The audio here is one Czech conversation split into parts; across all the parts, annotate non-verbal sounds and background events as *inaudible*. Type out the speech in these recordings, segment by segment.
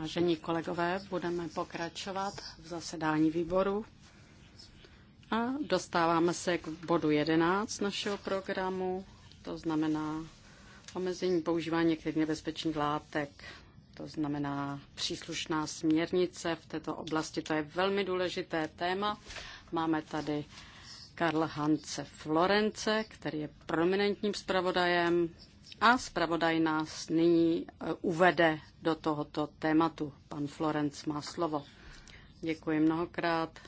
Vážení kolegové, budeme pokračovat v zasedání výboru a dostáváme se k bodu 11 našeho programu, to znamená omezení používání některých nebezpečných látek. To znamená příslušná směrnice v této oblasti. To je velmi důležité téma. Máme tady Karl Hance Florence, který je prominentním zpravodajem a zpravodaj nás nyní eh, uvede do tohoto tématu. Pan Florenc má slovo. Děkuji mnohokrát.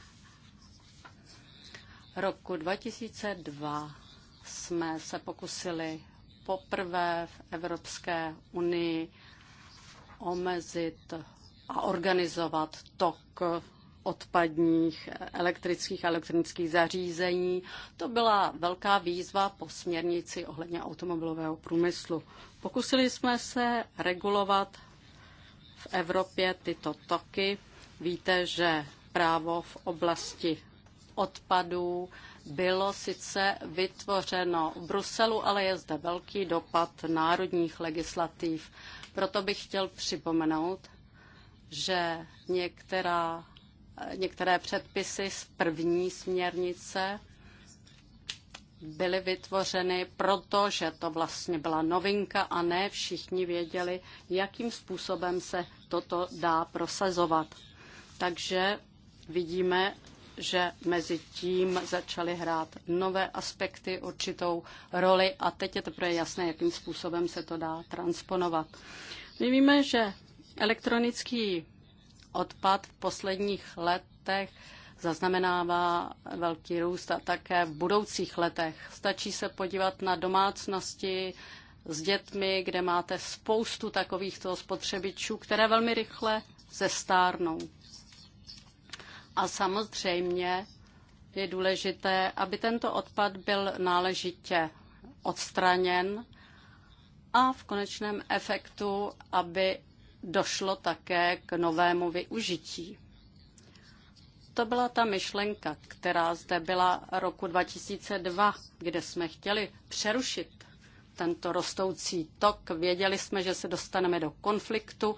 Roku 2002 jsme se pokusili poprvé v Evropské unii omezit a organizovat tok odpadních elektrických a elektronických zařízení. To byla velká výzva po směrnici ohledně automobilového průmyslu. Pokusili jsme se regulovat v Evropě tyto toky. Víte, že právo v oblasti odpadů bylo sice vytvořeno v Bruselu, ale je zde velký dopad národních legislativ. Proto bych chtěl připomenout, že některá některé předpisy z první směrnice byly vytvořeny, protože to vlastně byla novinka a ne všichni věděli, jakým způsobem se toto dá prosazovat. Takže vidíme, že mezi tím začaly hrát nové aspekty určitou roli a teď je teprve jasné, jakým způsobem se to dá transponovat. My víme, že elektronický odpad v posledních letech zaznamenává velký růst a také v budoucích letech. Stačí se podívat na domácnosti s dětmi, kde máte spoustu takovýchto spotřebičů, které velmi rychle zestárnou. A samozřejmě je důležité, aby tento odpad byl náležitě odstraněn a v konečném efektu, aby došlo také k novému využití. To byla ta myšlenka, která zde byla roku 2002, kde jsme chtěli přerušit tento rostoucí tok. Věděli jsme, že se dostaneme do konfliktu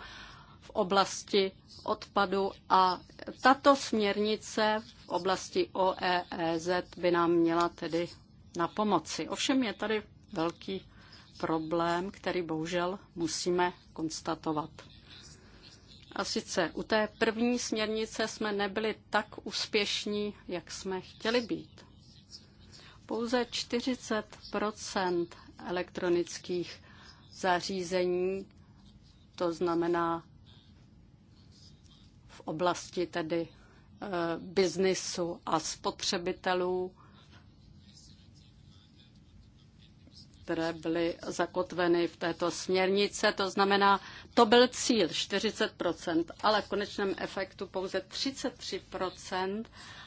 v oblasti odpadu a tato směrnice v oblasti OEEZ by nám měla tedy na pomoci. Ovšem je tady velký problém, který bohužel musíme konstatovat. A sice u té první směrnice jsme nebyli tak úspěšní, jak jsme chtěli být. Pouze 40 elektronických zařízení, to znamená v oblasti tedy e, biznisu a spotřebitelů, které byly zakotveny v této směrnice. To znamená, to byl cíl 40 ale v konečném efektu pouze 33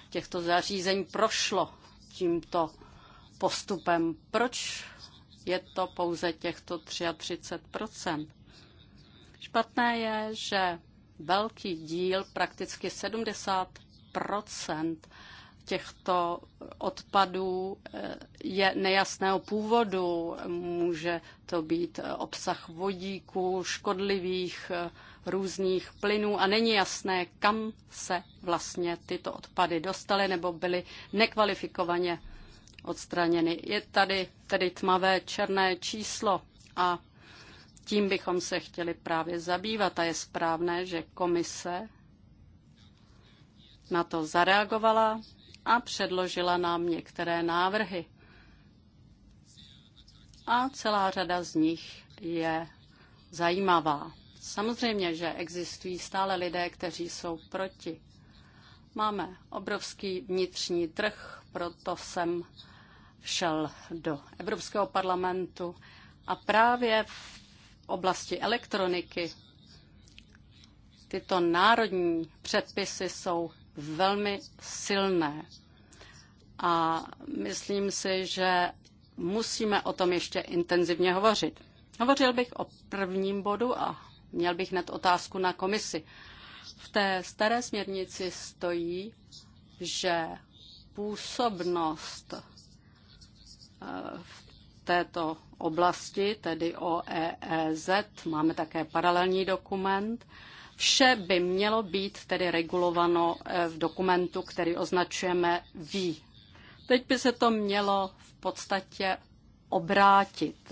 těchto zařízení prošlo tímto postupem. Proč je to pouze těchto 33 Špatné je, že velký díl, prakticky 70 těchto odpadů eh, je nejasného původu. Může to být eh, obsah vodíku, škodlivých eh, různých plynů a není jasné, kam se vlastně tyto odpady dostaly nebo byly nekvalifikovaně odstraněny. Je tady tedy tmavé černé číslo a tím bychom se chtěli právě zabývat a je správné, že komise na to zareagovala a předložila nám některé návrhy. A celá řada z nich je zajímavá. Samozřejmě, že existují stále lidé, kteří jsou proti. Máme obrovský vnitřní trh, proto jsem šel do Evropského parlamentu a právě v oblasti elektroniky tyto národní předpisy jsou velmi silné. A myslím si, že musíme o tom ještě intenzivně hovořit. Hovořil bych o prvním bodu a měl bych hned otázku na komisi. V té staré směrnici stojí, že působnost eh, v této oblasti, tedy o EEZ, máme také paralelní dokument, Vše by mělo být tedy regulováno eh, v dokumentu, který označujeme V. Teď by se to mělo v podstatě obrátit.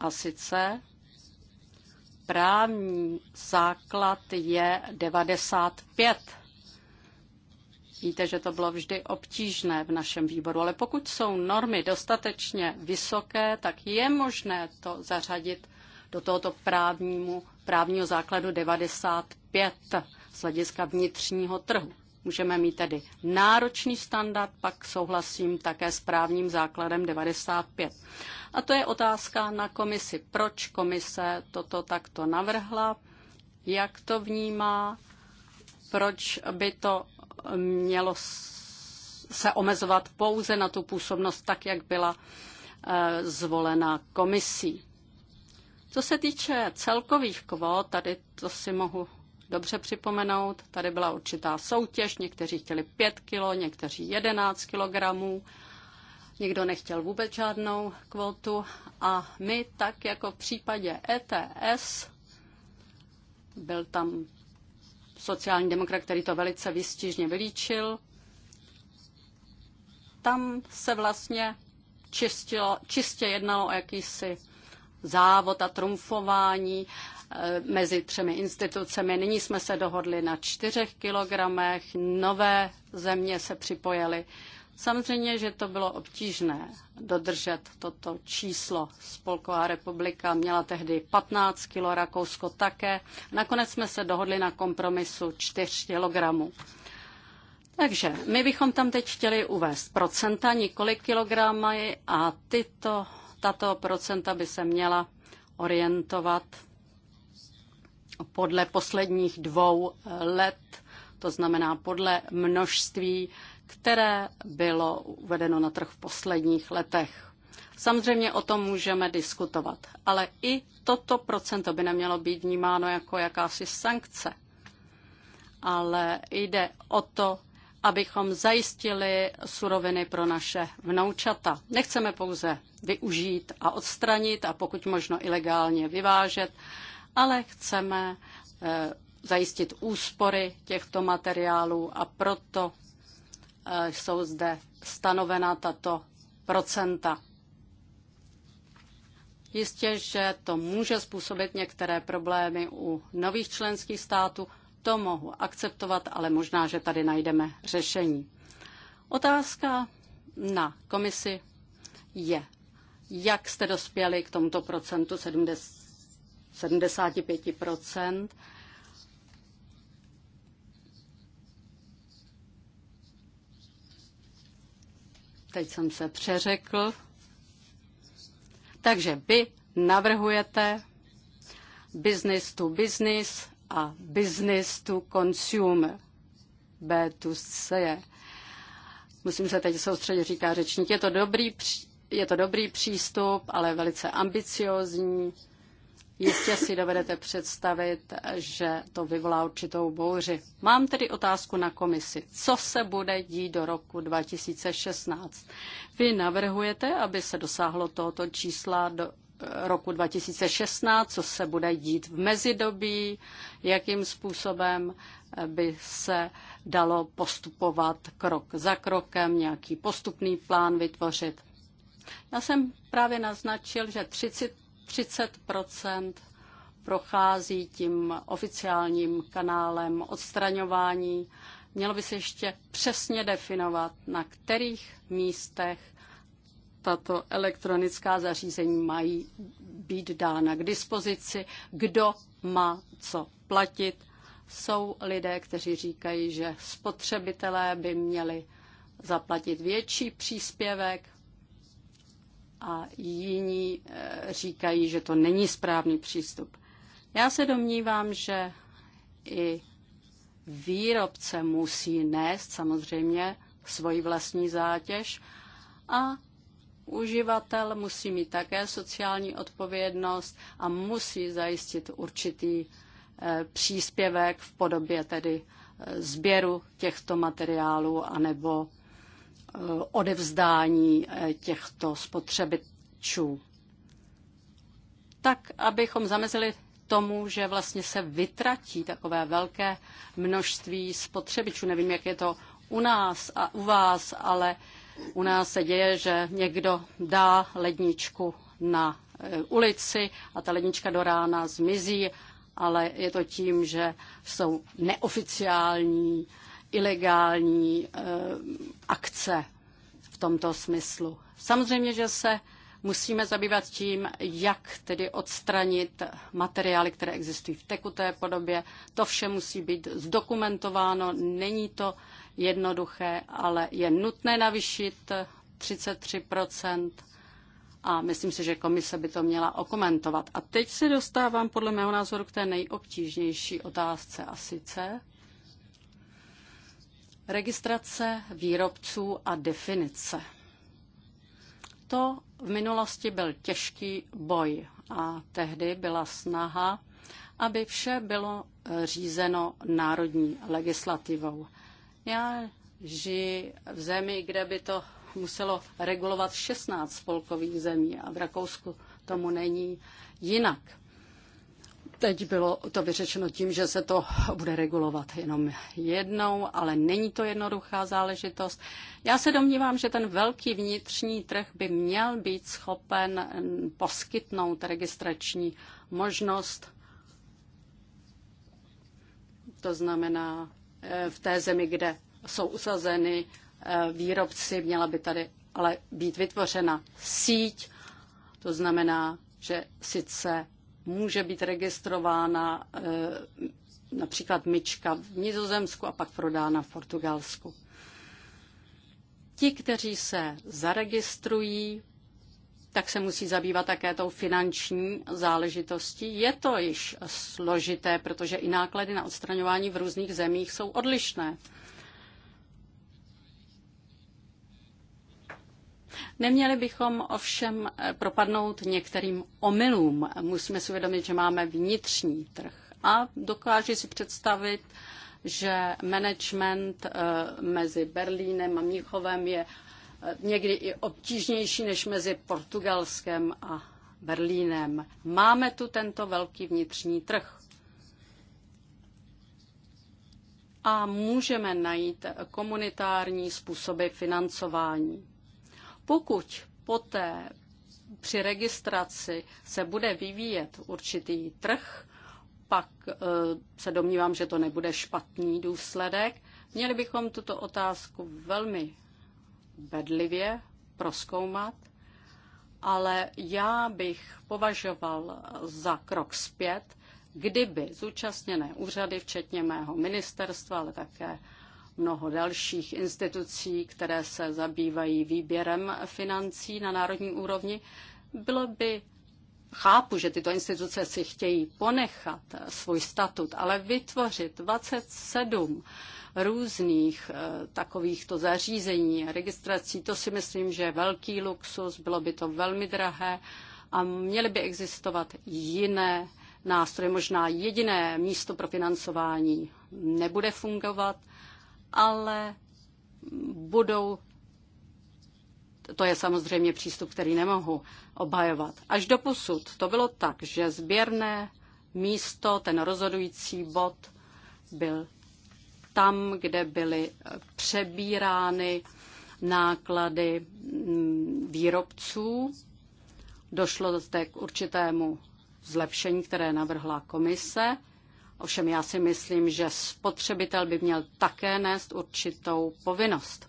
A sice právní základ je 95. Víte, že to bylo vždy obtížné v našem výboru, ale pokud jsou normy dostatečně vysoké, tak je možné to zařadit do tohoto právnímu, právního základu 95 z hlediska vnitřního trhu. Můžeme mít tedy náročný standard, pak souhlasím také s právním základem 95. A to je otázka na komisi. Proč komise toto takto navrhla? Jak to vnímá? Proč by to mělo se omezovat pouze na tu působnost, tak jak byla eh, zvolena komisí? Co se týče celkových kvót, tady to si mohu dobře připomenout, tady byla určitá soutěž, někteří chtěli 5 kg, někteří 11 kg, někdo nechtěl vůbec žádnou kvotu a my tak jako v případě ETS, byl tam sociální demokrat, který to velice vystížně vylíčil, tam se vlastně čistilo, čistě jednalo o jakýsi závod a trumfování eh, mezi třemi institucemi. Nyní jsme se dohodli na čtyřech kilogramech, nové země se připojily. Samozřejmě, že to bylo obtížné dodržet toto číslo. Spolková republika měla tehdy 15 kilo, Rakousko také. Nakonec jsme se dohodli na kompromisu 4 kilogramů. Takže my bychom tam teď chtěli uvést procenta, nikoli kilogramy a tyto tato procenta by se měla orientovat podle posledních dvou eh, let, to znamená podle množství, které bylo uvedeno na trh v posledních letech. Samozřejmě o tom můžeme diskutovat, ale i toto procento by nemělo být vnímáno jako jakási sankce, ale jde o to, abychom zajistili suroviny pro naše vnoučata. Nechceme pouze využít a odstranit a pokud možno ilegálně vyvážet, ale chceme eh, zajistit úspory těchto materiálů a proto eh, jsou zde stanovena tato procenta. Jistě, že to může způsobit některé problémy u nových členských států, to mohu akceptovat, ale možná, že tady najdeme řešení. Otázka na komisi je, jak jste dospěli k tomuto procentu 70, 75%. Teď jsem se přeřekl. Takže vy navrhujete business to business a business to consumer, B to C. Musím se teď soustředit, říká řečník. Je to dobrý, je to dobrý přístup, ale velice ambiciozní. Jistě si dovedete představit, že to vyvolá určitou bouři. Mám tedy otázku na komisi. Co se bude dít do roku 2016? Vy navrhujete, aby se dosáhlo tohoto čísla do roku 2016, co se bude dít v mezidobí, jakým způsobem by se dalo postupovat krok za krokem, nějaký postupný plán vytvořit. Já jsem právě naznačil, že 30, 30 prochází tím oficiálním kanálem odstraňování. Mělo by se ještě přesně definovat, na kterých místech tato elektronická zařízení mají být dána k dispozici, kdo má co platit. Jsou lidé, kteří říkají, že spotřebitelé by měli zaplatit větší příspěvek a jiní eh, říkají, že to není správný přístup. Já se domnívám, že i výrobce musí nést samozřejmě svoji vlastní zátěž a uživatel musí mít také sociální odpovědnost a musí zajistit určitý eh, příspěvek v podobě tedy eh, sběru těchto materiálů anebo eh, odevzdání těchto spotřebičů. Tak, abychom zamezili tomu, že vlastně se vytratí takové velké množství spotřebičů. Nevím, jak je to u nás a u vás, ale u nás se děje, že někdo dá ledničku na eh, ulici a ta lednička do rána zmizí, ale je to tím, že jsou neoficiální, ilegální eh, akce v tomto smyslu. Samozřejmě, že se musíme zabývat tím, jak tedy odstranit materiály, které existují v tekuté podobě. To vše musí být zdokumentováno, není to eh, jednoduché, ale je nutné navýšit 33 a myslím si, že komise by to měla okomentovat. A teď se dostávám podle mého názoru k té nejobtížnější otázce a sice registrace výrobců a definice. To v minulosti byl těžký boj a tehdy byla snaha, aby vše bylo eh, řízeno národní legislativou. Já žiji v zemi, kde by to muselo regulovat 16 spolkových zemí a v Rakousku tomu není jinak. Teď bylo to vyřečeno tím, že se to bude regulovat jenom jednou, ale není to jednoduchá záležitost. Já se domnívám, že ten velký vnitřní trh by měl být schopen poskytnout registrační možnost. To znamená v té zemi, kde jsou usazeny eh, výrobci, měla by tady ale být vytvořena síť. To znamená, že sice může být registrována eh, například myčka v Nizozemsku a pak prodána v Portugalsku. Ti, kteří se zaregistrují, tak se musí zabývat také tou finanční záležitostí. Je to již složité, protože i náklady na odstraňování v různých zemích jsou odlišné. Neměli bychom ovšem propadnout některým omylům. Musíme si uvědomit, že máme vnitřní trh a dokáží si představit, že management eh, mezi Berlínem a Mnichovem je někdy i obtížnější než mezi Portugalskem a Berlínem. Máme tu tento velký vnitřní trh. A můžeme najít komunitární způsoby financování. Pokud poté při registraci se bude vyvíjet určitý trh, pak e, se domnívám, že to nebude špatný důsledek. Měli bychom tuto otázku velmi bedlivě proskoumat, ale já bych považoval za krok zpět, kdyby zúčastněné úřady, včetně mého ministerstva, ale také mnoho dalších institucí, které se zabývají výběrem financí na národní úrovni, bylo by Chápu, že tyto instituce si chtějí ponechat svůj statut, ale vytvořit 27 různých eh, takovýchto zařízení a registrací. To si myslím, že je velký luxus, bylo by to velmi drahé a měly by existovat jiné nástroje. Možná jediné místo pro financování nebude fungovat, ale budou to je samozřejmě přístup, který nemohu obhajovat. Až do posud to bylo tak, že sběrné místo, ten rozhodující bod byl tam, kde byly eh, přebírány náklady mm, výrobců. Došlo zde k určitému zlepšení, které navrhla komise. Ovšem já si myslím, že spotřebitel by měl také nést určitou povinnost.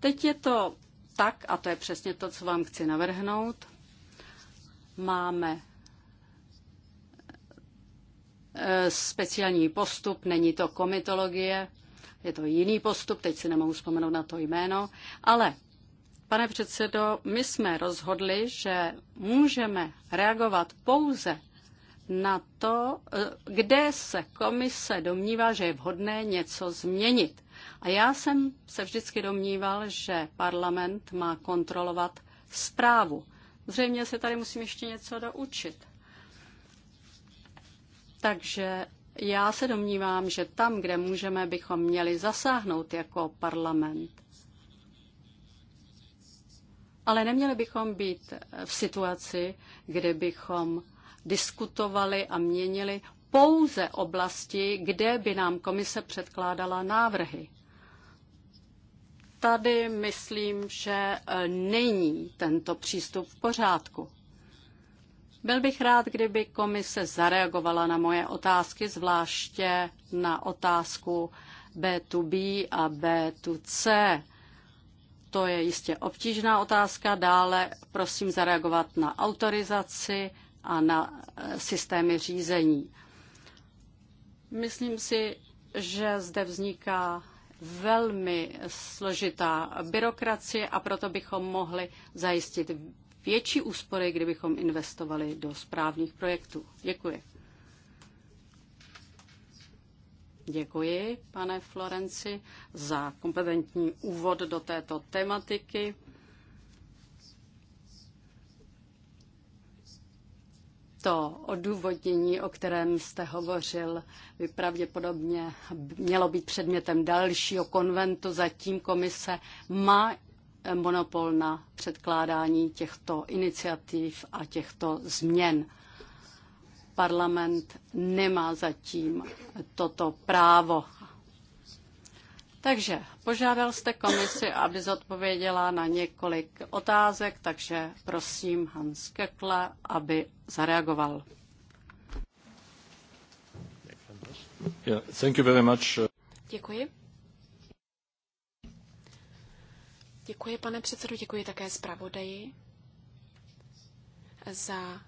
Teď je to tak, a to je přesně to, co vám chci navrhnout, máme Eh, speciální postup, není to komitologie, je to jiný postup, teď si nemohu vzpomenout na to jméno, ale pane předsedo, my jsme rozhodli, že můžeme reagovat pouze na to, eh, kde se komise domnívá, že je vhodné něco změnit. A já jsem se vždycky domníval, že parlament má kontrolovat zprávu. Zřejmě se tady musím ještě něco doučit. Takže já se domnívám, že tam, kde můžeme, bychom měli zasáhnout jako parlament. Ale neměli bychom být v situaci, kde bychom diskutovali a měnili pouze oblasti, kde by nám komise předkládala návrhy. Tady myslím, že není tento přístup v pořádku. Byl bych rád, kdyby komise zareagovala na moje otázky, zvláště na otázku B2B a B2C. To je jistě obtížná otázka. Dále prosím zareagovat na autorizaci a na eh, systémy řízení. Myslím si, že zde vzniká velmi složitá byrokracie a proto bychom mohli zajistit větší úspory, kdybychom investovali do správných projektů. Děkuji. Děkuji, pane Florenci, za kompetentní úvod do této tematiky. To odůvodnění, o kterém jste hovořil, by pravděpodobně mělo být předmětem dalšího konventu. Zatím komise má monopol na předkládání těchto iniciativ a těchto změn. Parlament nemá zatím toto právo. Takže požádal jste komisi, aby zodpověděla na několik otázek, takže prosím Hans Kekle, aby zareagoval. Yeah, thank you very much. Děkuji. Děkuji, pane předsedu, děkuji také zpravodaji za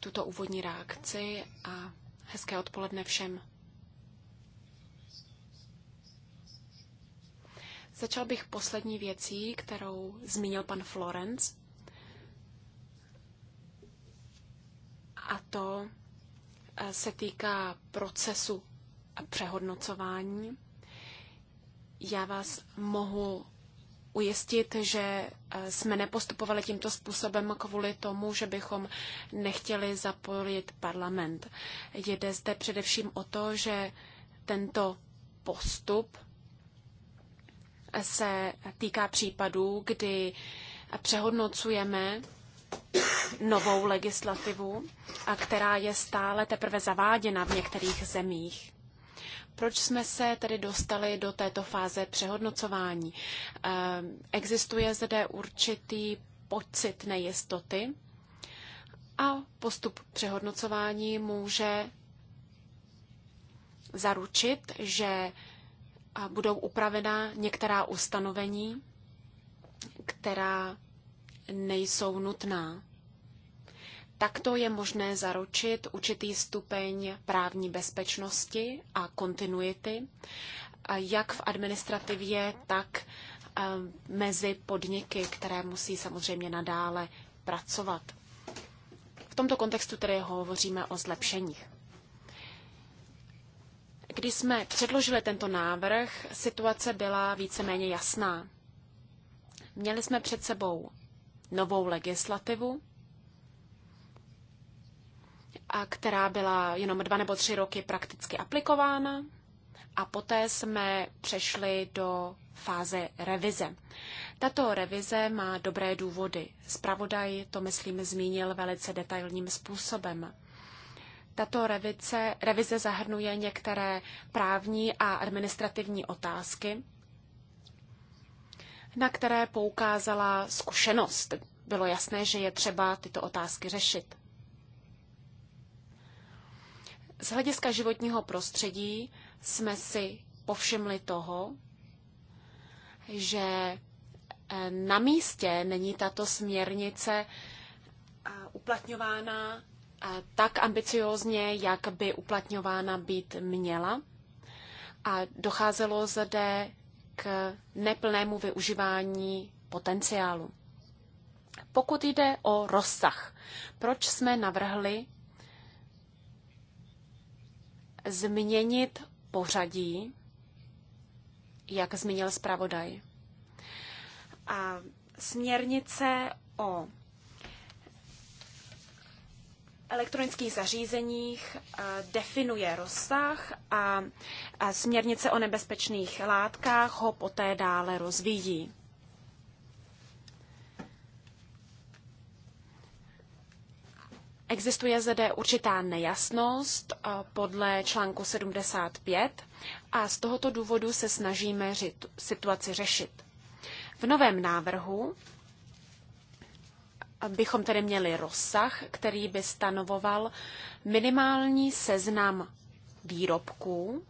tuto úvodní reakci a hezké odpoledne všem. Začal bych poslední věcí, kterou zmínil pan Florence. A to eh, se týká procesu a přehodnocování. Já vás mohu ujistit, že eh, jsme nepostupovali tímto způsobem kvůli tomu, že bychom nechtěli zapojit parlament. Jde zde především o to, že tento postup se týká případů, kdy přehodnocujeme novou legislativu, která je stále teprve zaváděna v některých zemích. Proč jsme se tedy dostali do této fáze přehodnocování? Ehm, existuje zde určitý pocit nejistoty a postup přehodnocování může zaručit, že budou upravena některá ustanovení, která nejsou nutná. Takto je možné zaručit určitý stupeň právní bezpečnosti a kontinuity, jak v administrativě, tak eh, mezi podniky, které musí samozřejmě nadále pracovat. V tomto kontextu tedy hovoříme o zlepšeních. Když jsme předložili tento návrh, situace byla víceméně jasná. Měli jsme před sebou novou legislativu, která byla jenom dva nebo tři roky prakticky aplikována a poté jsme přešli do fáze revize. Tato revize má dobré důvody. Spravodaj to, myslím, zmínil velice detailním způsobem. Tato revize, revize zahrnuje některé právní a administrativní otázky, na které poukázala zkušenost. Bylo jasné, že je třeba tyto otázky řešit. Z hlediska životního prostředí jsme si povšimli toho, že eh, na místě není tato směrnice eh, uplatňována eh, tak ambiciozně, jak by uplatňována být měla. A docházelo zde k neplnému využívání potenciálu. Pokud jde o rozsah, proč jsme navrhli změnit pořadí, jak zmínil zpravodaj. A směrnice o elektronických zařízeních eh, definuje rozsah a směrnice o nebezpečných látkách ho poté dále rozvíjí. Existuje zde určitá nejasnost eh, podle článku 75 a z tohoto důvodu se snažíme situaci řešit. V novém návrhu eh, bychom tedy měli rozsah, který by stanovoval minimální seznam výrobků,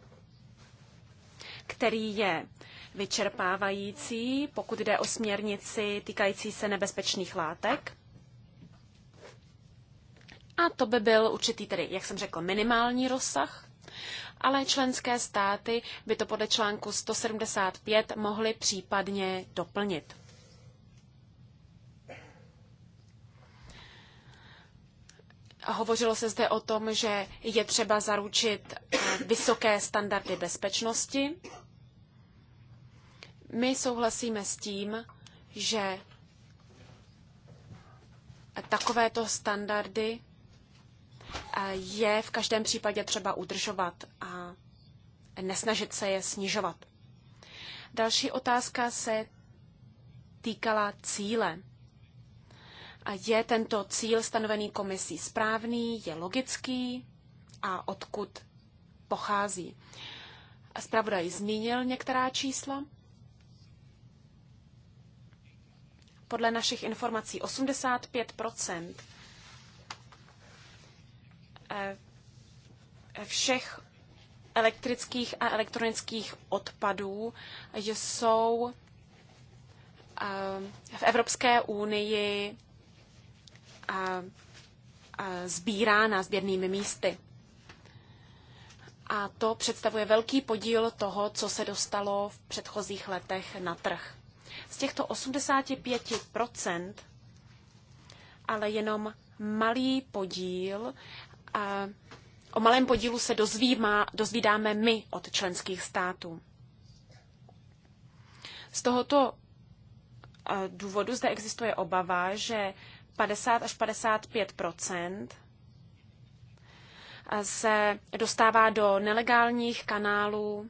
který je vyčerpávající, pokud jde o směrnici týkající se nebezpečných látek. A to by byl určitý, tedy, jak jsem řekl, minimální rozsah, ale členské státy by to podle článku 175 mohly případně doplnit. Hovořilo se zde o tom, že je třeba zaručit eh, vysoké standardy bezpečnosti. My souhlasíme s tím, že takovéto standardy je v každém případě třeba udržovat a nesnažit se je snižovat. Další otázka se týkala cíle. je tento cíl stanovený komisí správný, je logický a odkud pochází? Zpravodaj zmínil některá čísla. Podle našich informací 85 E, všech elektrických a elektronických odpadů jsou e, v Evropské unii e, sbírána sběrnými místy. A to představuje velký podíl toho, co se dostalo v předchozích letech na trh. Z těchto 85 ale jenom malý podíl o malém podílu se dozvíma, dozvídáme my od členských států. Z tohoto e, důvodu zde existuje obava, že 50 až 55 se dostává do nelegálních kanálů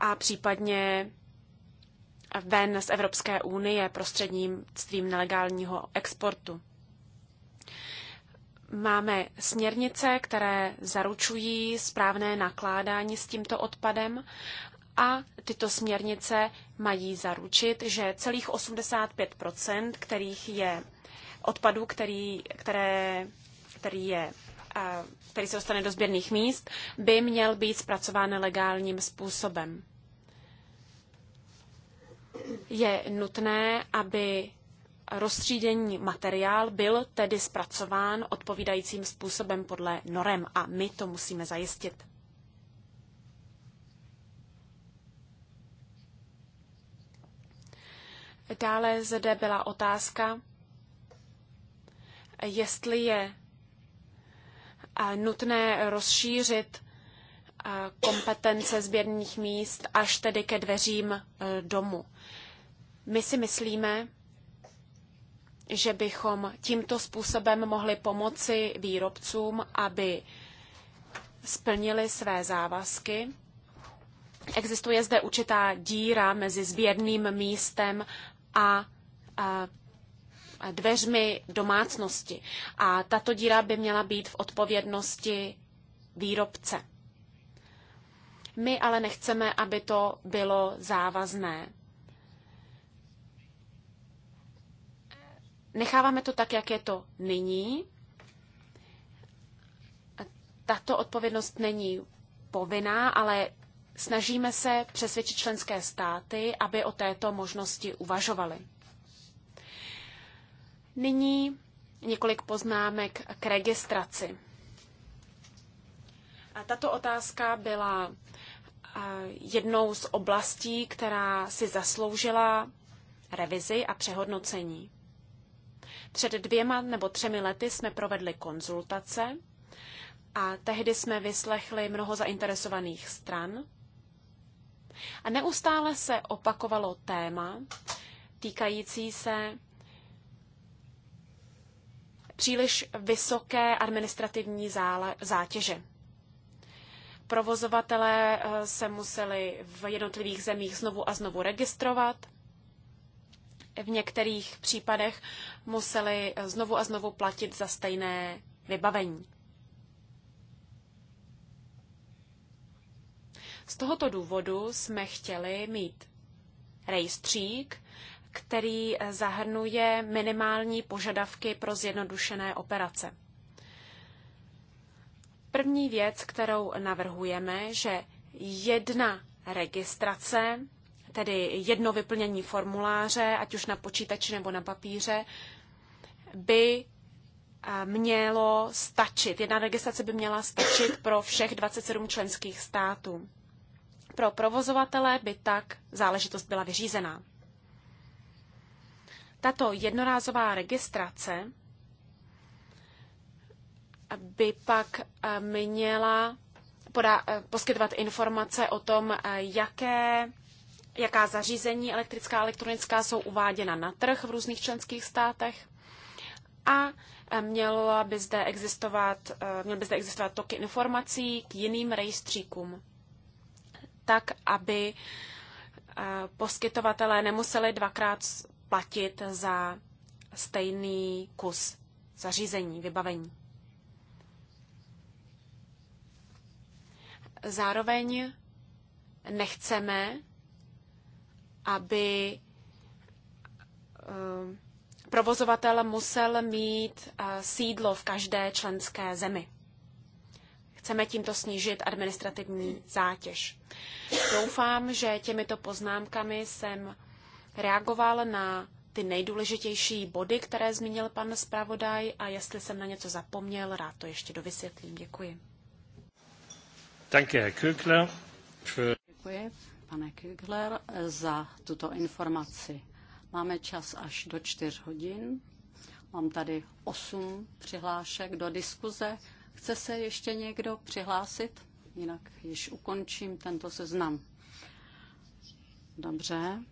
a případně ven z Evropské unie prostřednictvím nelegálního exportu. Máme směrnice, které zaručují správné nakládání s tímto odpadem a tyto směrnice mají zaručit, že celých 85 kterých je odpadů, který, které, který je který se dostane do sběrných míst, by měl být zpracován legálním způsobem. Je nutné, aby rozstříděný materiál byl tedy zpracován odpovídajícím způsobem podle norem a my to musíme zajistit. Dále zde byla otázka, jestli je nutné rozšířit kompetence sběrných míst až tedy ke dveřím e, domu. My si myslíme, že bychom tímto způsobem mohli pomoci výrobcům, aby splnili své závazky. Existuje zde určitá díra mezi sběrným místem a, a dveřmi domácnosti. A tato díra by měla být v odpovědnosti výrobce. My ale nechceme, aby to bylo závazné. Necháváme to tak, jak je to nyní. Tato odpovědnost není povinná, ale snažíme se přesvědčit členské státy, aby o této možnosti uvažovali. Nyní několik poznámek k registraci. A tato otázka byla jednou z oblastí, která si zasloužila revizi a přehodnocení. Před dvěma nebo třemi lety jsme provedli konzultace a tehdy jsme vyslechli mnoho zainteresovaných stran. A neustále se opakovalo téma týkající se příliš vysoké administrativní zátěže. Provozovatelé eh, se museli v jednotlivých zemích znovu a znovu registrovat v některých případech museli znovu a znovu platit za stejné vybavení. Z tohoto důvodu jsme chtěli mít rejstřík, který zahrnuje minimální požadavky pro zjednodušené operace. První věc, kterou navrhujeme, že jedna registrace tedy jedno vyplnění formuláře, ať už na počítači nebo na papíře, by eh, mělo stačit. Jedna registrace by měla stačit pro všech 27 členských států. Pro provozovatele by tak záležitost byla vyřízená. Tato jednorázová registrace by pak eh, měla eh, poskytovat informace o tom, jaké jaká zařízení elektrická a elektronická jsou uváděna na trh v různých členských státech a e, mělo by zde existovat, e, měl by zde existovat toky informací k jiným rejstříkům, tak aby e, poskytovatelé nemuseli dvakrát platit za stejný kus zařízení, vybavení. Zároveň nechceme aby eh, provozovatel musel mít eh, sídlo v každé členské zemi. Chceme tímto snížit administrativní zátěž. Doufám, že těmito poznámkami jsem reagoval na ty nejdůležitější body, které zmínil pan zpravodaj a jestli jsem na něco zapomněl, rád to ještě dovysvětlím. Děkuji. Danke, Herr Kökler. Für pane Kügler, za tuto informaci. Máme čas až do čtyř hodin. Mám tady osm přihlášek do diskuze. Chce se ještě někdo přihlásit? Jinak již ukončím tento seznam. Dobře,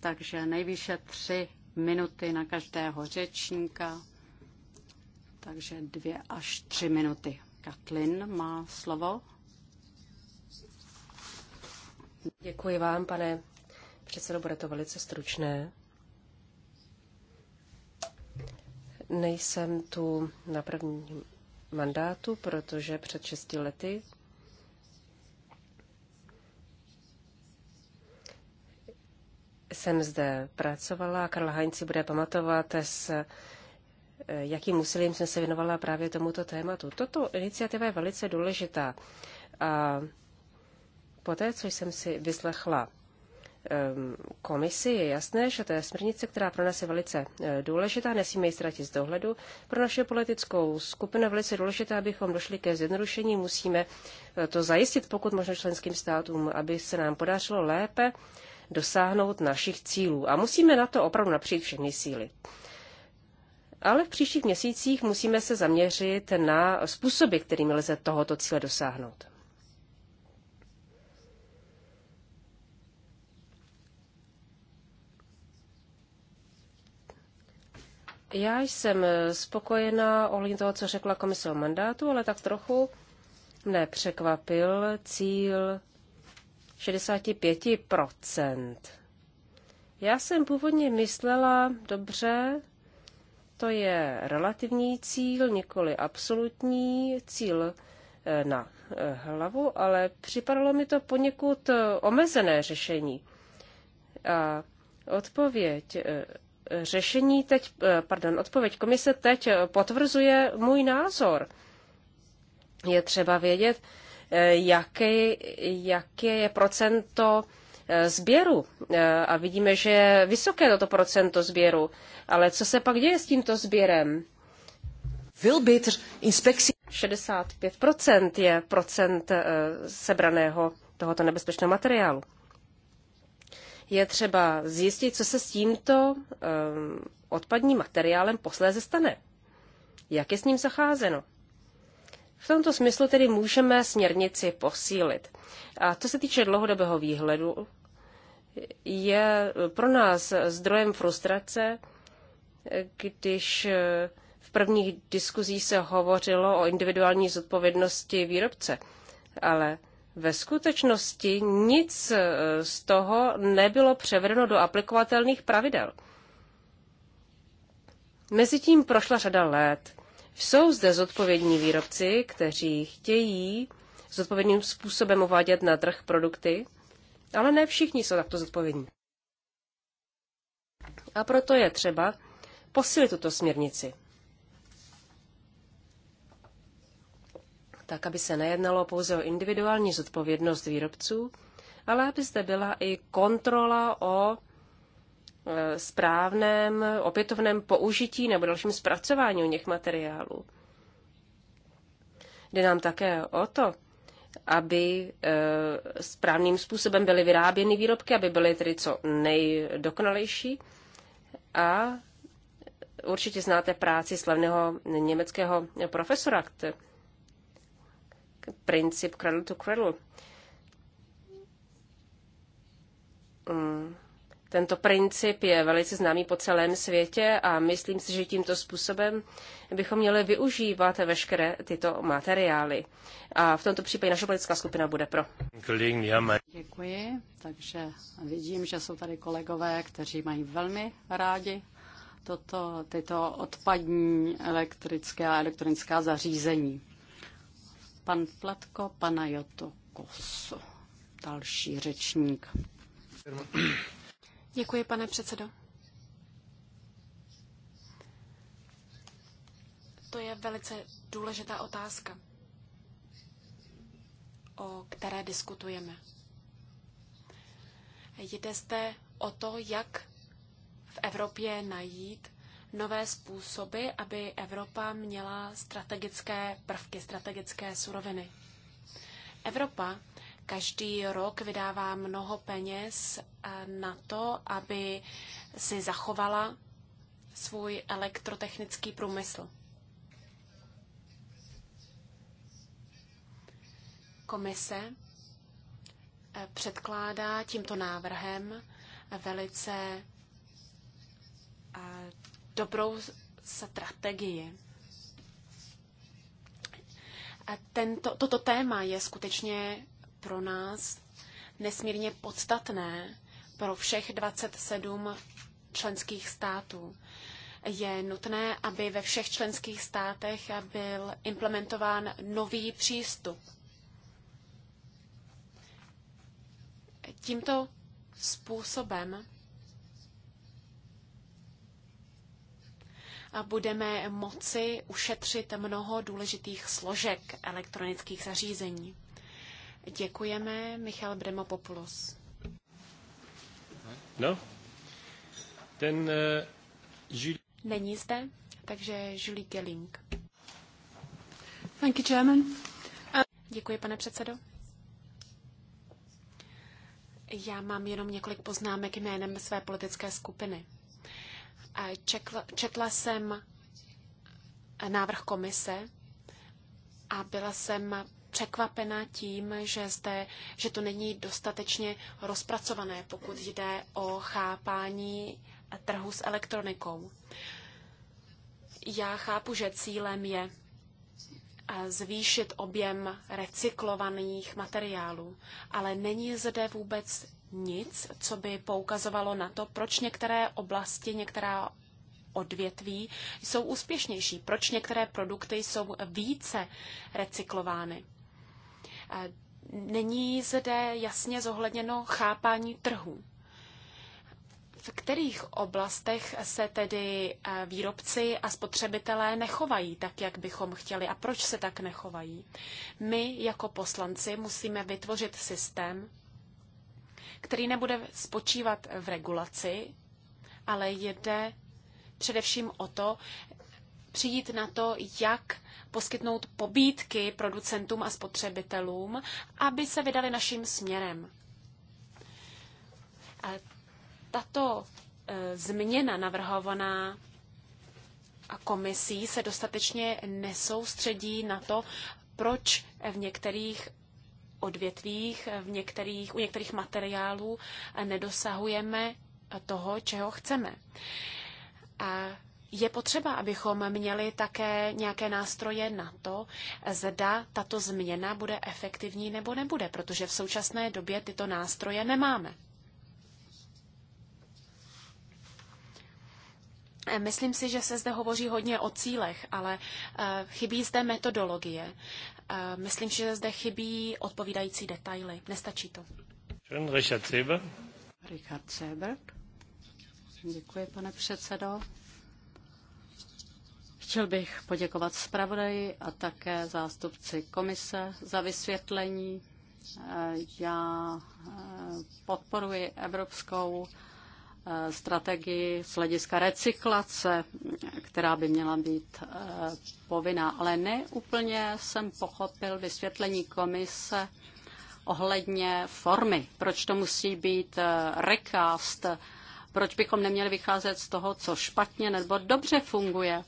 takže nejvýše tři minuty na každého řečníka, takže dvě až tři minuty. Katlin má slovo. Děkuji vám, pane předsedo, bude to velice stručné. Nejsem tu na prvním mandátu, protože před šesti lety jsem zde pracovala a Karl Heinz si bude pamatovat s eh, jakým úsilím jsem se věnovala právě tomuto tématu. Toto iniciativa je velice důležitá. A Poté, co jsem si vyslechla ehm, komisi, je jasné, že to je směrnice, která pro nás je velice eh, důležitá, nesmíme ji ztratit z dohledu. Pro naše politickou skupinu je velice důležité, abychom došli ke zjednodušení, musíme eh, to zajistit pokud možno členským státům, aby se nám podařilo lépe dosáhnout našich cílů. A musíme na to opravdu napřít všechny síly. Ale v příštích měsících musíme se zaměřit na způsoby, kterými lze tohoto cíle dosáhnout. Já jsem spokojená ohledně toho, co řekla komise o mandátu, ale tak trochu mne překvapil cíl 65 Já jsem původně myslela, dobře, to je relativní cíl, nikoli absolutní cíl eh, na eh, hlavu, ale připadalo mi to poněkud eh, omezené řešení. A odpověď řešení teď, eh, pardon, odpověď komise teď eh, potvrzuje můj názor. Je třeba vědět, eh, jaké, jaké je procento sběru. A vidíme, že je vysoké toto procento sběru. Ale co se pak děje s tímto sběrem? 65% je procent sebraného tohoto nebezpečného materiálu je třeba zjistit, co se s tímto eh, odpadním materiálem posléze stane. Jak je s ním zacházeno? V tomto smyslu tedy můžeme směrnici posílit. A co se týče dlouhodobého výhledu, je pro nás zdrojem frustrace, když eh, v prvních diskuzích se hovořilo o individuální zodpovědnosti výrobce. Ale ve skutečnosti nic eh, z toho nebylo převedeno do aplikovatelných pravidel. Mezitím prošla řada let. Jsou zde zodpovědní výrobci, kteří chtějí zodpovědným způsobem uvádět na trh produkty, ale ne všichni jsou takto zodpovědní. A proto je třeba posílit tuto směrnici. tak aby se nejednalo pouze o individuální zodpovědnost výrobců, ale aby zde byla i kontrola o e, správném opětovném použití nebo dalším zpracování u něch materiálů. Jde nám také o to, aby e, správným způsobem byly vyráběny výrobky, aby byly tedy co nejdokonalejší. A určitě znáte práci slavného německého profesora, princip cradle to cradle. Mm. Tento princip je velice známý po celém světě a myslím si, že tímto způsobem bychom měli využívat veškeré tyto materiály. A v tomto případě naše politická skupina bude pro. Děkuji, takže vidím, že jsou tady kolegové, kteří mají velmi rádi toto, tyto odpadní elektrické a elektronická zařízení pan Flatko Panajotokos, další řečník. Děkuji, pane předsedo. To je velice důležitá otázka, o které diskutujeme. Jde zde o to, jak v Evropě najít nové způsoby, aby Evropa měla strategické prvky, strategické suroviny. Evropa každý rok vydává mnoho peněz eh, na to, aby si zachovala svůj elektrotechnický průmysl. Komise eh, předkládá tímto návrhem velice eh, dobrou strategii. A tento, toto téma je skutečně pro nás nesmírně podstatné pro všech 27 členských států. Je nutné, aby ve všech členských státech byl implementován nový přístup. Tímto způsobem budeme moci ušetřit mnoho důležitých složek elektronických zařízení. Děkujeme, Michal Bremopopoulos. No, ten uh, Julie... Není zde, takže Julie Gelling. Thank you, Chairman. Děkuji, pane předsedo. Já mám jenom několik poznámek jménem své politické skupiny četla jsem návrh komise a byla jsem překvapena tím, že, zde, že to není dostatečně rozpracované, pokud jde o chápání trhu s elektronikou. Já chápu, že cílem je zvýšit objem recyklovaných materiálů, ale není zde vůbec nic, co by poukazovalo na to, proč některé oblasti, některá odvětví jsou úspěšnější, proč některé produkty jsou více recyklovány. Není zde jasně zohledněno chápání trhu. V kterých oblastech se tedy eh, výrobci a spotřebitelé nechovají tak, jak bychom chtěli a proč se tak nechovají? My jako poslanci musíme vytvořit systém, který nebude spočívat v regulaci, ale jde především o to, přijít na to, jak poskytnout pobídky producentům a spotřebitelům, aby se vydali naším směrem. Tato e, změna navrhovaná komisí se dostatečně nesoustředí na to, proč v některých odvětvích, v některých, u některých materiálů nedosahujeme toho, čeho chceme. A je potřeba, abychom měli také nějaké nástroje na to, zda tato změna bude efektivní nebo nebude, protože v současné době tyto nástroje nemáme. Myslím si, že se zde hovoří hodně o cílech, ale eh, chybí zde metodologie. Eh, myslím, že zde chybí odpovídající detaily. Nestačí to. Richard Seber. Richard Seber. Děkuji, pane předsedo. Chtěl bych poděkovat zpravodaji a také zástupci komise za vysvětlení. Eh, já podporuji Evropskou Eh, strategii z hlediska recyklace, která by měla být eh, povinná. Ale ne úplně jsem pochopil vysvětlení komise ohledně formy. Proč to musí být eh, recast? Proč bychom neměli vycházet z toho, co špatně nebo dobře funguje?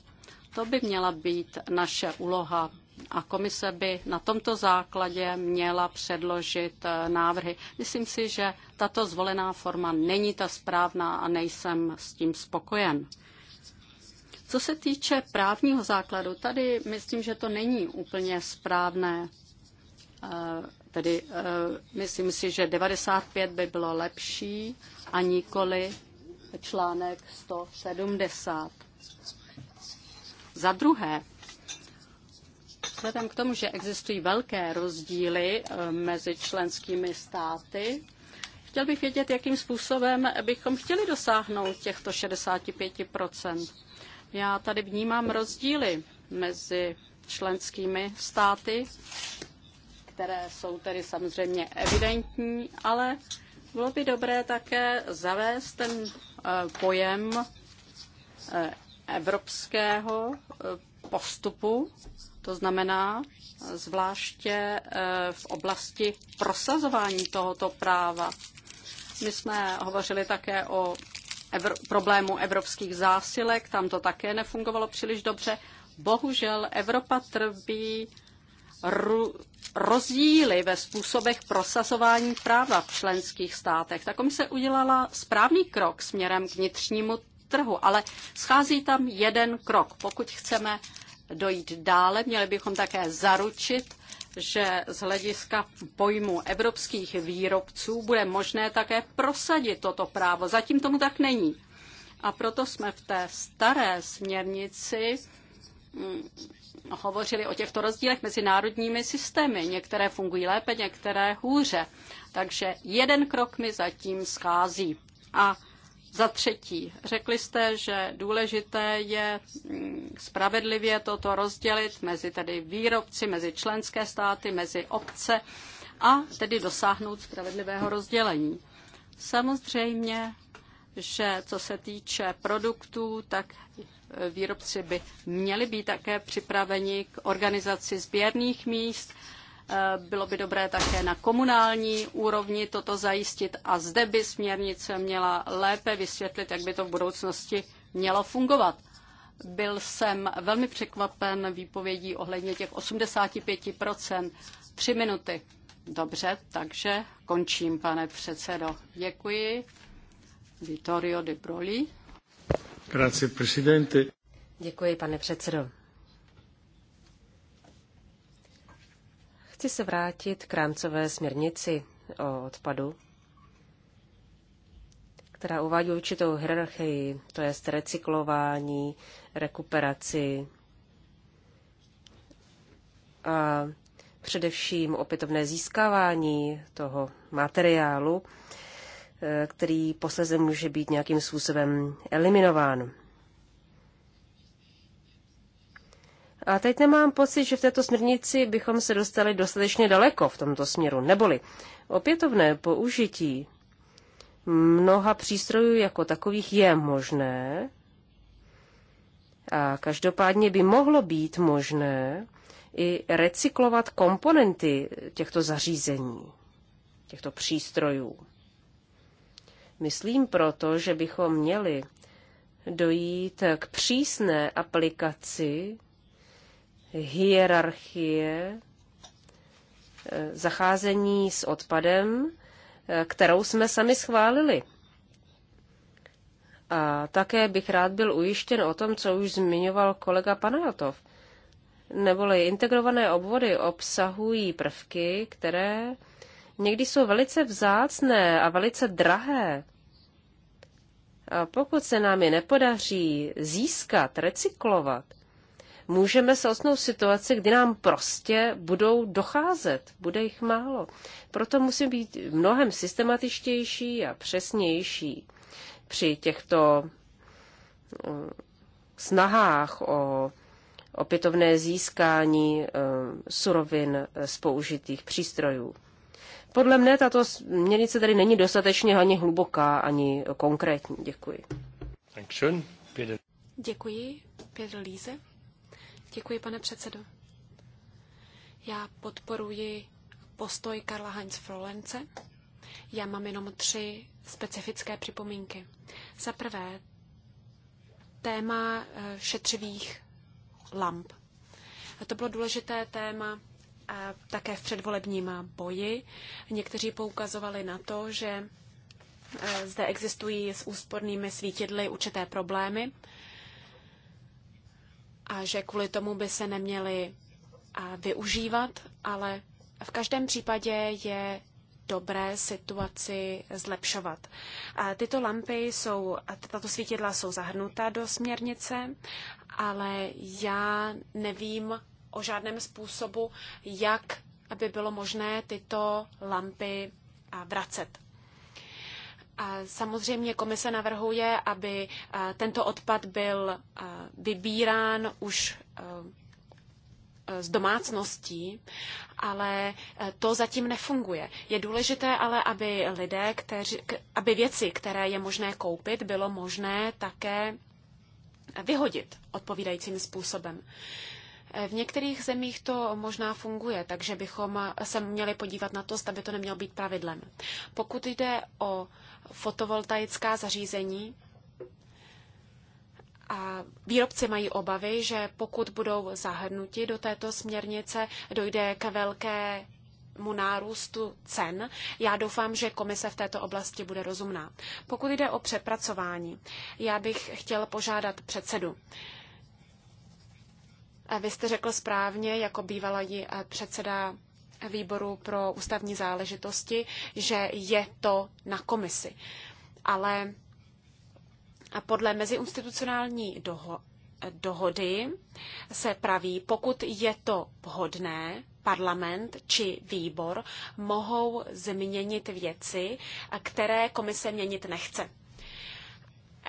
To by měla být naše úloha a komise by na tomto základě měla předložit eh, návrhy. Myslím si, že tato zvolená forma není ta správná a nejsem s tím spokojen. Co se týče právního základu, tady myslím, že to není úplně správné. Eh, tedy eh, myslím si, že 95 by bylo lepší a nikoli článek 170. Za druhé, Vzhledem k tomu, že existují velké rozdíly eh, mezi členskými státy, chtěl bych vědět, jakým způsobem bychom chtěli dosáhnout těchto 65 Já tady vnímám rozdíly mezi členskými státy, které jsou tedy samozřejmě evidentní, ale bylo by dobré také zavést ten eh, pojem eh, evropského postupu to znamená zvláště eh, v oblasti prosazování tohoto práva. My jsme hovořili také o evr- problému evropských zásilek, tam to také nefungovalo příliš dobře. Bohužel Evropa trpí rozdíly ve způsobech prosazování práva v členských státech. Ta komise udělala správný krok směrem k vnitřnímu trhu, ale schází tam jeden krok, pokud chceme dojít dále. Měli bychom také zaručit, že z hlediska pojmu evropských výrobců bude možné také prosadit toto právo. Zatím tomu tak není. A proto jsme v té staré směrnici mm, hovořili o těchto rozdílech mezi národními systémy. Některé fungují lépe, některé hůře. Takže jeden krok mi zatím schází. A za třetí, řekli jste, že důležité je mm, spravedlivě toto rozdělit mezi tedy výrobci, mezi členské státy, mezi obce a tedy dosáhnout spravedlivého rozdělení. Samozřejmě, že co se týče produktů, tak e, výrobci by měli být také připraveni k organizaci sběrných míst Eh, bylo by dobré také na komunální úrovni toto zajistit a zde by směrnice měla lépe vysvětlit, jak by to v budoucnosti mělo fungovat. Byl jsem velmi překvapen výpovědí ohledně těch 85%. Tři minuty. Dobře, takže končím, pane předsedo. Děkuji. Vittorio De Broli. Grazie, presidente. Děkuji, pane předsedo. Chci se vrátit k rámcové směrnici o odpadu, která uvádí určitou hierarchii, to je recyklování, rekuperaci a především opětovné získávání toho materiálu, eh, který posledně může být nějakým způsobem eliminován. A teď nemám pocit, že v této směrnici bychom se dostali dostatečně daleko v tomto směru. Neboli opětovné použití mnoha přístrojů jako takových je možné a každopádně by mohlo být možné i recyklovat komponenty těchto zařízení, těchto přístrojů. Myslím proto, že bychom měli dojít k přísné aplikaci hierarchie eh, zacházení s odpadem, eh, kterou jsme sami schválili. A také bych rád byl ujištěn o tom, co už zmiňoval kolega Panátov. Neboli integrované obvody obsahují prvky, které někdy jsou velice vzácné a velice drahé. A pokud se nám je nepodaří získat, recyklovat, můžeme se osnout situaci, kdy nám prostě budou docházet, bude jich málo. Proto musím být mnohem systematičtější a přesnější při těchto eh, snahách o opětovné získání eh, surovin eh, z použitých přístrojů. Podle mne tato směrnice tady není dostatečně ani hluboká, ani konkrétní. Děkuji. Děkuji. Pět Líze. Děkuji, pane předsedo. Já podporuji postoj Karla Heinz Frolence. Já mám jenom tři specifické připomínky. Za prvé, téma eh, šetřivých lamp. A to bylo důležité téma eh, také v předvolebním boji. Někteří poukazovali na to, že eh, zde existují s úspornými svítidly určité problémy a že kvůli tomu by se neměly využívat, ale v každém případě je dobré situaci zlepšovat. A tyto lampy jsou, tato svítidla jsou zahrnuta do směrnice, ale já nevím o žádném způsobu, jak aby bylo možné tyto lampy vracet. Samozřejmě komise navrhuje, aby e, tento odpad byl e, vybírán už e, z domácností, ale to zatím nefunguje. Je důležité ale, aby lidé, kteři, aby věci, které je možné koupit, bylo možné také vyhodit odpovídajícím způsobem. V některých zemích to možná funguje, takže bychom se měli podívat na to, aby to nemělo být pravidlem. Pokud jde o fotovoltaická zařízení. A výrobci mají obavy, že pokud budou zahrnuti do této směrnice, dojde k velké mu nárůstu cen. Já doufám, že komise v této oblasti bude rozumná. Pokud jde o přepracování, já bych chtěl požádat předsedu. Vy jste řekl správně, jako bývalý předseda výboru pro ústavní záležitosti, že je to na komisi. Ale podle meziinstitucionální doho- dohody se praví, pokud je to vhodné, parlament či výbor mohou změnit věci, které komise měnit nechce.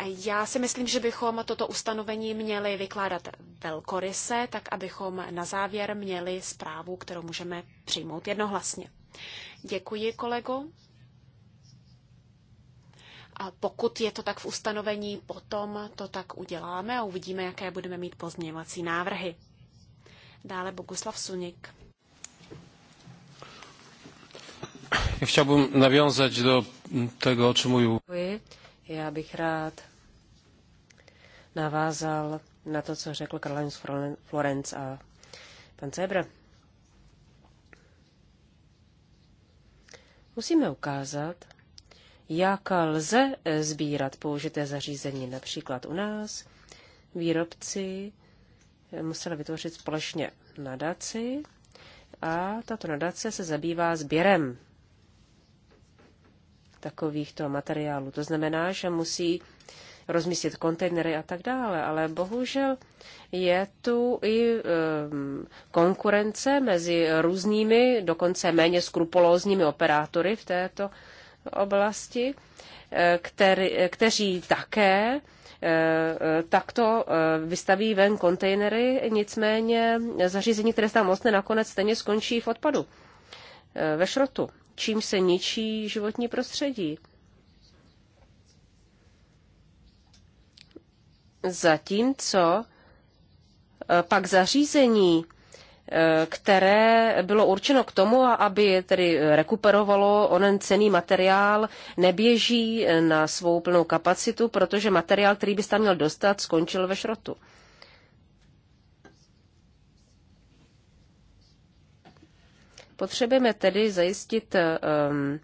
Já si myslím, že bychom toto ustanovení měli vykládat velkoryse, tak abychom na závěr měli zprávu, kterou můžeme přijmout jednohlasně. Děkuji, kolego. A pokud je to tak v ustanovení, potom to tak uděláme a uvidíme, jaké budeme mít pozměňovací návrhy. Dále Boguslav Sunik. Já bych navázat do toho, o čem mluvil. Já bych rád navázal na to, co řekl Karlinus Florenc a pan Cebr. Musíme ukázat, jak lze sbírat použité zařízení. Například u nás výrobci museli vytvořit společně nadaci a tato nadace se zabývá sběrem takovýchto materiálů. To znamená, že musí rozmístit kontejnery a tak dále, ale bohužel je tu i ehm, konkurence mezi různými, dokonce méně skrupulózními operátory v této oblasti, eh, který, kteří také eh, takto eh, vystaví ven kontejnery, nicméně zařízení, které se tam ostne, nakonec stejně skončí v odpadu, ve šrotu čím se ničí životní prostředí. Zatímco eh, pak zařízení, eh, které bylo určeno k tomu, aby tedy rekuperovalo onen cený materiál, neběží eh, na svou plnou kapacitu, protože materiál, který by tam měl dostat, skončil ve šrotu. Potřebujeme tedy zajistit um,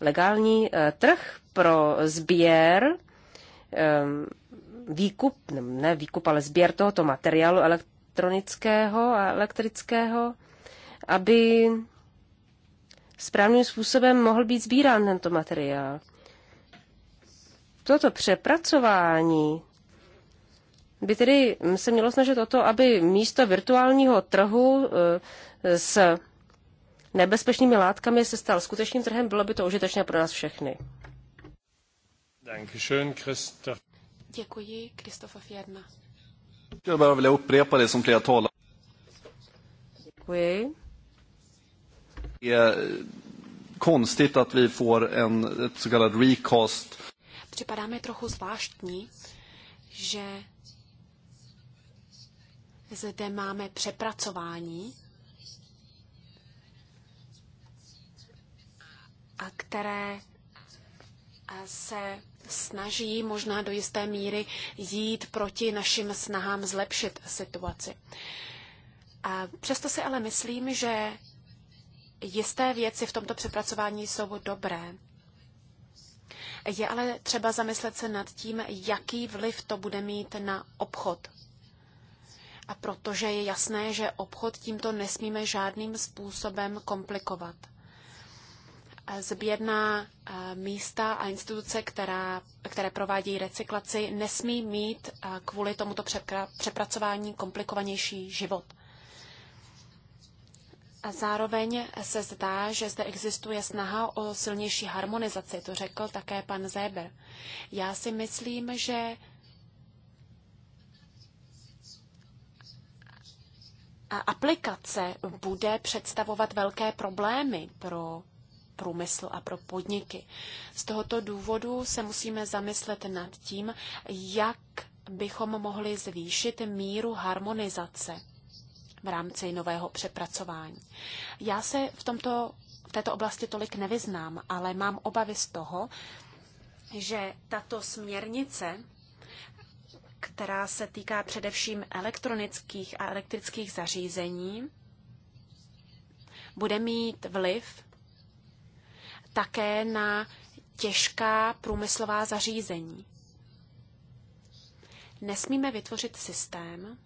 legální uh, trh pro sběr, um, výkup, ne výkup, ale sběr tohoto materiálu elektronického a elektrického, aby správným způsobem mohl být sbírán tento materiál. Toto přepracování by tedy se mělo snažit o to, aby místo virtuálního trhu eh, s nebezpečnými látkami se stal skutečným trhem, bylo by to užitečné pro nás všechny. Dankeschön, Christoph. Děkuji, Kristofa Fjerna. Děkuji. Je eh, konstigt att vi får en recast. Připadá mi trochu zvláštní, že zde máme přepracování které se snaží možná do jisté míry jít proti našim snahám zlepšit situaci. A přesto si ale myslím, že jisté věci v tomto přepracování jsou dobré. Je ale třeba zamyslet se nad tím, jaký vliv to bude mít na obchod. A protože je jasné, že obchod tímto nesmíme žádným způsobem komplikovat zběrná eh, místa a instituce, která, které provádí recyklaci, nesmí mít eh, kvůli tomuto přepracování komplikovanější život. A zároveň se zdá, že zde existuje snaha o silnější harmonizaci, to řekl také pan Zéber. Já si myslím, že aplikace bude představovat velké problémy pro průmysl a pro podniky. Z tohoto důvodu se musíme zamyslet nad tím, jak bychom mohli zvýšit míru harmonizace v rámci nového přepracování. Já se v, tomto, v této oblasti tolik nevyznám, ale mám obavy z toho, že tato směrnice, která se týká především elektronických a elektrických zařízení, bude mít vliv také na těžká průmyslová zařízení. Nesmíme vytvořit systém,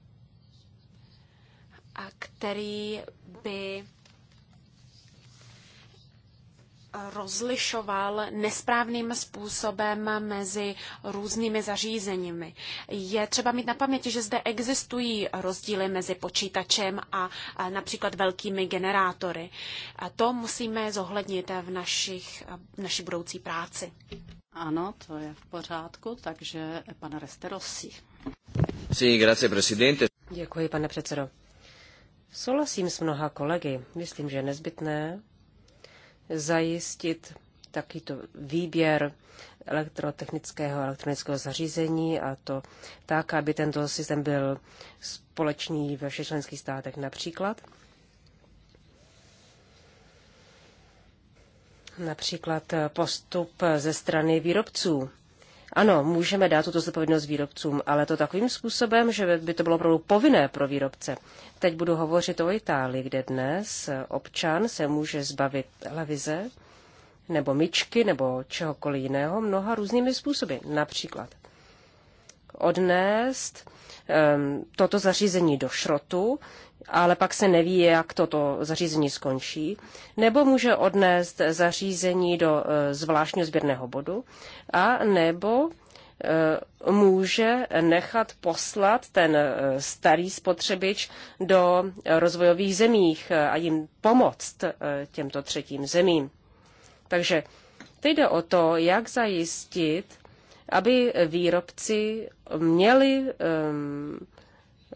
který by rozlišoval nesprávným způsobem mezi různými zařízeními. Je třeba mít na paměti, že zde existují rozdíly mezi počítačem a například velkými generátory. A to musíme zohlednit v, našich, v naší budoucí práci. Ano, to je v pořádku, takže pan Resterosi. Sí, grazie, presidente. Děkuji, pane předsedo. Souhlasím s mnoha kolegy. Myslím, že je nezbytné zajistit takýto výběr elektrotechnického a elektronického zařízení a to tak, aby tento systém byl společný ve všech členských státech například. Například postup ze strany výrobců ano, můžeme dát tuto zodpovědnost výrobcům, ale to takovým způsobem, že by to bylo opravdu povinné pro výrobce. Teď budu hovořit o Itálii, kde dnes občan se může zbavit televize nebo myčky nebo čehokoliv jiného mnoha různými způsoby. Například odnést Ehm, toto zařízení do šrotu, ale pak se neví, jak toto zařízení skončí, nebo může odnést zařízení do eh, zvláštního sběrného bodu, a nebo eh, může nechat poslat ten eh, starý spotřebič do rozvojových zemích a jim pomoct těmto třetím zemím. Takže teď jde o to, jak zajistit, aby výrobci měli um,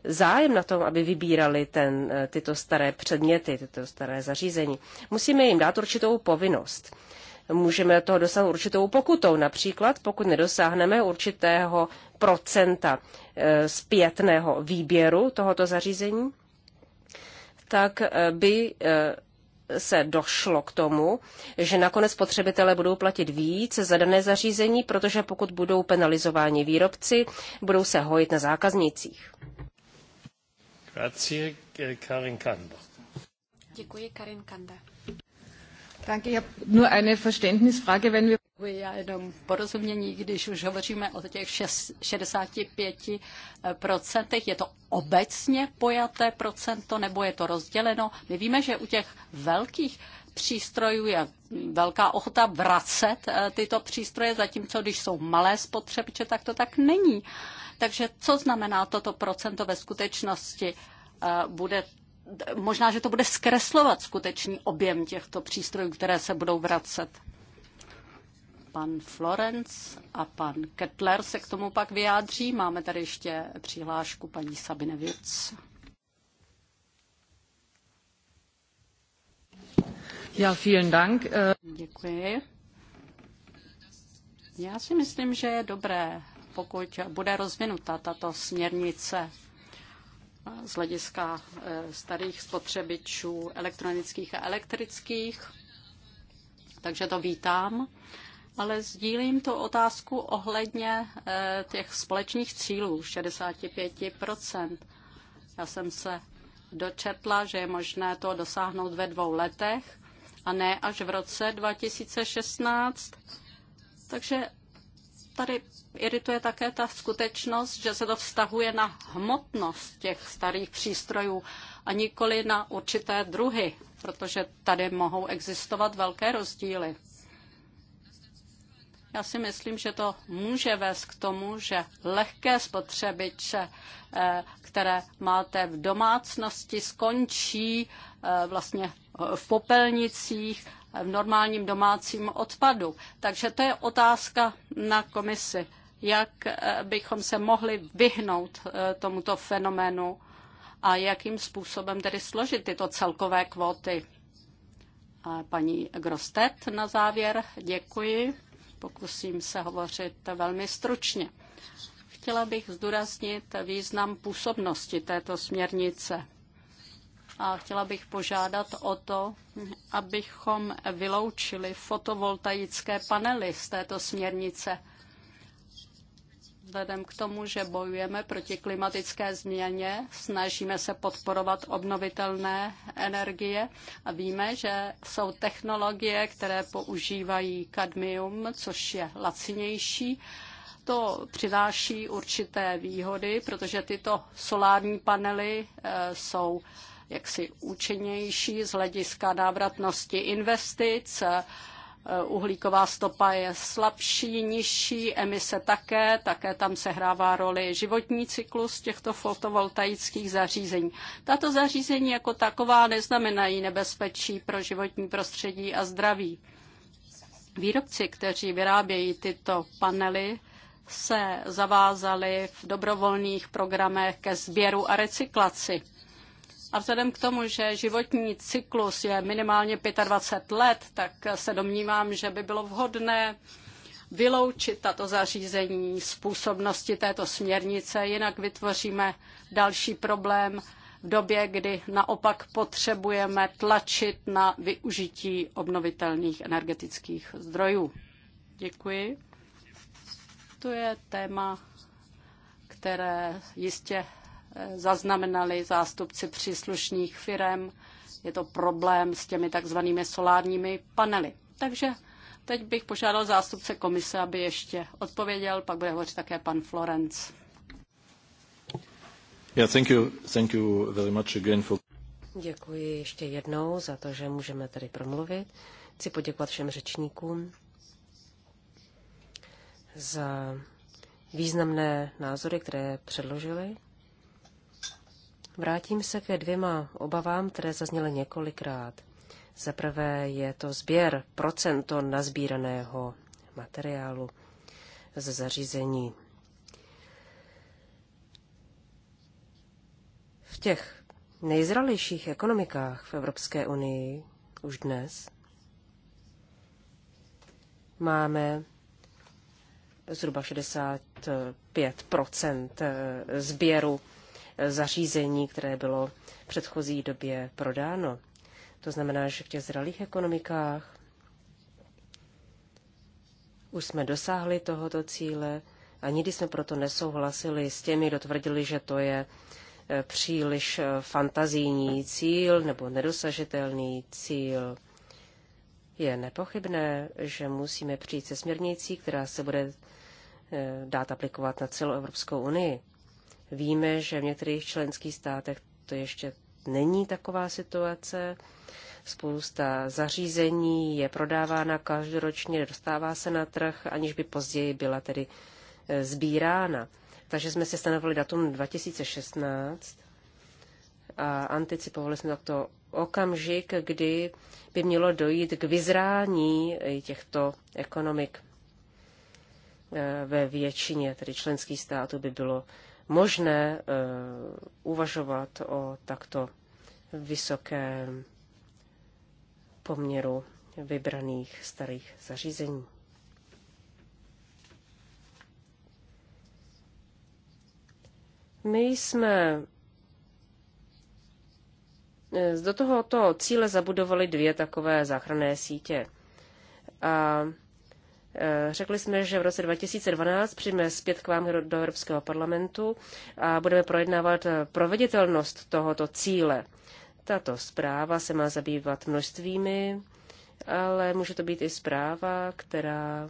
zájem na tom, aby vybírali ten, eh, tyto staré předměty, tyto staré zařízení. Musíme jim dát určitou povinnost. Můžeme toho dosáhnout určitou pokutou, například pokud nedosáhneme určitého procenta eh, zpětného výběru tohoto zařízení, tak eh, by se došlo k tomu, že nakonec spotřebitelé budou platit víc za dané zařízení, protože pokud budou penalizováni výrobci, budou se hojit na zákaznicích. Grazie, Karin Kanda. Děkuji, Karin Kanda. Danke, ich habe nur eine Verständnisfrage, wenn wir Děkuji, já jenom porozumění, když už hovoříme o těch 65%, eh, je to obecně pojaté procento nebo je to rozděleno? My víme, že u těch velkých přístrojů je velká ochota vracet eh, tyto přístroje, zatímco když jsou malé spotřebiče, tak to tak není. Takže co znamená toto procento ve skutečnosti? Eh, bude možná, že to bude zkreslovat skutečný objem těchto přístrojů, které se budou vracet. Pan Florenc a pan Kettler se k tomu pak vyjádří. Máme tady ještě přihlášku paní Sabine Wirz. Ja, vielen Dank. Äh, Děkuji. Já si myslím, že je dobré, pokud bude rozvinuta tato směrnice z hlediska eh, starých spotřebičů elektronických a elektrických, takže to vítám ale sdílím tu otázku ohledně eh, těch společných cílů 65 Já jsem se dočetla, že je možné to dosáhnout ve dvou letech a ne až v roce 2016. Takže tady irituje také ta skutečnost, že se to vztahuje na hmotnost těch starých přístrojů a nikoli na určité druhy, protože tady mohou existovat velké rozdíly. Já si myslím, že to může vést k tomu, že lehké spotřebiče, eh, které máte v domácnosti, skončí eh, vlastně eh, v popelnicích, v normálním domácím odpadu. Takže to je otázka na komisi, jak bychom se mohli vyhnout tomuto fenoménu a jakým způsobem tedy složit tyto celkové kvóty. Paní Grostet na závěr, děkuji. Pokusím se hovořit velmi stručně. Chtěla bych zdůraznit význam působnosti této směrnice a chtěla bych požádat o to, abychom vyloučili fotovoltaické panely z této směrnice vzhledem k tomu, že bojujeme proti klimatické změně, snažíme se podporovat obnovitelné energie a víme, že jsou technologie, které používají kadmium, což je lacinější. To přináší určité výhody, protože tyto solární panely eh, jsou jaksi účinnější z hlediska návratnosti investic, Eh, uhlíková stopa je slabší, nižší, emise také, také tam se hrává roli životní cyklus těchto fotovoltaických zařízení. Tato zařízení jako taková neznamenají nebezpečí pro životní prostředí a zdraví. Výrobci, kteří vyrábějí tyto panely, se zavázali v dobrovolných programech ke sběru a recyklaci. A vzhledem k tomu, že životní cyklus je minimálně 25 let, tak se domnívám, že by bylo vhodné vyloučit tato zařízení z působnosti této směrnice, jinak vytvoříme další problém v době, kdy naopak potřebujeme tlačit na využití obnovitelných energetických zdrojů. Děkuji. To je téma, které jistě zaznamenali zástupci příslušných firm. Je to problém s těmi takzvanými solárními panely. Takže teď bych požádal zástupce komise, aby ještě odpověděl, pak bude hovořit také pan Florenc. Yeah, thank you. Thank you very much again for... Děkuji ještě jednou za to, že můžeme tady promluvit. Chci poděkovat všem řečníkům za významné názory, které předložili. Vrátím se ke dvěma obavám, které zazněly několikrát. Za prvé je to sběr procento nazbíraného materiálu ze zařízení. V těch nejzralějších ekonomikách v Evropské unii už dnes máme zhruba 65 sběru zařízení, které bylo v předchozí době prodáno. To znamená, že v těch zralých ekonomikách už jsme dosáhli tohoto cíle a nikdy jsme proto nesouhlasili s těmi, kdo tvrdili, že to je eh, příliš eh, fantazijní cíl nebo nedosažitelný cíl. Je nepochybné, že musíme přijít se směrnicí, která se bude eh, dát aplikovat na celou Evropskou unii. Víme, že v některých členských státech to ještě není taková situace. Spousta zařízení je prodávána každoročně, dostává se na trh, aniž by později byla tedy e, sbírána. Takže jsme si stanovili datum 2016 a anticipovali jsme takto okamžik, kdy by mělo dojít k vyzrání těchto ekonomik. E, ve většině tedy členských států by bylo možné eh, uvažovat o takto vysokém poměru vybraných starých zařízení. My jsme eh, do tohoto cíle zabudovali dvě takové záchranné sítě. A Eh, řekli jsme, že v roce 2012 přijme zpět k vám do Evropského parlamentu a budeme projednávat eh, proveditelnost tohoto cíle. Tato zpráva se má zabývat množstvími, ale může to být i zpráva, která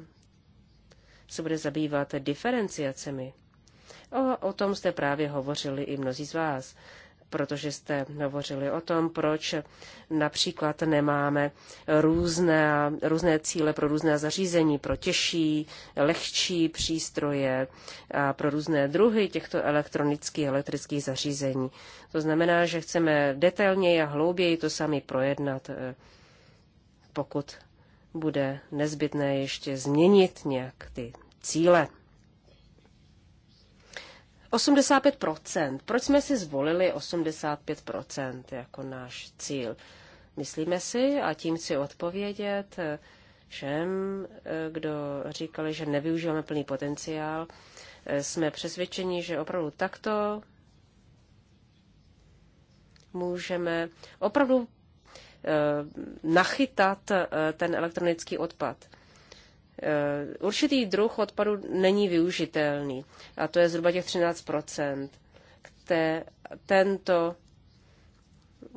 se bude zabývat diferenciacemi. O, o tom jste právě hovořili i mnozí z vás protože jste hovořili o tom, proč například nemáme různé, různé cíle pro různé zařízení, pro těžší, lehčí přístroje a pro různé druhy těchto elektronických elektrických zařízení. To znamená, že chceme detailněji a hlouběji to sami projednat, eh, pokud bude nezbytné ještě změnit nějak ty cíle. 85%. Proč jsme si zvolili 85% jako náš cíl? Myslíme si, a tím chci odpovědět eh, všem, eh, kdo říkali, že nevyužíváme plný potenciál, eh, jsme přesvědčeni, že opravdu takto můžeme opravdu nachytat ten elektronický odpad. Eh, určitý druh odpadu není využitelný, a to je zhruba těch 13 Té, tento,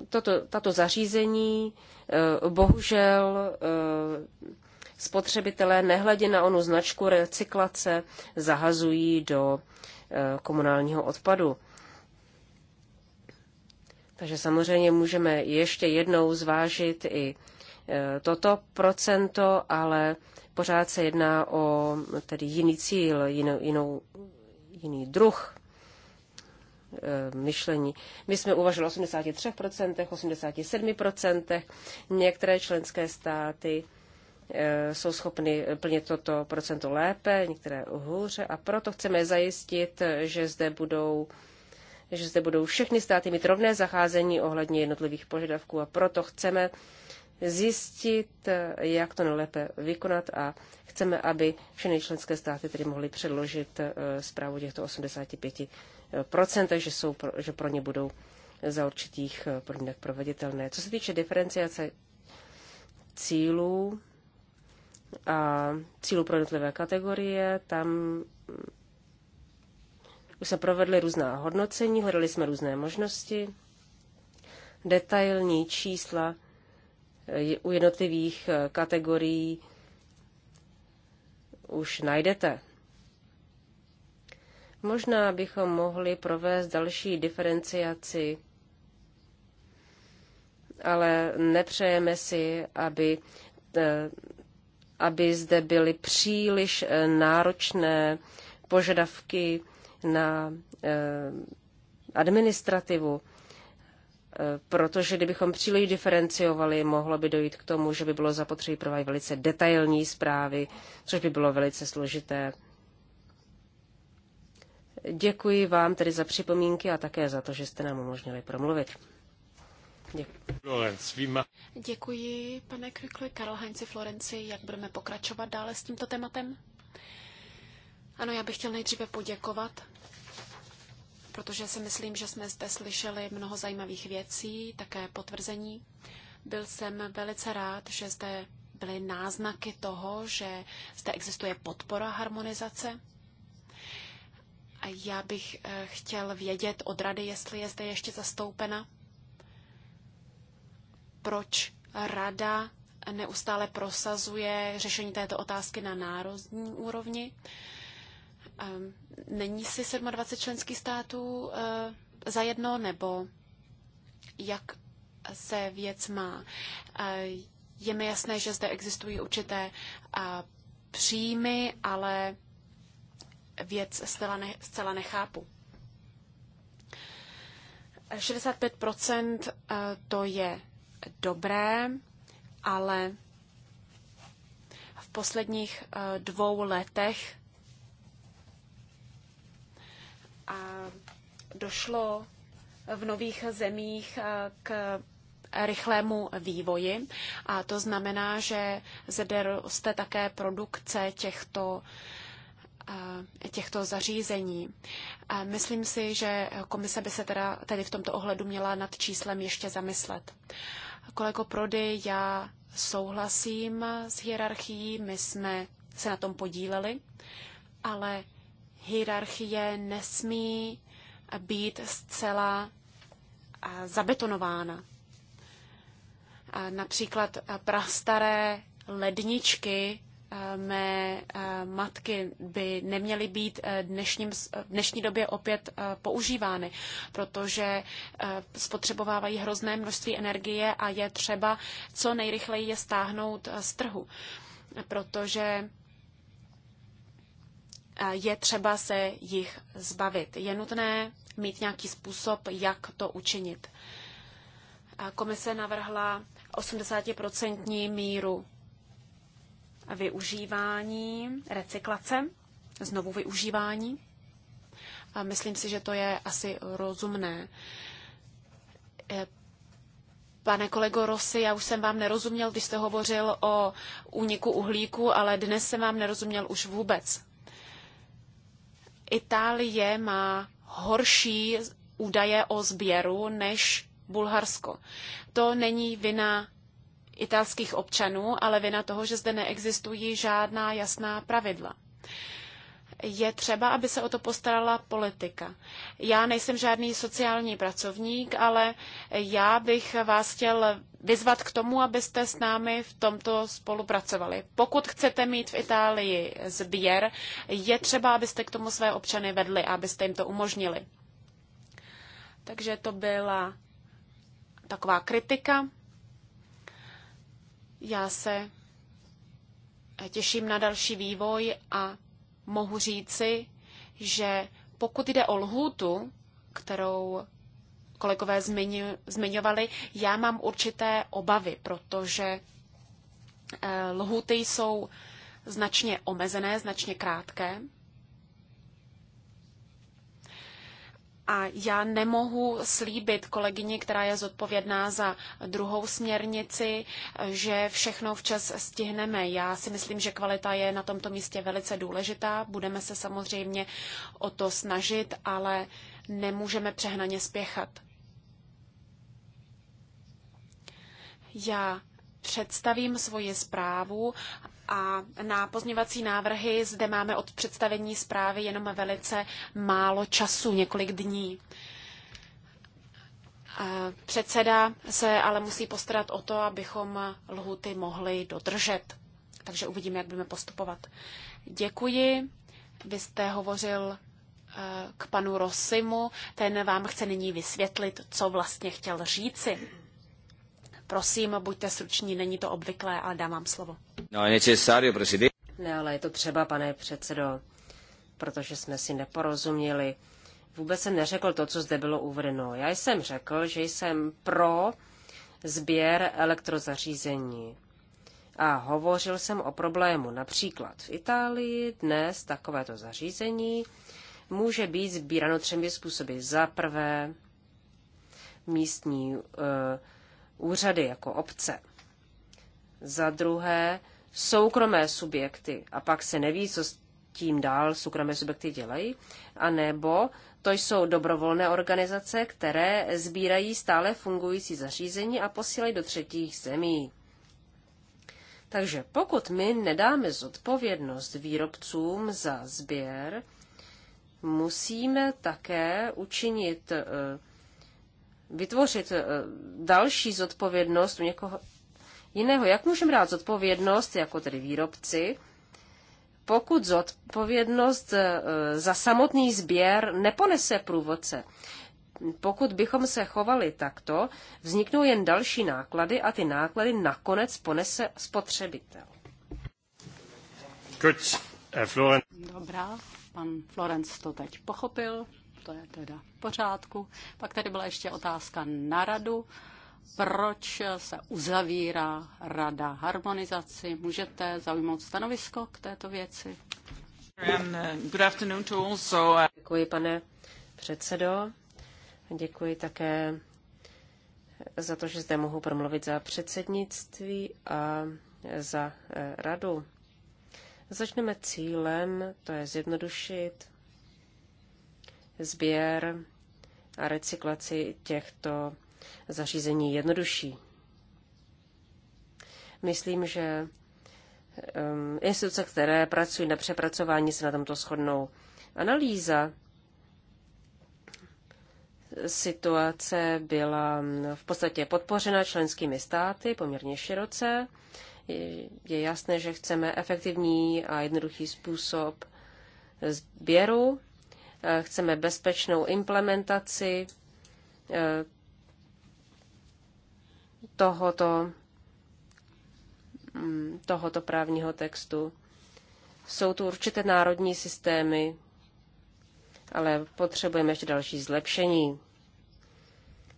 toto, tato zařízení eh, bohužel eh, spotřebitelé nehledě na onu značku recyklace zahazují do komunálního odpadu. Takže samozřejmě můžeme ještě jednou zvážit i toto procento, ale pořád se jedná o tedy jiný cíl, jinou, jinou, jiný druh e, myšlení. My jsme uvažovali o 83%, 87%. Některé členské státy e, jsou schopny plnit toto procento lépe, některé hůře a proto chceme zajistit, že zde budou že zde budou všechny státy mít rovné zacházení ohledně jednotlivých požadavků a proto chceme zjistit, jak to nejlépe vykonat a chceme, aby všechny členské státy tedy mohly předložit eh, zprávu těchto 85%, eh, takže jsou, že pro ně budou za určitých eh, podmínek proveditelné. Co se týče diferenciace cílů a cílů pro jednotlivé kategorie, tam mm, už se provedly různá hodnocení, hledali jsme různé možnosti, detailní čísla u jednotlivých eh, kategorií už najdete. Možná bychom mohli provést další diferenciaci, ale nepřejeme si, aby, eh, aby zde byly příliš eh, náročné požadavky na administrativu protože kdybychom příliš diferenciovali, mohlo by dojít k tomu, že by bylo zapotřebí provádět velice detailní zprávy, což by bylo velice složité. Děkuji vám tedy za připomínky a také za to, že jste nám umožnili promluvit. Děkuji. Děkuji, pane Krykli, Karl Heinzi Florenci. Jak budeme pokračovat dále s tímto tématem? Ano, já bych chtěl nejdříve poděkovat protože si myslím, že jsme zde slyšeli mnoho zajímavých věcí, také potvrzení. Byl jsem velice rád, že zde byly náznaky toho, že zde existuje podpora harmonizace. A já bych eh, chtěl vědět od rady, jestli je zde ještě zastoupena. Proč rada neustále prosazuje řešení této otázky na národní úrovni? Ehm, není si 27 členských států eh, za jedno, nebo jak se věc má? Eh, je mi jasné, že zde existují určité eh, příjmy, ale věc zcela, zcela nechápu. 65% to je dobré, ale v posledních dvou letech došlo v nových zemích eh, k rychlému vývoji a to znamená, že zde roste také produkce těchto eh, těchto zařízení. Myslím si, že komise by se teda tedy v tomto ohledu měla nad číslem ještě zamyslet. Kolego Prody, já souhlasím s hierarchií, my jsme se na tom podíleli, ale hierarchie nesmí být zcela eh, zabetonována. Eh, například eh, prastaré ledničky mé matky by neměly být dnešním, v dnešní době opět používány, protože spotřebovávají hrozné množství energie a je třeba co nejrychleji je stáhnout z trhu, protože je třeba se jich zbavit. Je nutné mít nějaký způsob, jak to učinit. Komise navrhla 80% míru využívání, recyklace, znovu využívání. A myslím si, že to je asi rozumné. E, pane kolego Rosy, já už jsem vám nerozuměl, když jste hovořil o úniku uhlíku, ale dnes jsem vám nerozuměl už vůbec. Itálie má horší údaje o sběru než Bulharsko. To není vina italských občanů, ale vina toho, že zde neexistují žádná jasná pravidla je třeba, aby se o to postarala politika. Já nejsem žádný sociální pracovník, ale já bych vás chtěl vyzvat k tomu, abyste s námi v tomto spolupracovali. Pokud chcete mít v Itálii sběr, je třeba, abyste k tomu své občany vedli a abyste jim to umožnili. Takže to byla taková kritika. Já se těším na další vývoj a mohu říci, že pokud jde o lhůtu, kterou kolegové zmiňovali, já mám určité obavy, protože eh, lhůty jsou značně omezené, značně krátké. A já nemohu slíbit kolegyni, která je zodpovědná za druhou směrnici, že všechno včas stihneme. Já si myslím, že kvalita je na tomto místě velice důležitá. Budeme se samozřejmě o to snažit, ale nemůžeme přehnaně spěchat. Já představím svoji zprávu a na pozměvací návrhy zde máme od představení zprávy jenom velice málo času, několik dní. Předseda se ale musí postarat o to, abychom lhuty mohli dodržet. Takže uvidíme, jak budeme postupovat. Děkuji. Vy jste hovořil eh, k panu Rosimu. Ten vám chce nyní vysvětlit, co vlastně chtěl říci. Prosím, buďte struční, není to obvyklé, ale dám vám slovo. No, je Ne, ale je to třeba, pane předsedo, protože jsme si neporozuměli. Vůbec jsem neřekl to, co zde bylo uvedeno. Já jsem řekl, že jsem pro sběr elektrozařízení. A hovořil jsem o problému. Například v Itálii dnes takovéto zařízení může být sbíráno třemi způsoby. Za prvé místní uh, úřady jako obce. Za druhé soukromé subjekty a pak se neví, co s tím dál soukromé subjekty dělají, anebo to jsou dobrovolné organizace, které sbírají stále fungující zařízení a posílají do třetích zemí. Takže pokud my nedáme zodpovědnost výrobcům za sběr, musíme také učinit, eh, vytvořit eh, další zodpovědnost u někoho, jiného. Jak můžeme brát zodpovědnost, jako tedy výrobci, pokud zodpovědnost e, za samotný sběr neponese průvodce? Pokud bychom se chovali takto, vzniknou jen další náklady a ty náklady nakonec ponese spotřebitel. Good. Eh, Dobrá, pan Florence to teď pochopil, to je teda v pořádku. Pak tady byla ještě otázka na radu proč se uzavírá rada harmonizaci. Můžete zaujmout stanovisko k této věci? Uh, uh, Děkuji, pane předsedo. Děkuji také za to, že zde mohu promluvit za předsednictví a za eh, radu. Začneme cílem, to je zjednodušit sběr a recyklaci těchto zařízení jednodušší. Myslím, že um, instituce, které pracují na přepracování, se na tomto shodnou. Analýza situace byla um, v podstatě podpořena členskými státy poměrně široce. Je jasné, že chceme efektivní a jednoduchý způsob sběru, eh, chceme bezpečnou implementaci eh, tohoto, mm, tohoto právního textu. Jsou tu určité národní systémy, ale potřebujeme ještě další zlepšení.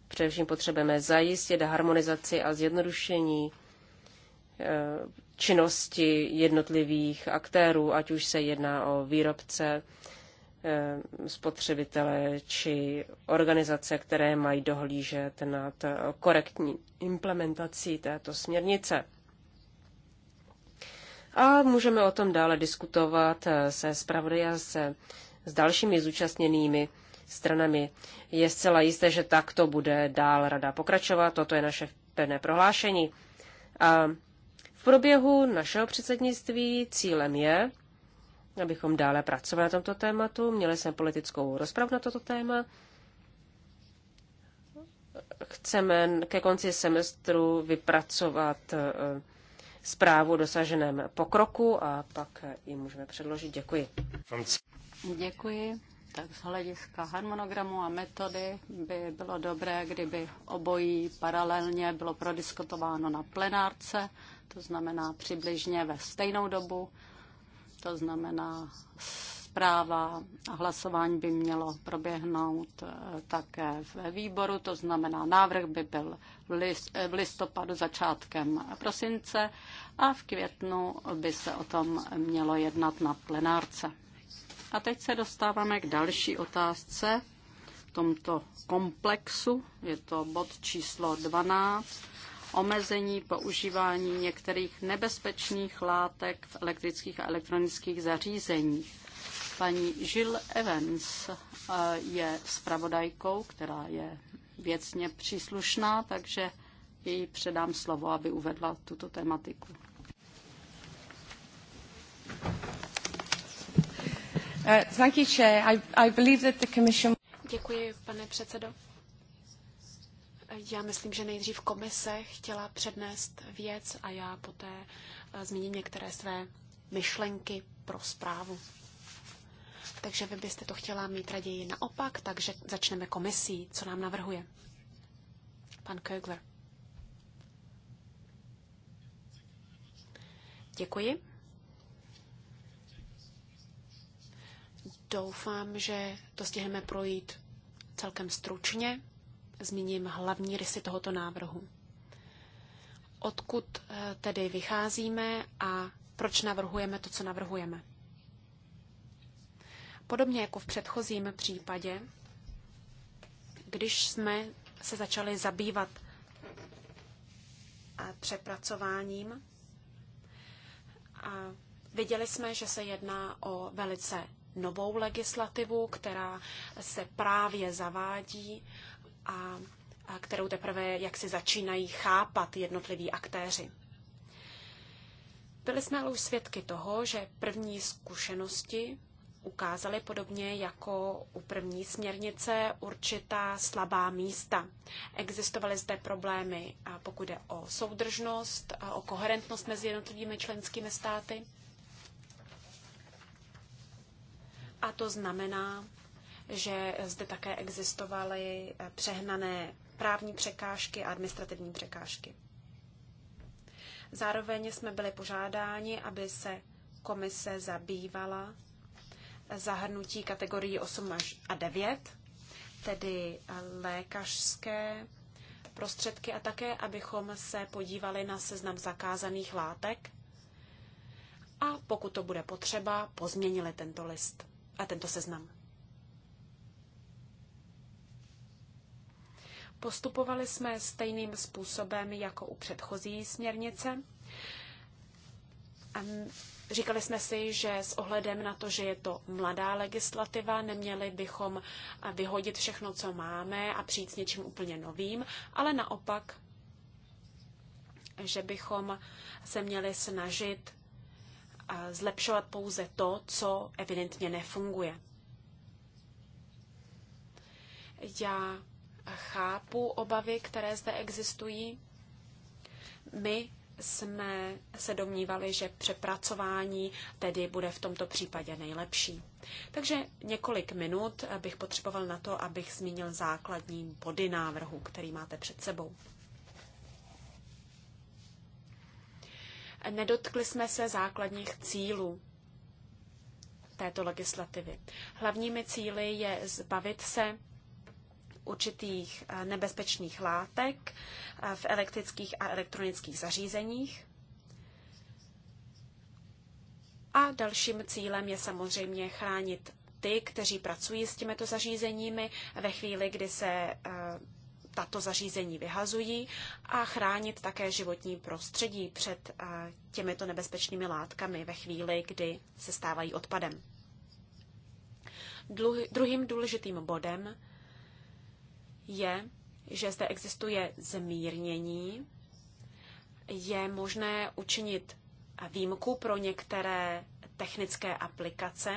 Především potřebujeme zajistit harmonizaci a zjednodušení eh, činnosti jednotlivých aktérů, ať už se jedná o výrobce, Eh, spotřebitele či organizace, které mají dohlížet nad eh, korektní implementací této směrnice. A můžeme o tom dále diskutovat eh, se zpravodaji a se, s dalšími zúčastněnými stranami. Je zcela jisté, že takto bude dál rada pokračovat. Toto je naše pevné prohlášení. A v průběhu našeho předsednictví cílem je, abychom dále pracovali na tomto tématu. Měli jsme politickou rozpravu na toto téma. Chceme ke konci semestru vypracovat eh, zprávu o dosaženém pokroku a pak ji můžeme předložit. Děkuji. Děkuji. Tak z hlediska harmonogramu a metody by bylo dobré, kdyby obojí paralelně bylo prodiskutováno na plenárce, to znamená přibližně ve stejnou dobu to znamená, zpráva a hlasování by mělo proběhnout eh, také ve výboru, to znamená, návrh by byl eh, v listopadu začátkem prosince a v květnu by se o tom mělo jednat na plenárce. A teď se dostáváme k další otázce v tomto komplexu. Je to bod číslo 12 omezení používání některých nebezpečných látek v elektrických a elektronických zařízeních. Paní Jill Evans eh, je zpravodajkou, která je věcně příslušná, takže jí předám slovo, aby uvedla tuto tematiku. Eh, Děkuji, pane předsedo. Já myslím, že nejdřív komise chtěla přednést věc a já poté eh, zmíním některé své myšlenky pro zprávu. Takže vy byste to chtěla mít raději naopak, takže začneme komisí, co nám navrhuje. Pan Kögler. Děkuji. Doufám, že to stihneme projít celkem stručně zmíním hlavní rysy tohoto návrhu. Odkud eh, tedy vycházíme a proč navrhujeme to, co navrhujeme? Podobně jako v předchozím případě, když jsme se začali zabývat eh, přepracováním, a viděli jsme, že se jedná o velice novou legislativu, která se právě zavádí a, a kterou teprve jak si začínají chápat jednotliví aktéři. Byli jsme ale už svědky toho, že první zkušenosti ukázaly podobně jako u první směrnice určitá slabá místa. Existovaly zde problémy, pokud jde o soudržnost, o koherentnost mezi jednotlivými členskými státy. A to znamená, že zde také existovaly přehnané právní překážky a administrativní překážky. Zároveň jsme byli požádáni, aby se komise zabývala zahrnutí kategorií 8 až a 9, tedy lékařské prostředky a také, abychom se podívali na seznam zakázaných látek a pokud to bude potřeba, pozměnili tento list a tento seznam. Postupovali jsme stejným způsobem jako u předchozí směrnice. A říkali jsme si, že s ohledem na to, že je to mladá legislativa, neměli bychom vyhodit všechno, co máme a přijít s něčím úplně novým, ale naopak, že bychom se měli snažit zlepšovat pouze to, co evidentně nefunguje. Já chápu obavy, které zde existují. My jsme se domnívali, že přepracování tedy bude v tomto případě nejlepší. Takže několik minut bych potřeboval na to, abych zmínil základní body návrhu, který máte před sebou. Nedotkli jsme se základních cílů této legislativy. Hlavními cíly je zbavit se určitých eh, nebezpečných látek eh, v elektrických a elektronických zařízeních. A dalším cílem je samozřejmě chránit ty, kteří pracují s těmito zařízeními ve chvíli, kdy se eh, tato zařízení vyhazují a chránit také životní prostředí před těmito nebezpečnými látkami ve chvíli, kdy se stávají odpadem. Druhým důležitým bodem je, že zde existuje zmírnění, je možné učinit výjimku pro některé technické aplikace,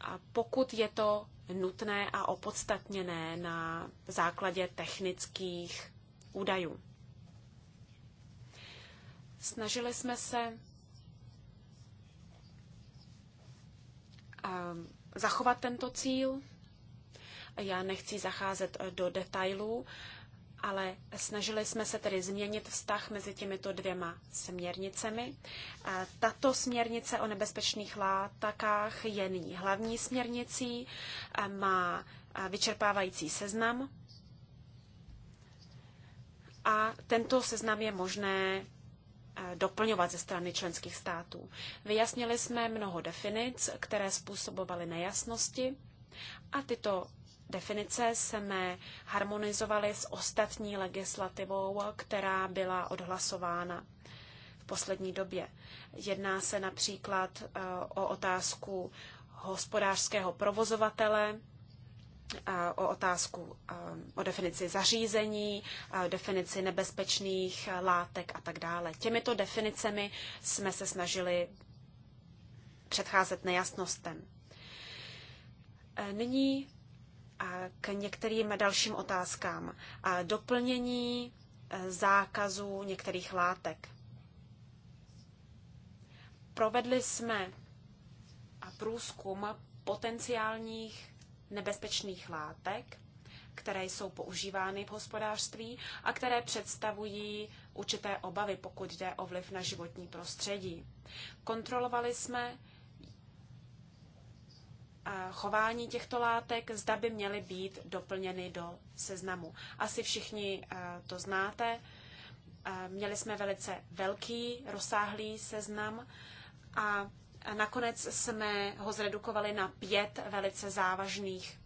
a pokud je to nutné a opodstatněné na základě technických údajů. Snažili jsme se ehm, zachovat tento cíl já nechci zacházet eh, do detailů, ale snažili jsme se tedy změnit vztah mezi těmito dvěma směrnicemi. Eh, tato směrnice o nebezpečných látkách je nyní hlavní směrnicí, eh, má vyčerpávající seznam a tento seznam je možné doplňovat ze strany členských států. Vyjasnili jsme mnoho definic, které způsobovaly nejasnosti a tyto definice jsme harmonizovali s ostatní legislativou, která byla odhlasována v poslední době. Jedná se například eh, o otázku hospodářského provozovatele, eh, o otázku eh, o definici zařízení, o definici nebezpečných látek a tak dále. Těmito definicemi jsme se snažili předcházet nejasnostem. Nyní k některým dalším otázkám. Doplnění e, zákazu některých látek. Provedli jsme průzkum potenciálních nebezpečných látek, které jsou používány v hospodářství a které představují určité obavy, pokud jde o vliv na životní prostředí. Kontrolovali jsme, chování těchto látek, zda by měly být doplněny do seznamu. Asi všichni eh, to znáte. Eh, měli jsme velice velký, rozsáhlý seznam a nakonec jsme ho zredukovali na pět velice závažných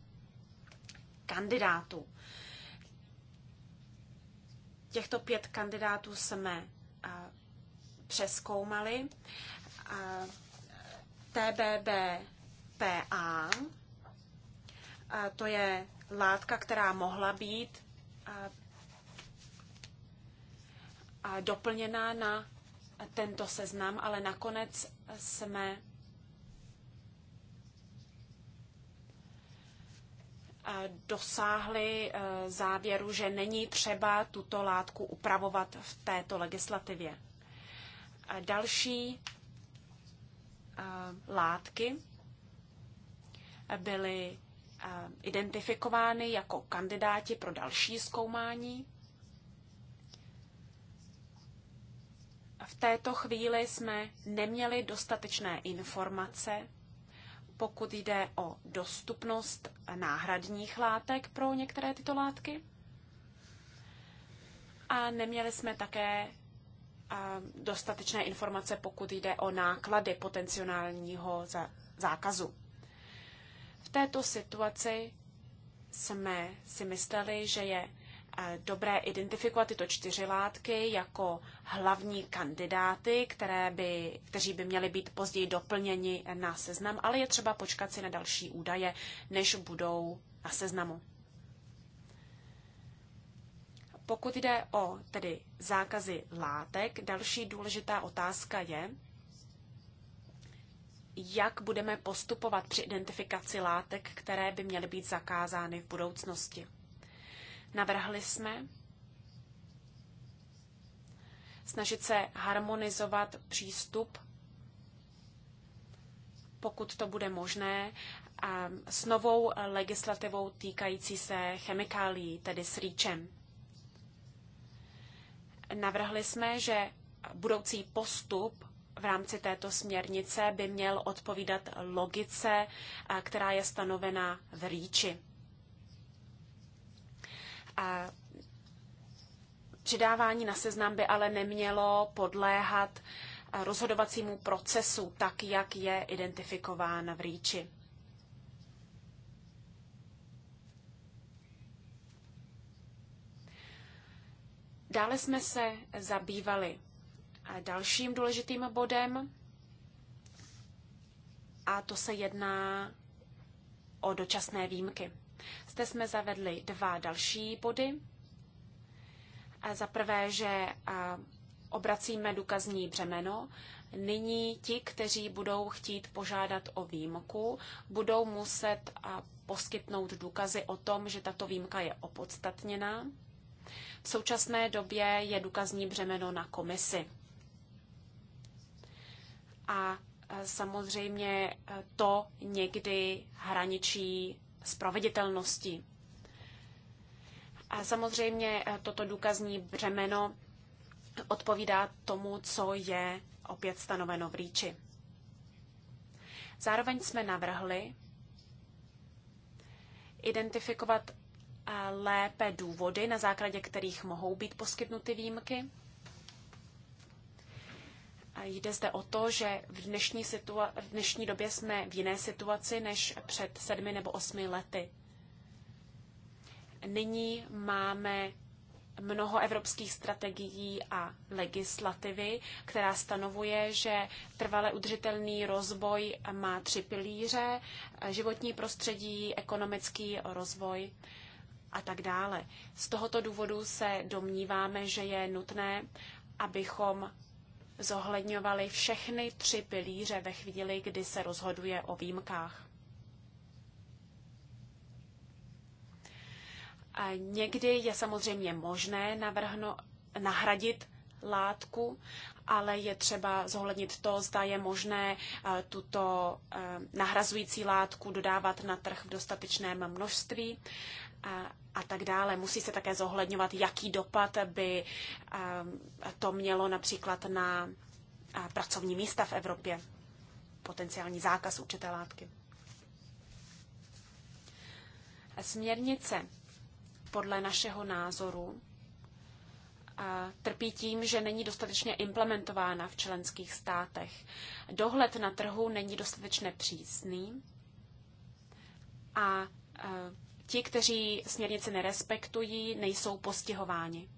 kandidátů. Těchto pět kandidátů jsme eh, přeskoumali. TBB PA. To je látka, která mohla být doplněná na tento seznam, ale nakonec jsme dosáhli e, závěru, že není třeba tuto látku upravovat v této legislativě. Další e, látky, byli eh, identifikovány jako kandidáti pro další zkoumání. V této chvíli jsme neměli dostatečné informace, pokud jde o dostupnost náhradních látek pro některé tyto látky. A neměli jsme také eh, dostatečné informace, pokud jde o náklady potenciálního zákazu. V této situaci jsme si mysleli, že je eh, dobré identifikovat tyto čtyři látky jako hlavní kandidáty, které by, kteří by měli být později doplněni na seznam, ale je třeba počkat si na další údaje, než budou na seznamu. Pokud jde o tedy zákazy látek, další důležitá otázka je, jak budeme postupovat při identifikaci látek, které by měly být zakázány v budoucnosti. Navrhli jsme snažit se harmonizovat přístup, pokud to bude možné, a s novou legislativou týkající se chemikálií, tedy s REACHem. Navrhli jsme, že budoucí postup v rámci této směrnice by měl odpovídat logice, která je stanovená v rýči. Přidávání na seznam by ale nemělo podléhat rozhodovacímu procesu, tak jak je identifikován v rýči. Dále jsme se zabývali dalším důležitým bodem a to se jedná o dočasné výjimky. Zde jsme zavedli dva další body. Za prvé, že obracíme důkazní břemeno. Nyní ti, kteří budou chtít požádat o výjimku, budou muset poskytnout důkazy o tom, že tato výjimka je opodstatněná. V současné době je důkazní břemeno na komisi a e, samozřejmě e, to někdy hraničí s proveditelností. A samozřejmě e, toto důkazní břemeno odpovídá tomu, co je opět stanoveno v rýči. Zároveň jsme navrhli identifikovat lépe důvody, na základě kterých mohou být poskytnuty výjimky. Jde zde o to, že v dnešní, situa- v dnešní době jsme v jiné situaci než před sedmi nebo osmi lety. Nyní máme mnoho evropských strategií a legislativy, která stanovuje, že trvale udržitelný rozvoj má tři pilíře, životní prostředí, ekonomický rozvoj a tak dále. Z tohoto důvodu se domníváme, že je nutné, abychom zohledňovaly všechny tři pilíře ve chvíli, kdy se rozhoduje o výjimkách. A někdy je samozřejmě možné navrhno, nahradit látku, ale je třeba zohlednit to, zda je možné e, tuto e, nahrazující látku dodávat na trh v dostatečném množství a tak dále. Musí se také zohledňovat, jaký dopad by to mělo například na pracovní místa v Evropě, potenciální zákaz určité látky. Směrnice podle našeho názoru trpí tím, že není dostatečně implementována v členských státech. Dohled na trhu není dostatečně přísný a Ti, kteří směrnici nerespektují, nejsou postihováni.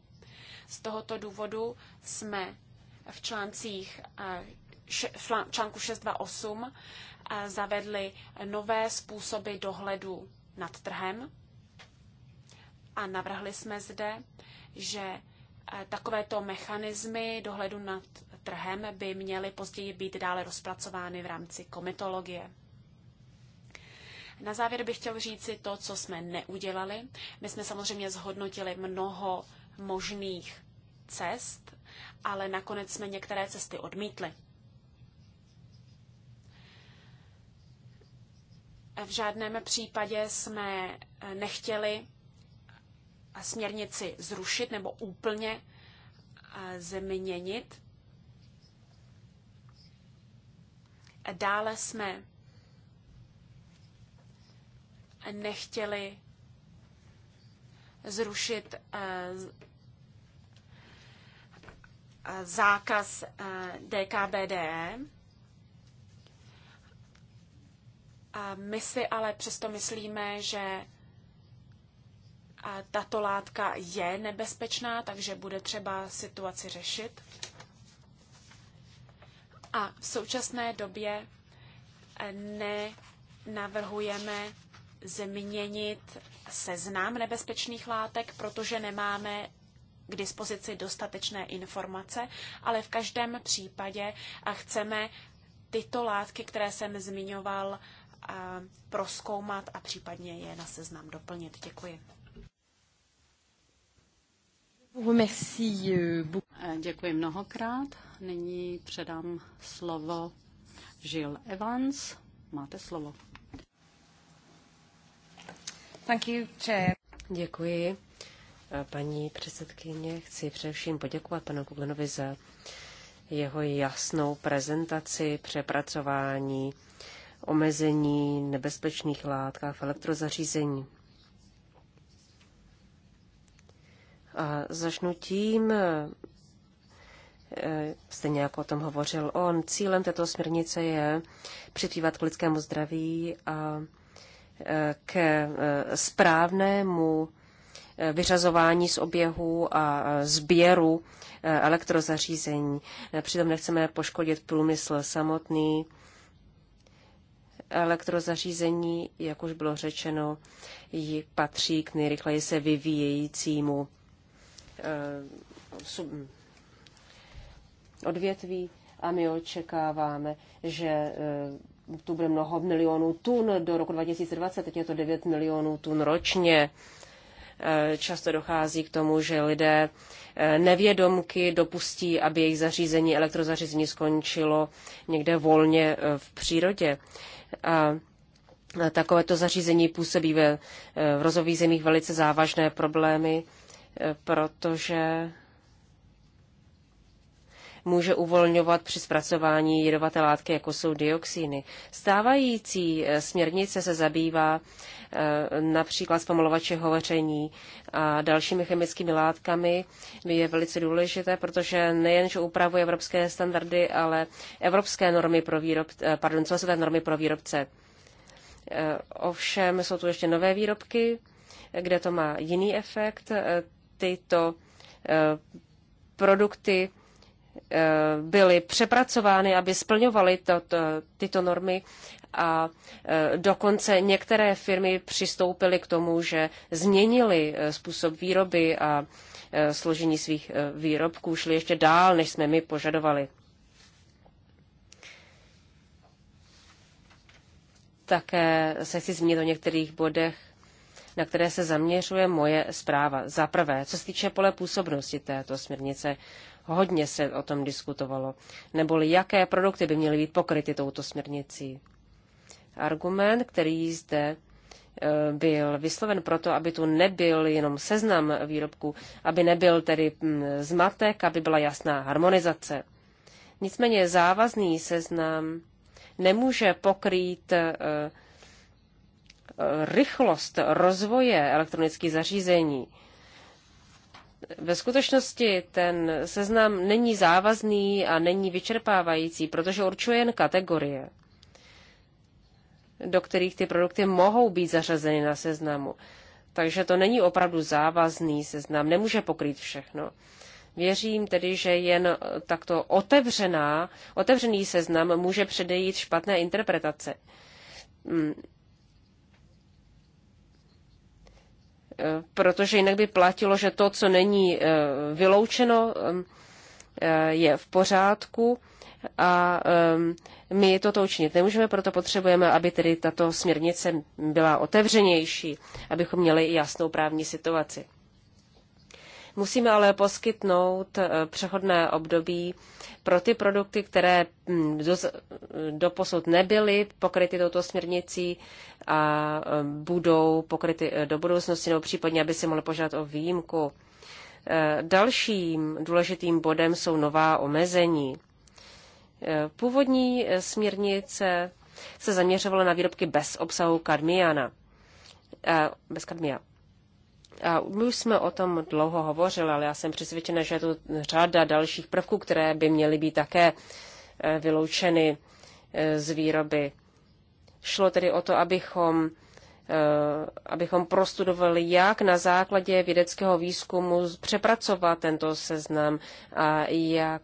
Z tohoto důvodu jsme v článcích eh, v článku 628 eh, zavedli nové způsoby dohledu nad trhem a navrhli jsme zde, že eh, takovéto mechanismy dohledu nad trhem by měly později být dále rozpracovány v rámci komitologie. Na závěr bych chtěl říci to, co jsme neudělali. My jsme samozřejmě zhodnotili mnoho možných cest, ale nakonec jsme některé cesty odmítli. V žádném případě jsme eh, nechtěli eh, směrnici zrušit nebo úplně eh, změnit. Dále jsme nechtěli zrušit eh, eh, zákaz DKBD. Eh, e. My si ale přesto myslíme, že tato látka je nebezpečná, takže bude třeba situaci řešit. A v současné době nenavrhujeme změnit seznam nebezpečných látek, protože nemáme k dispozici dostatečné informace, ale v každém případě a chceme tyto látky, které jsem zmiňoval, a proskoumat a případně je na seznam doplnit. Děkuji. Euh, eh, děkuji mnohokrát. Nyní předám slovo Jill Evans. Máte slovo. Thank you, chair. Děkuji. Paní předsedkyně, chci především poděkovat panu Kuglenovi za jeho jasnou prezentaci, přepracování, omezení nebezpečných látek v elektrozařízení. A začnu tím, e, stejně jako o tom hovořil on, cílem této směrnice je přispívat k lidskému zdraví a k eh, správnému eh, vyřazování z oběhu a eh, sběru elektrozařízení. Přitom nechceme poškodit průmysl samotný. Elektrozařízení, jak už bylo řečeno, patří k nejrychleji se vyvíjejícímu odvětví a my očekáváme, že tu bude mnoho milionů tun do roku 2020, teď je to 9 milionů tun ročně. E, často dochází k tomu, že lidé e, nevědomky dopustí, aby jejich zařízení, elektrozařízení skončilo někde volně e, v přírodě. A takovéto zařízení působí ve v rozových zemích velice závažné problémy, protože může uvolňovat při zpracování jedovaté látky, jako jsou dioxíny. Stávající eh, směrnice se zabývá eh, například zpomalovače hovoření a dalšími chemickými látkami. Je velice důležité, protože nejenže upravuje evropské standardy, ale evropské normy pro výrobce, eh, pardon, se normy pro výrobce. Ovšem jsou tu ještě nové výrobky, kde to má jiný efekt. Tyto produkty Eh, byly přepracovány, aby splňovaly tyto normy a eh, dokonce některé firmy přistoupily k tomu, že změnily eh, způsob výroby a složení svých výrobků, šly ještě dál, než jsme my požadovali. Také se chci zmínit o některých bodech, na které se zaměřuje moje zpráva. Za prvé, co se týče pole působnosti této směrnice, Hodně se o tom diskutovalo. Neboli jaké produkty by měly být pokryty touto směrnicí. Argument, který zde e, byl vysloven proto, aby tu nebyl jenom seznam výrobků, aby nebyl tedy mm, zmatek, aby byla jasná harmonizace. Nicméně závazný seznam nemůže pokrýt e, e, rychlost rozvoje elektronických zařízení. Ve skutečnosti ten seznam není závazný a není vyčerpávající, protože určuje jen kategorie, do kterých ty produkty mohou být zařazeny na seznamu. Takže to není opravdu závazný seznam, nemůže pokrýt všechno. Věřím tedy, že jen takto otevřená, otevřený seznam může předejít špatné interpretace. Hmm. Eh, protože jinak by platilo, že to, co není eh, vyloučeno, eh, je v pořádku a my toto učinit nemůžeme, proto potřebujeme, aby tedy tato směrnice byla otevřenější, abychom měli i jasnou právní situaci. Musíme ale poskytnout eh, přechodné období pro ty produkty, které hm, doposud nebyly pokryty touto směrnicí a eh, budou pokryty eh, do budoucnosti, nebo případně, aby si mohli požádat o výjimku. Dalším důležitým bodem jsou nová omezení. Původní směrnice se zaměřovala na výrobky bez obsahu kadmiana. Bez kadmia. A už jsme o tom dlouho hovořili, ale já jsem přesvědčena, že je to řada dalších prvků, které by měly být také e, vyloučeny e, z výroby. Šlo tedy o to, abychom, e, abychom prostudovali, jak na základě vědeckého výzkumu přepracovat tento seznam a jak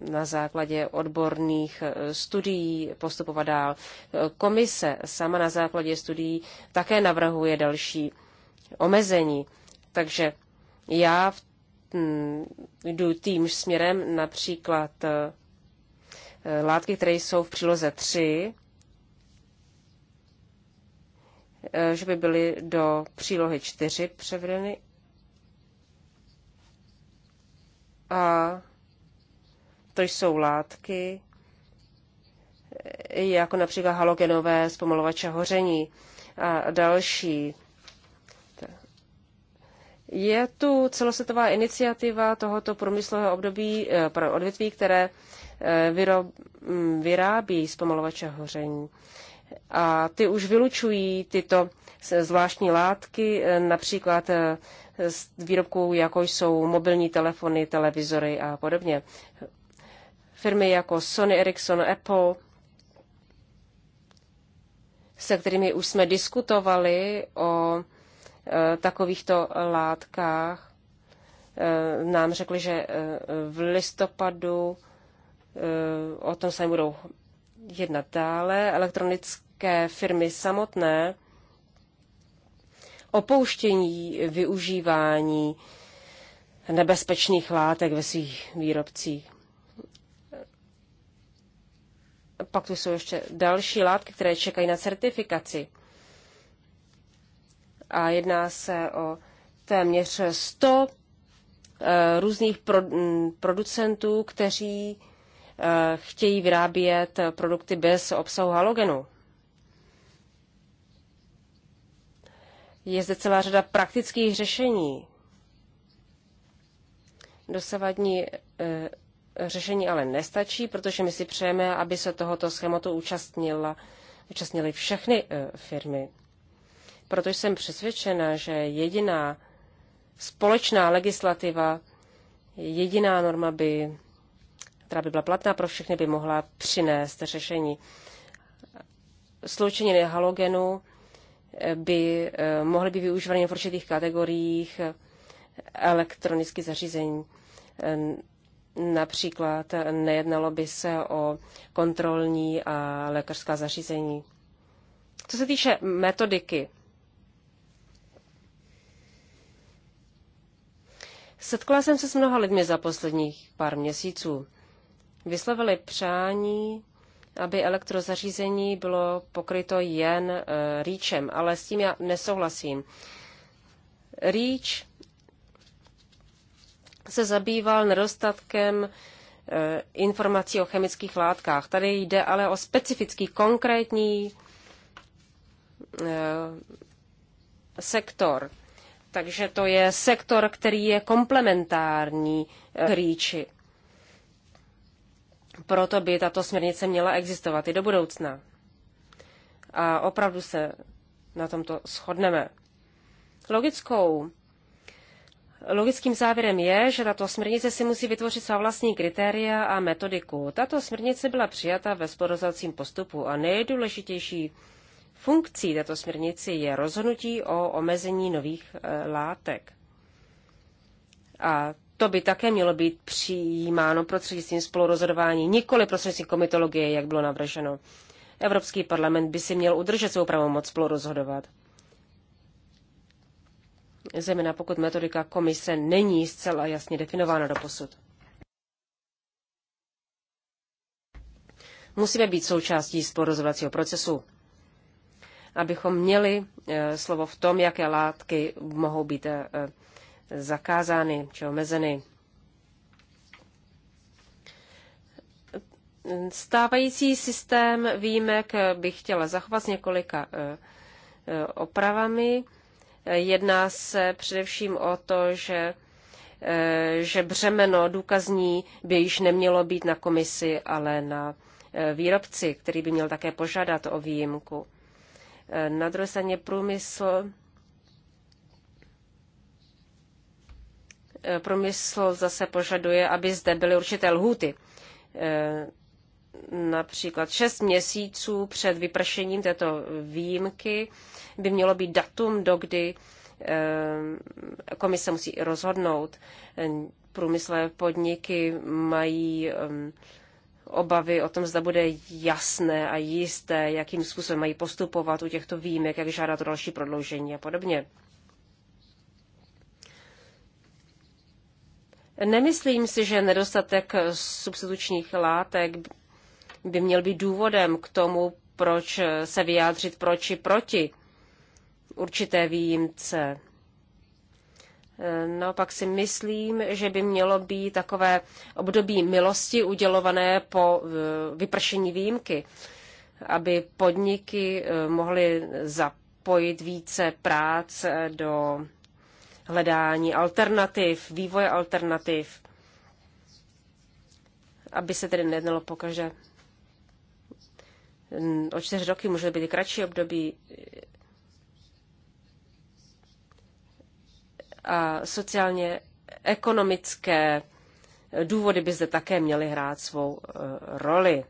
na základě odborných studií postupovat dál. Komise sama na základě studií také navrhuje další omezení. Takže já v, m, mm, jdu tím směrem například eh, látky, které jsou v příloze 3, eh, že by byly do přílohy 4 převedeny. A to jsou látky, eh, jako například halogenové zpomalovače hoření a další. Je tu celosvětová iniciativa tohoto průmyslového období eh, pro odvětví, které eh, vyrob, mm, vyrábí zpomalovače hoření. A ty už vylučují tyto zvláštní látky, eh, například z výrobků, jako jsou mobilní telefony, televizory a podobně. Firmy jako Sony, Ericsson, Apple, se kterými už jsme diskutovali o Eh, takovýchto látkách. Eh, nám řekli, že eh, v listopadu o tom se budou jednat dále. Elektronické firmy samotné opouštění využívání nebezpečných látek ve svých výrobcích. Pak tu jsou ještě další látky, které čekají na certifikaci a jedná se o téměř 100 eh, různých mm, producentů, kteří eh, chtějí vyrábět produkty bez obsahu halogenu. Je zde celá řada praktických řešení. Dosavadní eh, řešení ale nestačí, protože my si přejeme, aby se tohoto schématu účastnila, účastnili všechny firmy protože jsem přesvědčena, že jediná společná legislativa, jediná norma by, která by byla platná pro všechny, by mohla přinést řešení. Sloučeniny halogenu by eh, mohly být využívány v určitých kategoriích elektronických zařízení. Eh, například eh, nejednalo by se o kontrolní a lékařská zařízení. Co se týče metodiky, Setkala jsem se s mnoha lidmi za posledních pár měsíců. Vyslovili přání, aby elektrozařízení bylo pokryto jen uh, REACHem, ale s tím já nesouhlasím. REACH se zabýval nedostatkem eh, informací o chemických látkách. Tady jde ale o specifický, konkrétní eh, sektor takže to je sektor, který je komplementární k eh, rýči. Proto by tato směrnice měla existovat i do budoucna. A opravdu se na tomto shodneme. Logickou Logickým závěrem je, že tato směrnice si musí vytvořit svá vlastní kritéria a metodiku. Tato směrnice byla přijata ve spodozacím postupu a nejdůležitější Funkcí této směrnici je rozhodnutí o omezení nových eh, látek. A to by také mělo být přijímáno prostřednictvím spolurozhodování, nikoli prostřednictvím komitologie, jak bylo navrženo. Evropský parlament by si měl udržet svou pravomoc spolurozhodovat. Zejména pokud metodika komise není zcela jasně definována do posud. Musíme být součástí spolurozhodovacího procesu abychom měli eh, slovo v tom, jaké látky mohou být eh, zakázány či omezeny. Stávající systém výjimek bych chtěla zachovat s několika eh, opravami. Jedná se především o to, že, že břemeno důkazní by již nemělo být na komisi, ale na výrobci, který by měl také požádat o výjimku. Eh, na druhé straně průmysl eh, průmysl zase požaduje, aby zde byly určité lhuty. Eh, například 6 měsíců před vypršením této výjimky by mělo být datum, do kdy komise musí rozhodnout. Průmyslové podniky mají obavy o tom, zda bude jasné a jisté, jakým způsobem mají postupovat u těchto výjimek, jak žádat o další prodloužení a podobně. Nemyslím si, že nedostatek substitučních látek by měl být důvodem k tomu, proč se vyjádřit proč proti určité výjimce. No, pak si myslím, že by mělo být takové období milosti udělované po e, vypršení výjimky, aby podniky e, mohly zapojit více prác do hledání alternativ, vývoje alternativ, aby se tedy nejednalo pokaždé. O čtyři roky může být i kratší období, a sociálně ekonomické důvody by zde také měly hrát svou eh, roli.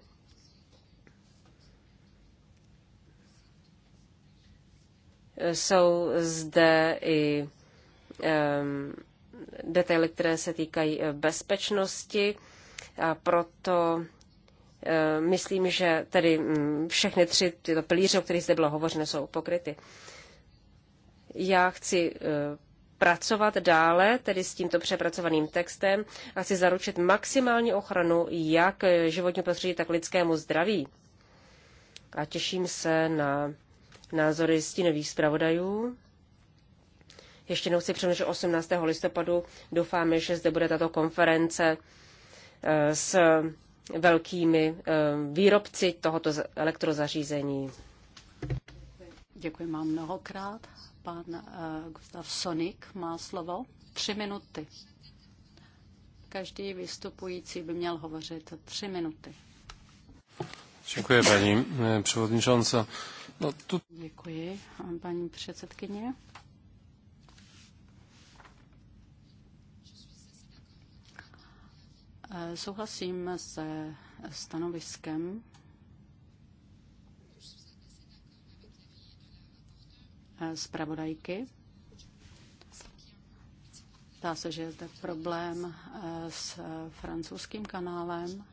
Jsou zde i um, detaily, které se týkají eh, bezpečnosti a proto eh, myslím, že tedy mm, všechny tři tyto pilíře, o kterých zde bylo hovořeno, jsou pokryty. Já chci pracovat dále, tedy s tímto přepracovaným textem a chci zaručit maximální ochranu jak životního prostředí, tak lidskému zdraví. A těším se na názory stínových zpravodajů. Ještě jednou si přemýšlím, že 18. listopadu doufáme, že zde bude tato konference eh, s velkými eh, výrobci tohoto elektrozařízení. Děkuji vám mnohokrát. Pan eh, Gustav Sonik má slovo. Tři minuty. Každý vystupující by měl hovořit tři minuty. Děkuji, paní předsedající. No, tu... Děkuji, paní předsedkyně. Eh, souhlasím se stanoviskem Eh, zpravodajky. Zdá se, že je zde problém eh, s eh, francouzským kanálem,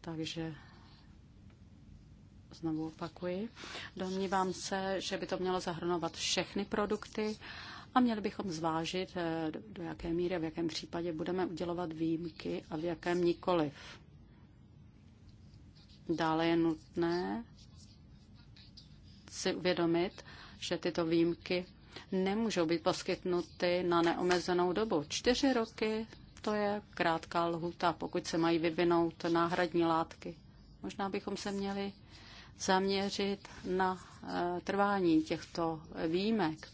takže znovu opakuji. Domnívám se, že by to mělo zahrnovat všechny produkty a měli bychom zvážit, do jaké míry, v jakém případě budeme udělovat výjimky a v jakém nikoliv. Dále je nutné si uvědomit, že tyto výjimky nemůžou být poskytnuty na neomezenou dobu. Čtyři roky to je krátká lhuta, pokud se mají vyvinout náhradní látky. Možná bychom se měli zaměřit na eh, trvání těchto výjimek.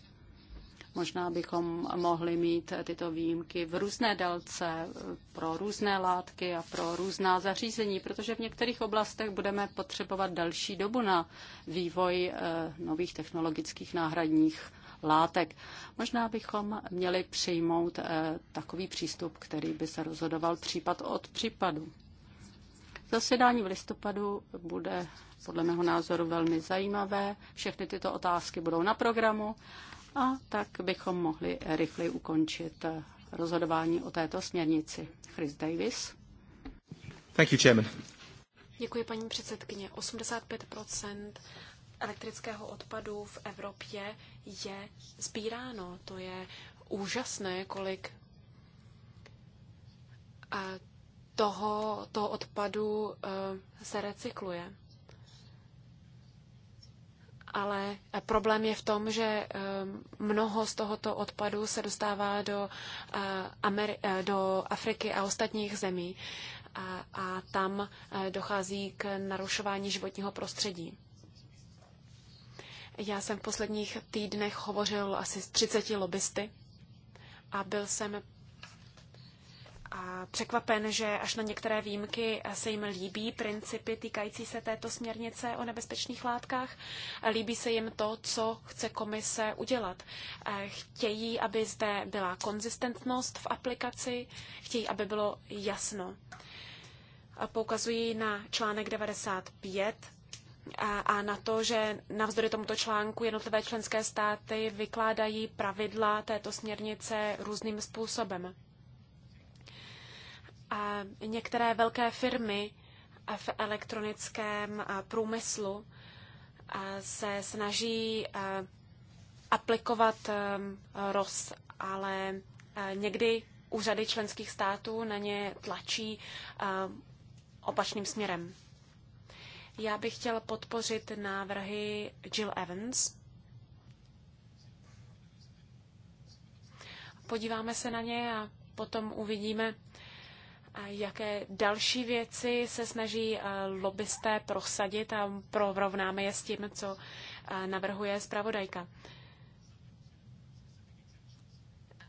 Možná bychom mohli mít tyto výjimky v různé délce pro různé látky a pro různá zařízení, protože v některých oblastech budeme potřebovat další dobu na vývoj eh, nových technologických náhradních látek. Možná bychom měli přijmout eh, takový přístup, který by se rozhodoval případ od případu. Zasedání v listopadu bude podle mého názoru velmi zajímavé. Všechny tyto otázky budou na programu a tak bychom mohli rychleji ukončit rozhodování o této směrnici. Chris Davis. Thank you, Chairman. Děkuji, paní předsedkyně. 85 elektrického odpadu v Evropě je sbíráno. To je úžasné, kolik eh, toho, toho odpadu eh, se recykluje ale problém je v tom, že eh, mnoho z tohoto odpadu se dostává do, eh, Ameri- eh, do Afriky a ostatních zemí a, a tam dochází k narušování životního prostředí. Já jsem v posledních týdnech hovořil asi s 30 lobbysty a byl jsem překvapen, že až na některé výjimky se jim líbí principy týkající se této směrnice o nebezpečných látkách. Líbí se jim to, co chce komise udělat. Eh, chtějí, aby zde byla konzistentnost v aplikaci, chtějí, aby bylo jasno. Poukazují na článek 95 a na to, že navzdory tomuto článku jednotlivé členské státy vykládají pravidla této směrnice různým způsobem některé velké firmy v elektronickém průmyslu se snaží aplikovat ROS, ale někdy úřady členských států na ně tlačí opačným směrem. Já bych chtěl podpořit návrhy Jill Evans. Podíváme se na ně a potom uvidíme, jaké další věci se snaží eh, lobbysté prosadit a prorovnáme je s tím, co eh, navrhuje zpravodajka.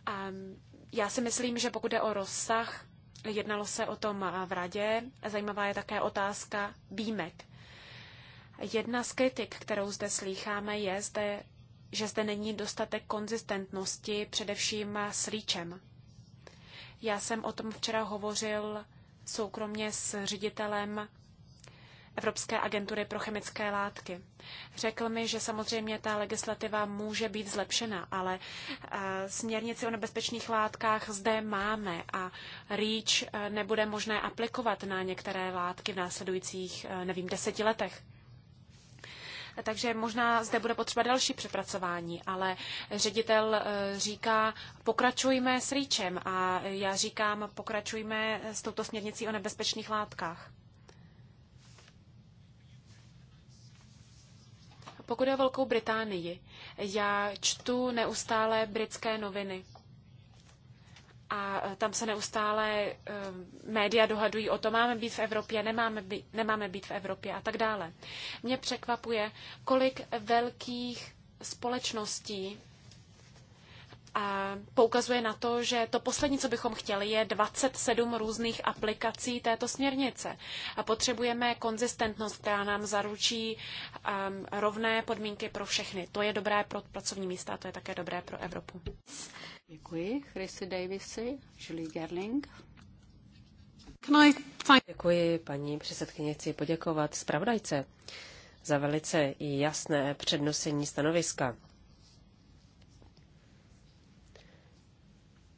A já si myslím, že pokud jde o rozsah, jednalo se o tom eh, v radě. Zajímavá je také otázka výjimek. Jedna z kritik, kterou zde slýcháme, je, zde, že zde není dostatek konzistentnosti, především s líčem. Já jsem o tom včera hovořil soukromně s ředitelem Evropské agentury pro chemické látky. Řekl mi, že samozřejmě ta legislativa může být zlepšena, ale eh, směrnici o nebezpečných látkách zde máme a REACH eh, nebude možné aplikovat na některé látky v následujících, eh, nevím, deseti letech takže možná zde bude potřeba další přepracování, ale ředitel eh, říká, pokračujme s REACHem a já říkám, pokračujme s touto směrnicí o nebezpečných látkách. Pokud je o Velkou Británii, já čtu neustále britské noviny a e, tam se neustále e, média dohadují o to, máme být v Evropě, nemáme být, nemáme být v Evropě a tak dále. Mě překvapuje, kolik velkých společností a e, poukazuje na to, že to poslední, co bychom chtěli, je 27 různých aplikací této směrnice. A potřebujeme konzistentnost, která nám zaručí um, rovné podmínky pro všechny. To je dobré pro pracovní místa a to je také dobré pro Evropu. Děkuji, Chrissy Davisy, Julie Gerling. Děkuji, paní předsedkyně. Chci poděkovat zpravodajce za velice jasné přednosení stanoviska.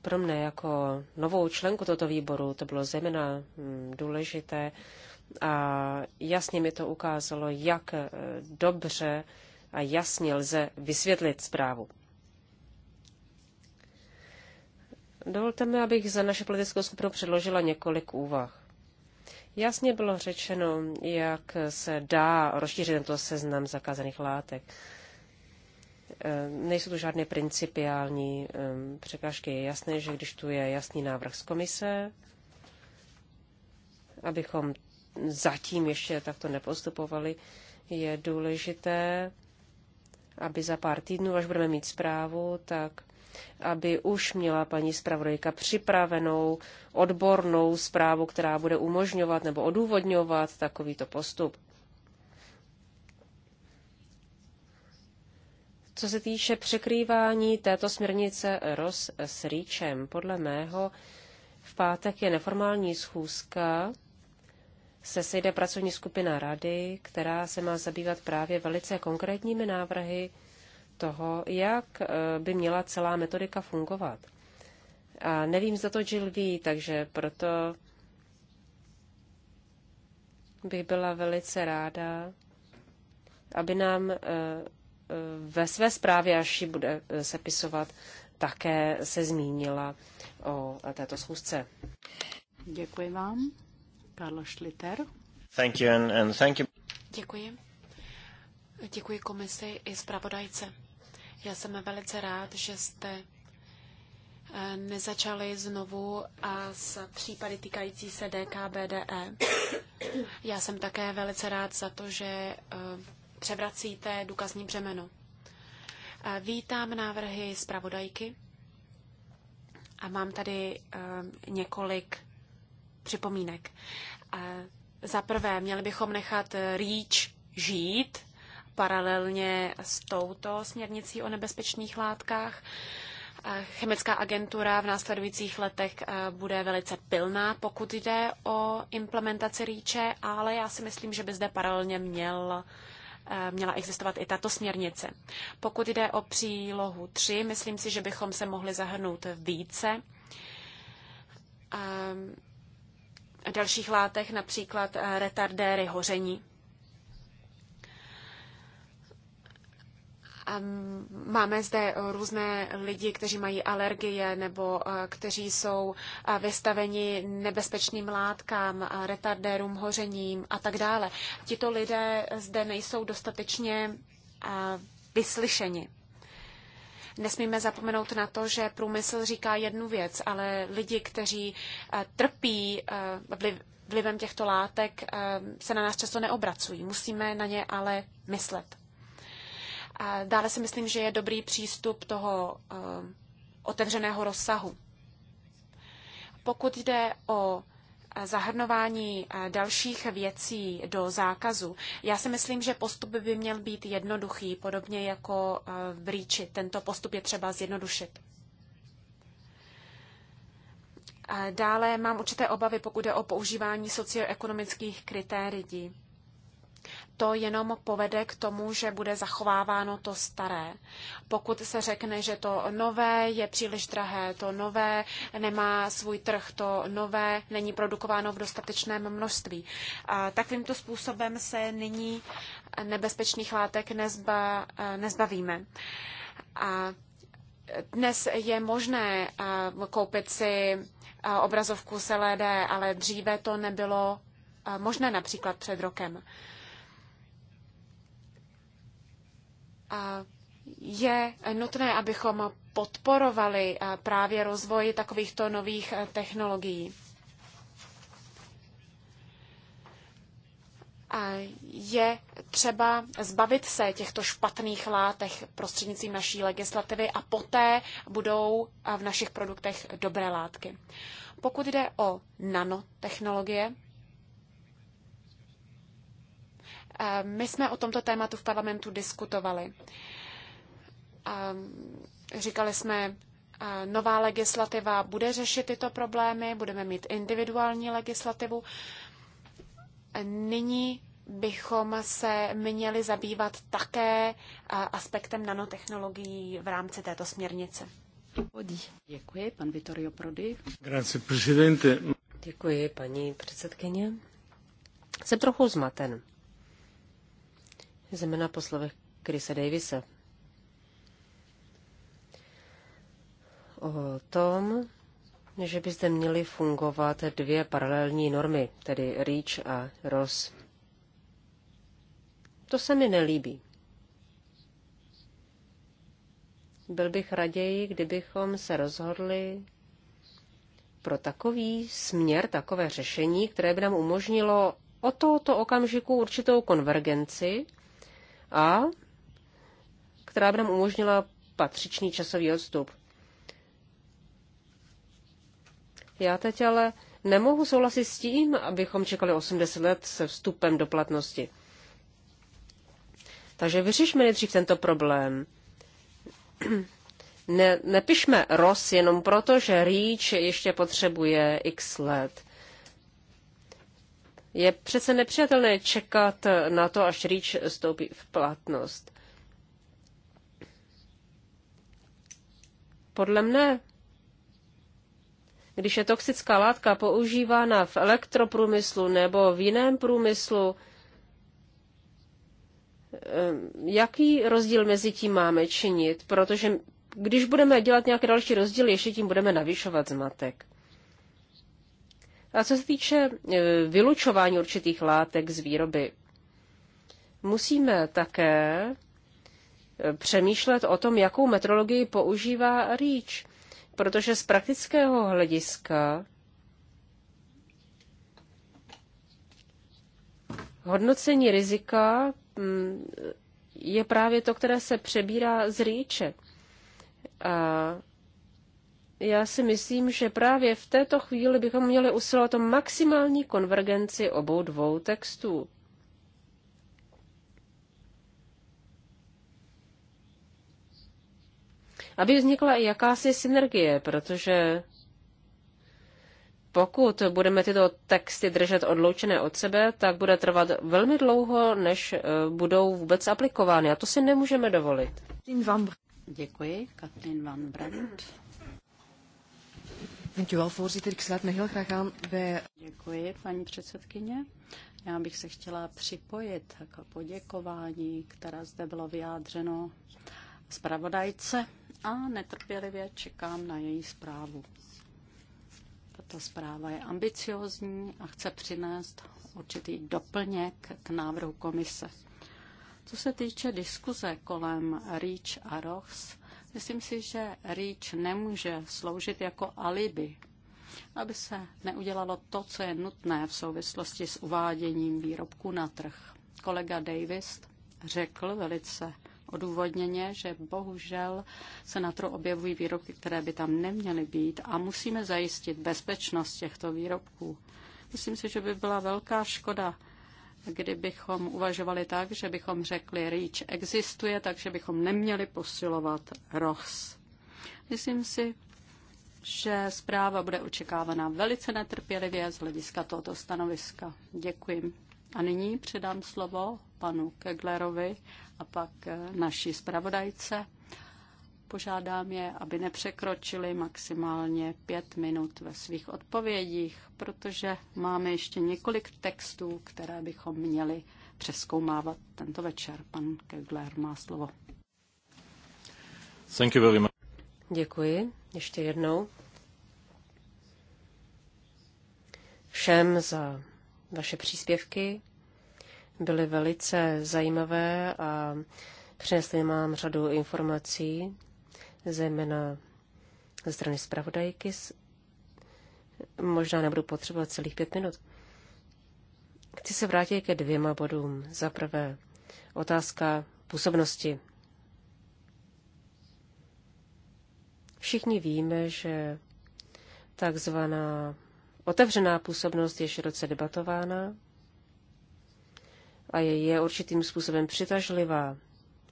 Pro mne jako novou členku tohoto výboru to bylo zejména hm, důležité a jasně mi to ukázalo, jak eh, dobře a jasně lze vysvětlit zprávu. Dovolte mi, abych za naše politickou skupinu předložila několik úvah. Jasně bylo řečeno, jak se dá rozšířit tento seznam zakázaných látek. Ehm, nejsou tu žádné principiální ehm, překážky. Je jasné, že když tu je jasný návrh z komise, abychom zatím ještě takto nepostupovali, je důležité, aby za pár týdnů, až budeme mít zprávu, tak aby už měla paní zpravodajka připravenou odbornou zprávu, která bude umožňovat nebo odůvodňovat takovýto postup. Co se týče překrývání této směrnice ROS s REACHem, podle mého v pátek je neformální schůzka, se sejde pracovní skupina rady, která se má zabývat právě velice konkrétními návrhy toho, jak eh, by měla celá metodika fungovat. A nevím, zda to Jill ví, takže proto bych byla velice ráda, aby nám eh, eh, ve své zprávě, až ji bude sepisovat, také se zmínila o této schůzce. Děkuji vám. Karlo Schlitter. Thank you and, and thank you. Děkuji. Děkuji komisi i zpravodajce. Já jsem velice rád, že jste eh, nezačali znovu a s případy týkající se DKBDE. Já jsem také velice rád za to, že eh, převracíte důkazní břemeno. Eh, vítám návrhy zpravodajky a mám tady několik připomínek. Za prvé, měli bychom nechat REACH žít paralelně s touto směrnicí o nebezpečných látkách. Chemická agentura v následujících letech eh, bude velice pilná, pokud jde o implementaci rýče, ale já si myslím, že by zde paralelně měl eh, měla existovat i tato směrnice. Pokud jde o přílohu 3, myslím si, že bychom se mohli zahrnout více dalších látek, například eh, retardéry hoření. Máme zde různé lidi, kteří mají alergie nebo eh, kteří jsou eh, vystaveni nebezpečným látkám, eh, retardérům, hořením a tak dále. Tito lidé zde nejsou dostatečně vyslyšeni. Nesmíme zapomenout na to, že průmysl říká jednu věc, ale lidi, kteří trpí vlivem těchto látek, se na nás často neobracují. Musíme na ně ale myslet. Dále si myslím, že je dobrý přístup toho eh, otevřeného rozsahu. Pokud jde o eh, zahrnování eh, dalších věcí do zákazu. Já si myslím, že postup by měl být jednoduchý, podobně jako v rýči. Tento postup je třeba zjednodušit. Dále mám určité obavy, pokud jde o používání socioekonomických kritérií to jenom povede k tomu, že bude zachováváno to staré. Pokud se řekne, že to nové je příliš drahé, to nové nemá svůj trh, to nové není produkováno v dostatečném množství. A takovýmto způsobem se nyní nebezpečných látek nezba, nezbavíme. A dnes je možné koupit si obrazovku s LED, ale dříve to nebylo možné například před rokem. je nutné, abychom podporovali eh, právě rozvoj takovýchto nových eh, technologií. je třeba zbavit se těchto špatných látek prostřednictvím naší legislativy a poté budou eh, v našich produktech dobré látky. Pokud jde o nanotechnologie, My jsme o tomto tématu v parlamentu diskutovali. Říkali jsme, nová legislativa bude řešit tyto problémy, budeme mít individuální legislativu. Nyní bychom se měli zabývat také aspektem nanotechnologií v rámci této směrnice. Děkuji, pan Vittorio Prodi. Grazie, presidente. Děkuji, paní předsedkyně. Jsem trochu zmaten zejména po slovech Krise Davise. O tom, že by zde měly fungovat dvě paralelní normy, tedy REACH a ROS. To se mi nelíbí. Byl bych raději, kdybychom se rozhodli pro takový směr, takové řešení, které by nám umožnilo o tohoto okamžiku určitou konvergenci a která by nám umožnila patřičný časový odstup. Já teď ale nemohu souhlasit s tím, abychom čekali 80 let se vstupem do platnosti. Takže vyřešme nejdřív tento problém. Ne, nepišme ROS jenom proto, že REACH ještě potřebuje x let. Je přece nepřijatelné čekat na to, až REACH stoupí v platnost. Podle mne, když je toxická látka používána v elektroprůmyslu nebo v jiném průmyslu, eh, jaký rozdíl mezi tím máme činit? Protože když budeme dělat nějaké další rozdíly, ještě tím budeme navyšovat zmatek. A co se týče e, vylučování určitých látek z výroby, musíme také e, přemýšlet o tom, jakou metrologii používá REACH, protože z praktického hlediska hodnocení rizika mm, je právě to, které se přebírá z rýče. A já si myslím, že právě v této chvíli bychom měli usilovat o maximální konvergenci obou dvou textů. Aby vznikla i jakási synergie, protože pokud budeme tyto texty držet odloučené od sebe, tak bude trvat velmi dlouho, než eh, budou vůbec aplikovány. A to si nemůžeme dovolit. Děkuji, Katrin Van Brandt. Děkuji, paní předsedkyně. Já bych se chtěla připojit k poděkování, které zde bylo vyjádřeno zpravodajce a netrpělivě čekám na její zprávu. Tato zpráva je ambiciozní a chce přinést určitý doplněk k návrhu komise. Co se týče diskuze kolem REACH a ROHS, Myslím si, že REACH nemůže sloužit jako alibi, aby se neudělalo to, co je nutné v souvislosti s uváděním výrobku na trh. Kolega Davis řekl velice odůvodněně, že bohužel se na trhu objevují výrobky, které by tam neměly být a musíme zajistit bezpečnost těchto výrobků. Myslím si, že by byla velká škoda, kdybychom uvažovali tak, že bychom řekli, REACH existuje, takže bychom neměli posilovat ROS. Myslím si, že zpráva bude očekávaná velice netrpělivě z hlediska tohoto stanoviska. Děkuji. A nyní předám slovo panu Keglerovi a pak naší zpravodajce. Požádám je, aby nepřekročili maximálně pět minut ve svých odpovědích, protože máme ještě několik textů, které bychom měli přeskoumávat tento večer. Pan Kegler má slovo. Thank you very much. Děkuji ještě jednou všem za vaše příspěvky. Byly velice zajímavé a přinesly nám řadu informací zejména ze strany zpravodajky. Možná nebudu potřebovat celých pět minut. Chci se vrátit ke dvěma bodům. Za prvé, otázka působnosti. Všichni víme, že takzvaná otevřená působnost je široce debatována a je, je určitým způsobem přitažlivá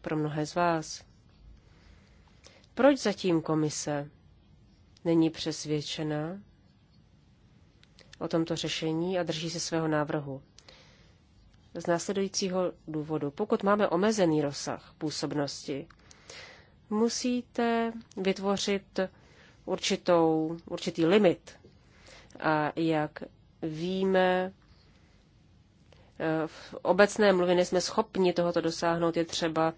pro mnohé z vás. Proč zatím komise není přesvědčena o tomto řešení a drží se svého návrhu? Z následujícího důvodu. Pokud máme omezený rozsah působnosti, musíte vytvořit určitou, určitý limit. A jak víme, v obecné mluvě nejsme schopni tohoto dosáhnout, je třeba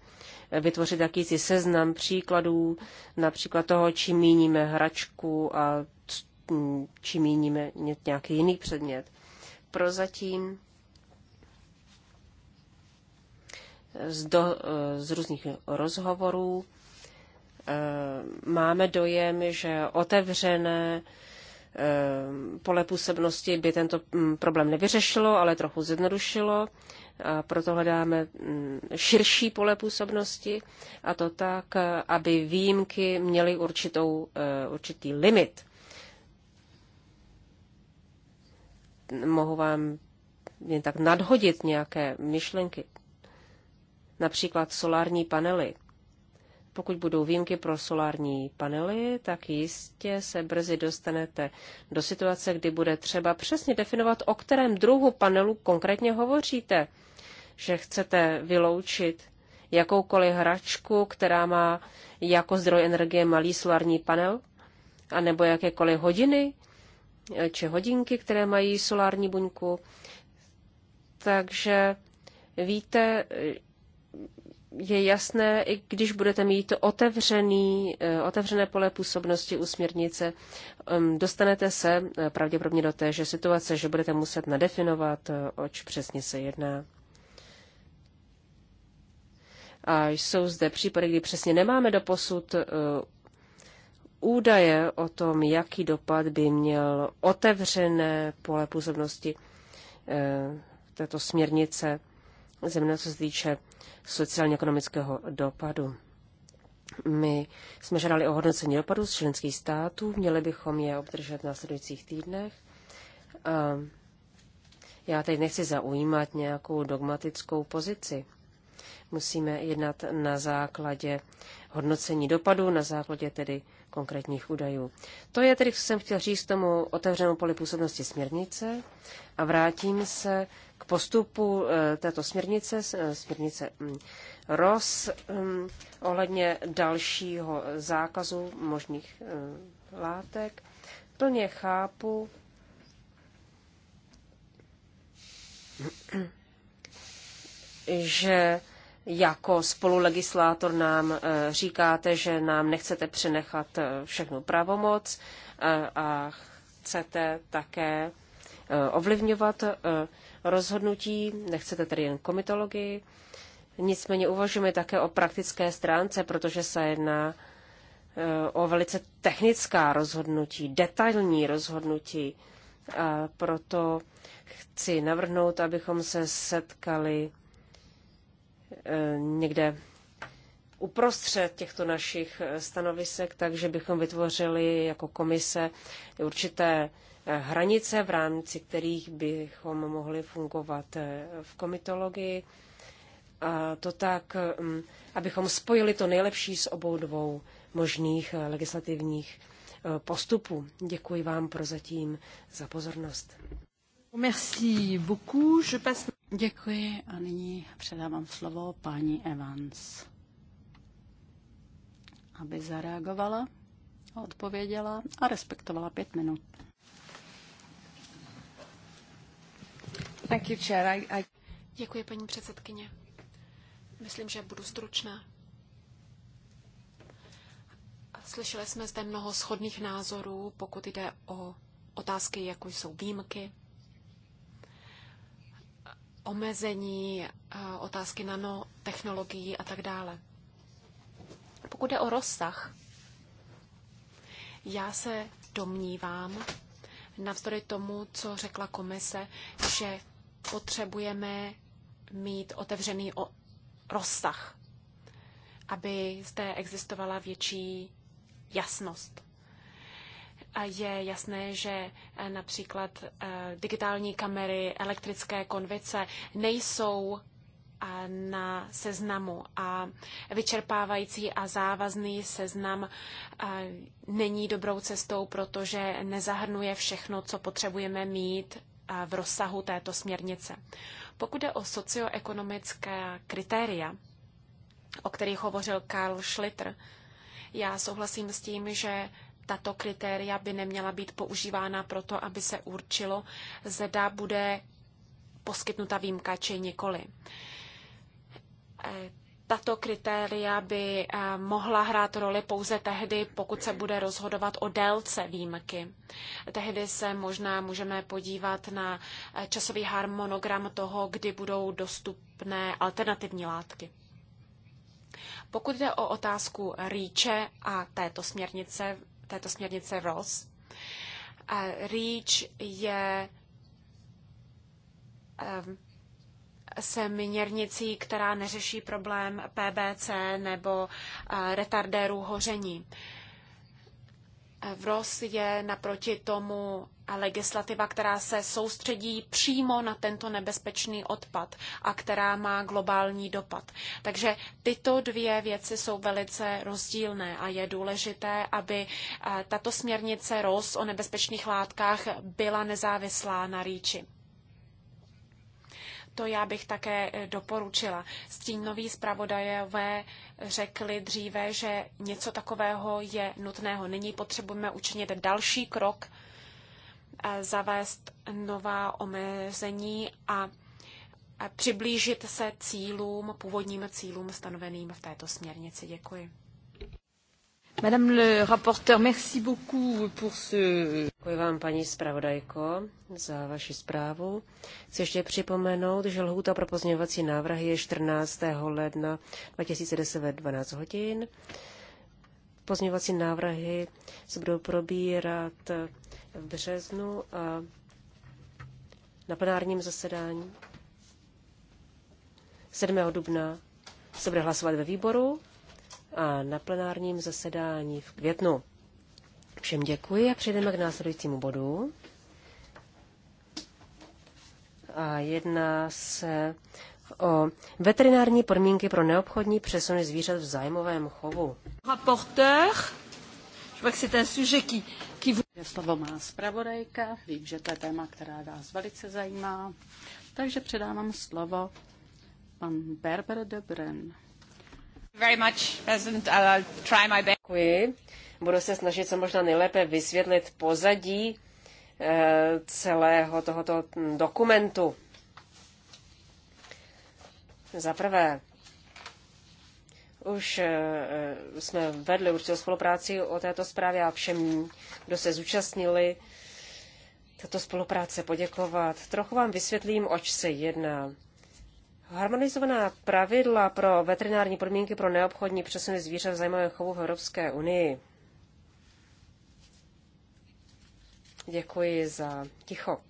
vytvořit jakýsi seznam příkladů, například toho, čím míníme hračku a čím míníme nějaký jiný předmět. Prozatím z, do, z různých rozhovorů eh, máme dojem, že otevřené Ehm, pole působnosti by tento mm, problém nevyřešilo, ale trochu zjednodušilo. A proto hledáme mm, širší pole působnosti a to tak, aby výjimky měly určitou, eh, určitý limit. Mohu vám jen tak nadhodit nějaké myšlenky. Například solární panely pokud budou výjimky pro solární panely, tak jistě se brzy dostanete do situace, kdy bude třeba přesně definovat, o kterém druhu panelu konkrétně hovoříte, že chcete vyloučit jakoukoliv hračku, která má jako zdroj energie malý solární panel, anebo jakékoliv hodiny eh, či hodinky, které mají solární buňku. Takže víte, eh, je jasné, i když budete mít otevřený, eh, otevřené pole působnosti u směrnice, dostanete se eh, pravděpodobně do té že situace, že budete muset nadefinovat, eh, oč přesně se jedná. A jsou zde případy, kdy přesně nemáme do posud údaje o tom, jaký dopad by měl otevřené pole působnosti této směrnice zejména co se týče sociálně-ekonomického dopadu. My jsme žádali o hodnocení dopadu z členských států, měli bychom je obdržet v následujících týdnech. A já teď nechci zaujímat nějakou dogmatickou pozici. Musíme jednat na základě hodnocení dopadu, na základě tedy konkrétních údajů. To je tedy, co jsem chtěl říct tomu otevřenou poli působnosti směrnice a vrátím se k postupu eh, této směrnice, eh, směrnice mm, ROS, mm, ohledně dalšího zákazu možných eh, látek. Plně chápu, *clears throat* že jako spolulegislátor nám říkáte, že nám nechcete přenechat všechnu pravomoc a chcete také ovlivňovat rozhodnutí, nechcete tedy jen komitologii. Nicméně uvažujeme také o praktické stránce, protože se jedná eh, o velice technická rozhodnutí, detailní rozhodnutí. A proto chci navrhnout, abychom se setkali eh, někde uprostřed těchto našich eh, stanovisek, takže bychom vytvořili jako komise určité hranice, v rámci kterých bychom mohli fungovat eh, v komitologii. A to tak, mm, abychom spojili to nejlepší s obou dvou možných eh, legislativních eh, postupů. Děkuji vám prozatím za pozornost. Merci beaucoup. Je passe... Děkuji a nyní předávám slovo paní Evans, aby zareagovala, odpověděla a respektovala pět minut. Thank you, Chair. I, I... Děkuji, paní předsedkyně. Myslím, že budu stručná. Slyšeli jsme zde mnoho shodných názorů, pokud jde o otázky, jako jsou výjimky, omezení, eh, otázky nanotechnologií a tak dále. Pokud jde o rozsah, já se domnívám, navzdory tomu, co řekla komise, že potřebujeme mít otevřený o rozsah, aby zde existovala větší jasnost. A je jasné, že eh, například eh, digitální kamery, elektrické konvice nejsou eh, na seznamu a vyčerpávající a závazný seznam není dobrou cestou, protože nezahrnuje všechno, co potřebujeme mít v rozsahu této směrnice. Pokud jde o socioekonomické kritéria, o kterých hovořil Karl Schlitter, já souhlasím s tím, že tato kritéria by neměla být používána proto, aby se určilo, zda bude poskytnuta výjimka či nikoli tato kritéria by eh, mohla hrát roli pouze tehdy, pokud se bude rozhodovat o délce výjimky. Tehdy se možná můžeme podívat na eh, časový harmonogram toho, kdy budou dostupné alternativní látky. Pokud jde o otázku REACHe a této směrnice, této směrnice ROS, eh, REACH je směrnicí, která neřeší problém PBC nebo eh, retardérů hoření. V ROS je naproti tomu legislativa, která se soustředí přímo na tento nebezpečný odpad a která má globální dopad. Takže tyto dvě věci jsou velice rozdílné a je důležité, aby eh, tato směrnice ROS o nebezpečných látkách byla nezávislá na REACHi to já bych také e, doporučila. Stínoví zpravodajové řekli dříve, že něco takového je nutného. Nyní potřebujeme učinit další krok, zavést nová omezení a přiblížit se cílům, původním cílům stanoveným v této směrnici. Děkuji. Madame le rapporteur, merci beaucoup pour ce... Děkuji vám, paní zpravodajko, za vaši zprávu. Chci ještě připomenout, že lhůta pro pozměňovací návrhy je 14. ledna 2010 12 hodin. Pozměňovací návrhy se budou probírat v březnu a na plenárním zasedání 7. dubna se bude hlasovat ve výboru a na plenárním zasedání v květnu. Všem děkuji a přejdeme k následujícímu bodu. A jedná se o veterinární podmínky pro neobchodní přesuny zvířat v zájmovém chovu. Rapporteur, Slovo má zpravodajka, vím, že to je téma, která vás velice zajímá, takže předávám slovo pan Berber de Bren. Děkuji. Budu se snažit co možná nejlépe vysvětlit pozadí eh, celého tohoto hm, dokumentu. Za prvé, už eh, eh, jsme vedli určitou spolupráci o této zprávě a všem, kdo se zúčastnili této spolupráce, poděkovat. Trochu vám vysvětlím, oč se jedná. Harmonizovaná pravidla pro veterinární podmínky pro neobchodní přesuny zvířat v zajímavém chovu v Evropské unii. Děkuji za ticho.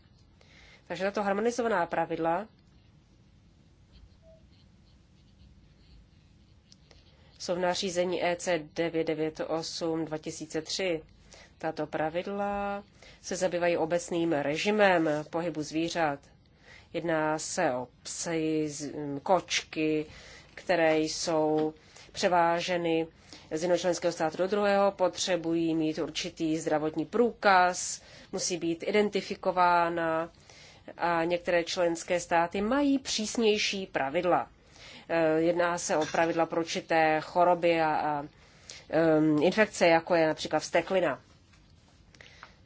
Takže tato harmonizovaná pravidla jsou v nařízení EC 998 2003. Tato pravidla se zabývají obecným režimem pohybu zvířat Jedná se o psy, mm, kočky, které jsou převáženy z jednoho členského státu do druhého, potřebují mít určitý zdravotní průkaz, musí být identifikována a některé členské státy mají přísnější pravidla. E, jedná se o pravidla pro určité choroby a, a um, infekce, jako je například vsteklina.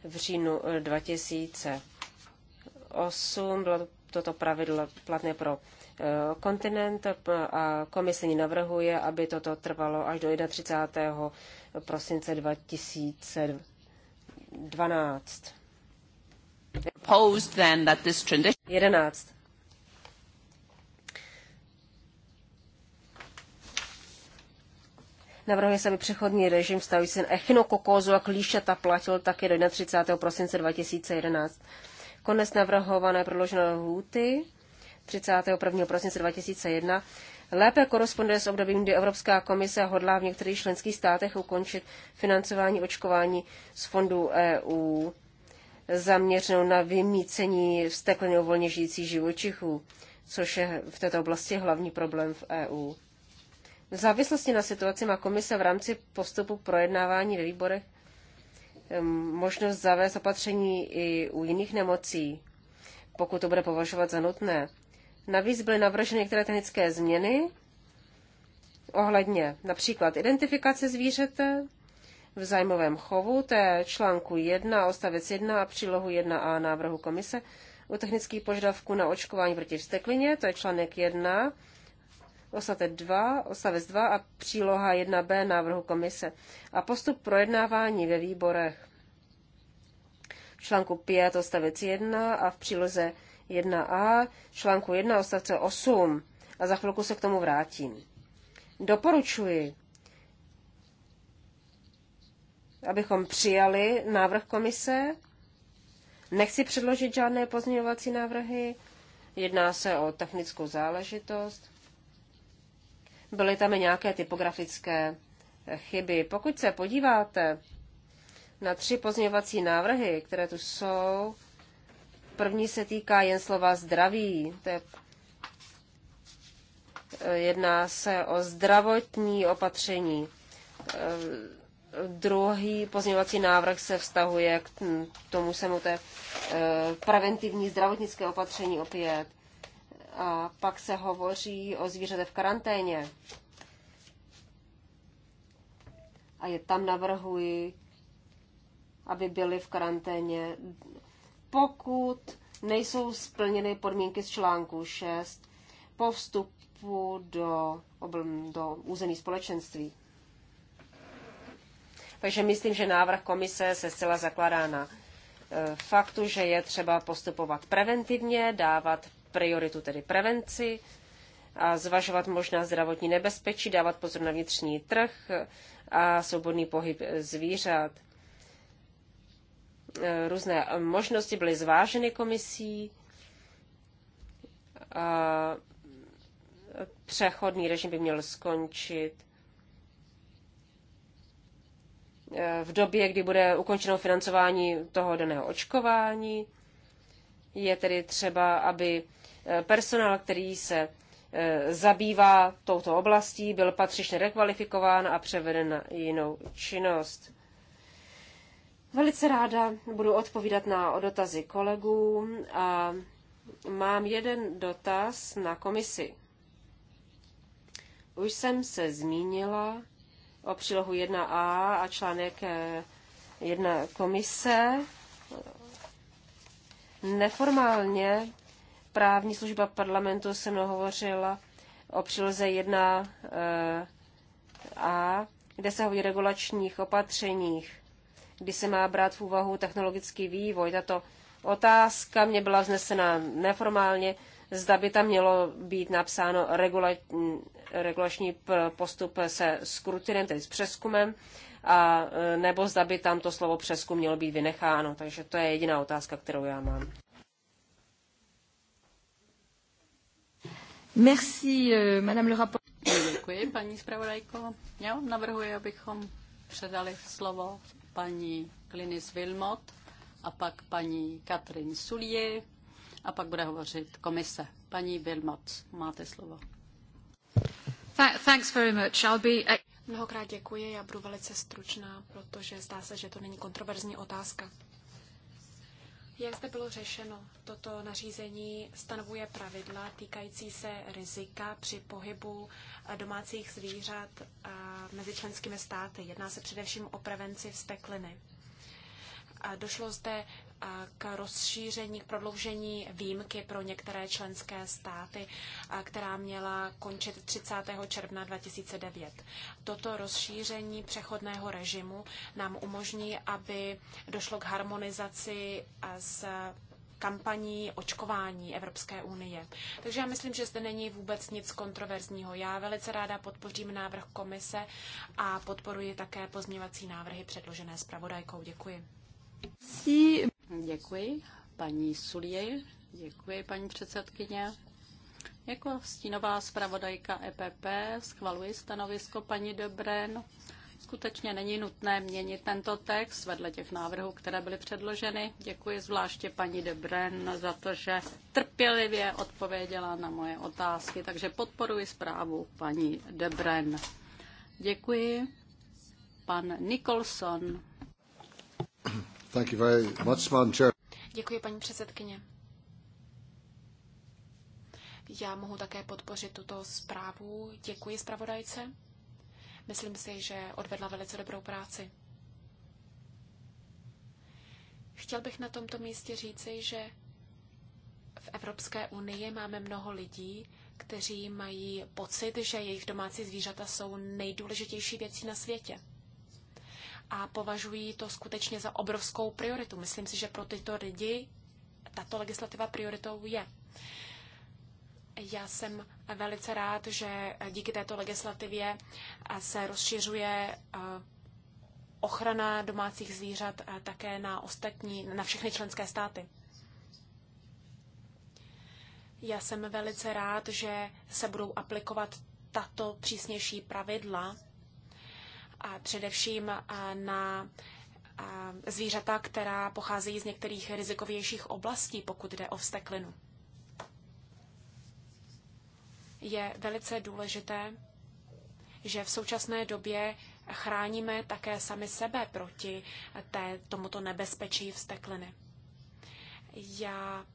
V říjnu 2008 e, bylo toto pravidlo platné pro eh, kontinent a komise navrhuje, aby toto trvalo až do 31. prosince 2012. 11. Navrhuje se, aby přechodný režim stavující echinokokózu a klíšata platil také do 31. prosince 2011. Konec navrhované prodloužené lhůty 31. prosince 2001 lépe koresponduje s obdobím, kdy Evropská komise hodlá v některých členských státech ukončit financování očkování z fondů EU zaměřenou na vymícení vsteklenou volně žijících živočichů, což je v této oblasti hlavní problém v EU. V závislosti na situaci má komise v rámci postupu projednávání ve výborech Um, možnost zavést opatření i u jiných nemocí, pokud to bude považovat za nutné. Navíc byly navrženy některé technické změny ohledně například identifikace zvířete v zájmovém chovu, to je článku 1, ostavec 1 a přílohu 1a návrhu komise, u technických požadavků na očkování proti vsteklině, to je článek 1, osavec 2, osavec 2 a příloha 1b návrhu komise a postup projednávání ve výborech v článku 5 odstavec 1 a v příloze 1a článku 1 odstavce 8 a za chvilku se k tomu vrátím. Doporučuji, abychom přijali návrh komise. Nechci předložit žádné pozměňovací návrhy, jedná se o technickou záležitost byly tam i nějaké typografické chyby. Pokud se podíváte na tři pozměňovací návrhy, které tu jsou, první se týká jen slova zdraví. To je, jedná se o zdravotní opatření. Druhý pozměňovací návrh se vztahuje k tomu samu to eh, preventivní zdravotnické opatření opět. A pak se hovoří o zvířete v karanténě. A je tam navrhuji, aby byli v karanténě, pokud nejsou splněny podmínky z článku 6 po vstupu do, do území společenství. Takže myslím, že návrh komise se zcela zakládá na e, faktu, že je třeba postupovat preventivně, dávat prioritu, tedy prevenci, a zvažovat možná zdravotní nebezpečí, dávat pozor na vnitřní trh a svobodný pohyb zvířat. E, různé možnosti byly zváženy komisí. A přechodný režim by měl skončit e, v době, kdy bude ukončeno financování toho daného očkování. Je tedy třeba, aby Personál, který se eh, zabývá touto oblastí, byl patřičně rekvalifikován a převeden na jinou činnost. Velice ráda budu odpovídat na dotazy kolegů a mám jeden dotaz na komisi. Už jsem se zmínila o přílohu 1a a článek 1 eh, komise. Neformálně právní služba parlamentu se mnou hovořila o příloze 1a, eh, kde se hovoří o regulačních opatřeních, kdy se má brát v úvahu technologický vývoj. Tato otázka mě byla vznesena neformálně, zda by tam mělo být napsáno regula, regulační postup se skrutinem, tedy s přeskumem, a, eh, nebo zda by tam to slovo přeskum mělo být vynecháno. Takže to je jediná otázka, kterou já mám. Merci, euh, madame le rapport. Děkuji, paní zpravodajko. Já navrhuji, abychom předali slovo paní Klinis Vilmot a pak paní Katrin Sulie a pak bude hovořit komise. Paní Vilmot, máte slovo. Thanks very much. I'll be... Mnohokrát děkuji, já budu velice stručná, protože zdá se, že to není kontroverzní otázka. Jak zde bylo řešeno, toto nařízení stanovuje pravidla týkající se rizika při pohybu domácích zvířat mezi členskými státy. Jedná se především o prevenci vztekliny. Došlo zde k rozšíření, k prodloužení výjimky pro některé členské státy, která měla končit 30. června 2009. Toto rozšíření přechodného režimu nám umožní, aby došlo k harmonizaci s kampaní očkování Evropské unie. Takže já myslím, že zde není vůbec nic kontroverzního. Já velice ráda podpořím návrh komise a podporuji také pozměvací návrhy předložené zpravodajkou. Děkuji. Děkuji, paní Sulie. Děkuji, paní předsedkyně. Jako stínová zpravodajka EPP schvaluji stanovisko paní Dobren. Skutečně není nutné měnit tento text vedle těch návrhů, které byly předloženy. Děkuji zvláště paní Dobren za to, že trpělivě odpověděla na moje otázky, takže podporuji zprávu paní Dobren. Děkuji. Pan Nicholson. Děkuji, paní předsedkyně. Já mohu také podpořit tuto zprávu. Děkuji zpravodajce. Myslím si, že odvedla velice dobrou práci. Chtěl bych na tomto místě říci, že v Evropské unii máme mnoho lidí, kteří mají pocit, že jejich domácí zvířata jsou nejdůležitější věcí na světě a považují to skutečně za obrovskou prioritu. Myslím si, že pro tyto lidi tato legislativa prioritou je. Já jsem velice rád, že díky této legislativě se rozšiřuje eh, ochrana domácích zvířat eh, také na ostatní, na všechny členské státy. Já jsem velice rád, že se budou aplikovat tato přísnější pravidla a především na zvířata, která pocházejí z některých rizikovějších oblastí, pokud jde o vsteklinu. Je velice důležité, že v současné době chráníme také sami sebe proti té, tomuto nebezpečí vstekliny. Já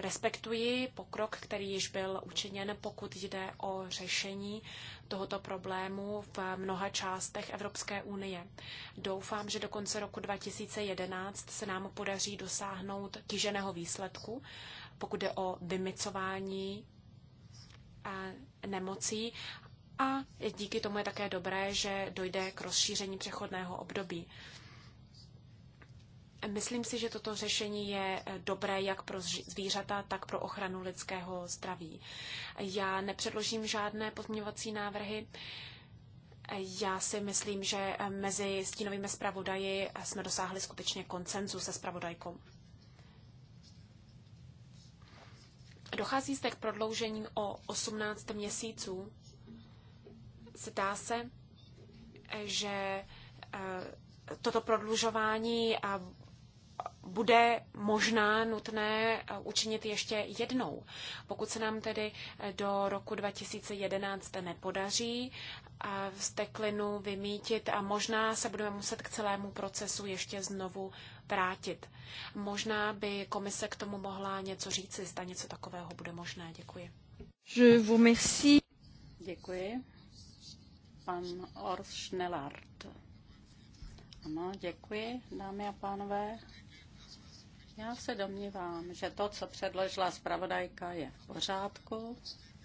respektuji pokrok, který již byl učiněn, pokud jde o řešení tohoto problému v mnoha částech Evropské unie. Doufám, že do konce roku 2011 se nám podaří dosáhnout kýženého výsledku, pokud jde o vymicování nemocí. A díky tomu je také dobré, že dojde k rozšíření přechodného období. Myslím si, že toto řešení je eh, dobré jak pro zvířata, tak pro ochranu lidského zdraví. Já nepředložím žádné pozměňovací návrhy. Já si myslím, že eh, mezi stínovými zpravodaji eh, jsme dosáhli skutečně koncenzu se zpravodajkou. Dochází zde k prodloužení o 18 měsíců. Zdá se, že toto prodlužování bude možná nutné eh, učinit ještě jednou. Pokud se nám tedy eh, do roku 2011 nepodaří vzteklinu eh, vymítit a možná se budeme muset k celému procesu ještě znovu vrátit. Možná by komise k tomu mohla něco říci, zda něco takového bude možné. Děkuji. Je vous merci. Děkuji. Pan Orf Schnellard. Ano, děkuji, dámy a pánové. Já se domnívám, že to, co předložila zpravodajka, je v pořádku,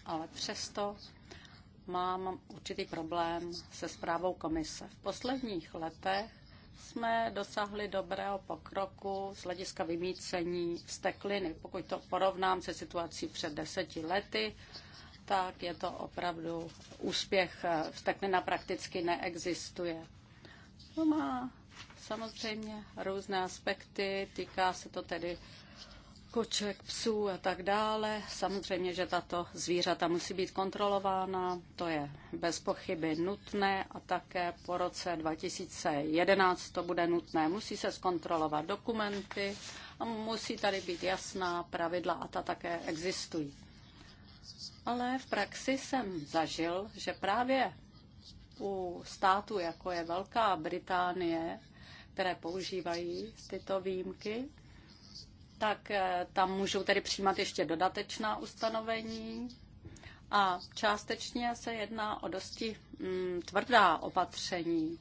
ale přesto mám určitý problém se zprávou komise. V posledních letech jsme dosáhli dobrého pokroku z hlediska vymícení stekliny. Pokud to porovnám se situací před deseti lety, tak je to opravdu úspěch. Steklina prakticky neexistuje. To má samozřejmě různé aspekty, týká se to tedy koček, psů a tak dále. Samozřejmě, že tato zvířata musí být kontrolována, to je bez pochyby nutné a také po roce 2011 to bude nutné. Musí se zkontrolovat dokumenty a musí tady být jasná pravidla a ta také existují. Ale v praxi jsem zažil, že právě u států, jako je Velká Británie, které používají tyto výjimky, tak eh, tam můžou tedy přijímat ještě dodatečná ustanovení a částečně se jedná o dosti mm, tvrdá opatření.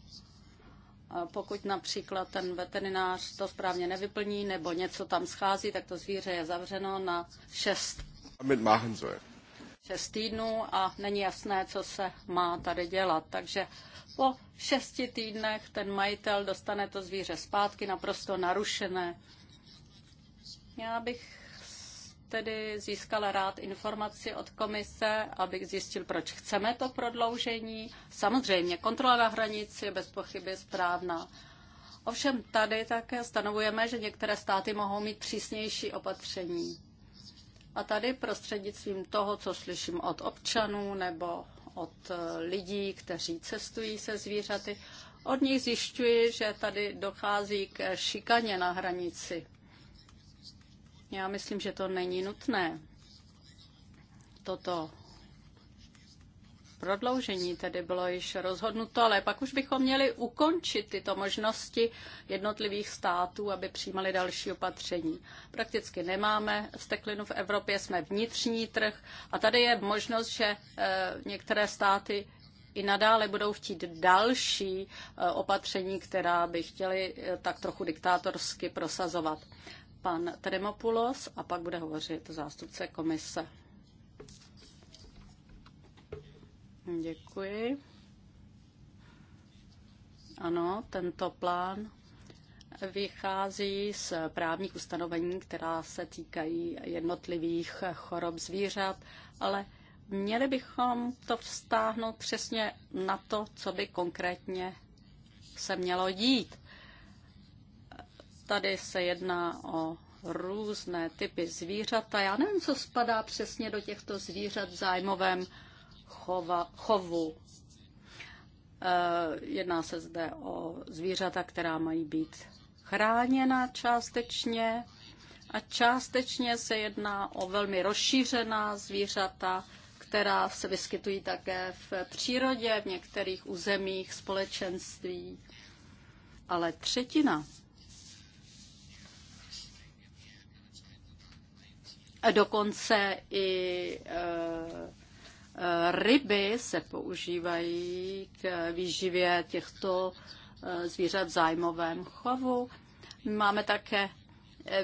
Pokud například ten veterinář to správně nevyplní nebo něco tam schází, tak to zvíře je zavřeno na 6 šest týdnů a není jasné, co se má tady dělat. Takže po šesti týdnech ten majitel dostane to zvíře zpátky naprosto narušené. Já bych tedy získala rád informaci od komise, abych zjistil, proč chceme to prodloužení. Samozřejmě, kontrola na hranici je bez pochyby správná. Ovšem tady také stanovujeme, že některé státy mohou mít přísnější opatření. A tady prostřednictvím toho, co slyším od občanů nebo od eh, lidí, kteří cestují se zvířaty. Od nich zjišťuji, že tady dochází k šikaně na hranici. Já myslím, že to není nutné. Toto Prodloužení tedy bylo již rozhodnuto, ale pak už bychom měli ukončit tyto možnosti jednotlivých států, aby přijímali další opatření. Prakticky nemáme steklinu v Evropě, jsme vnitřní trh a tady je možnost, že eh, některé státy i nadále budou chtít další eh, opatření, která by chtěli eh, tak trochu diktátorsky prosazovat. Pan Tremopulos a pak bude hovořit zástupce komise. Děkuji. Ano, tento plán vychází z právních ustanovení, která se týkají jednotlivých chorob zvířat, ale měli bychom to vztáhnout přesně na to, co by konkrétně se mělo dít. Tady se jedná o různé typy zvířat a já nevím, co spadá přesně do těchto zvířat v zájmovém chova, chovu. E, jedná se zde o zvířata, která mají být chráněna částečně a částečně se jedná o velmi rozšířená zvířata, která se vyskytují také v přírodě, v některých územích společenství. Ale třetina dokonce i e, ryby se používají k výživě těchto eh, zvířat v zájmovém chovu. Máme také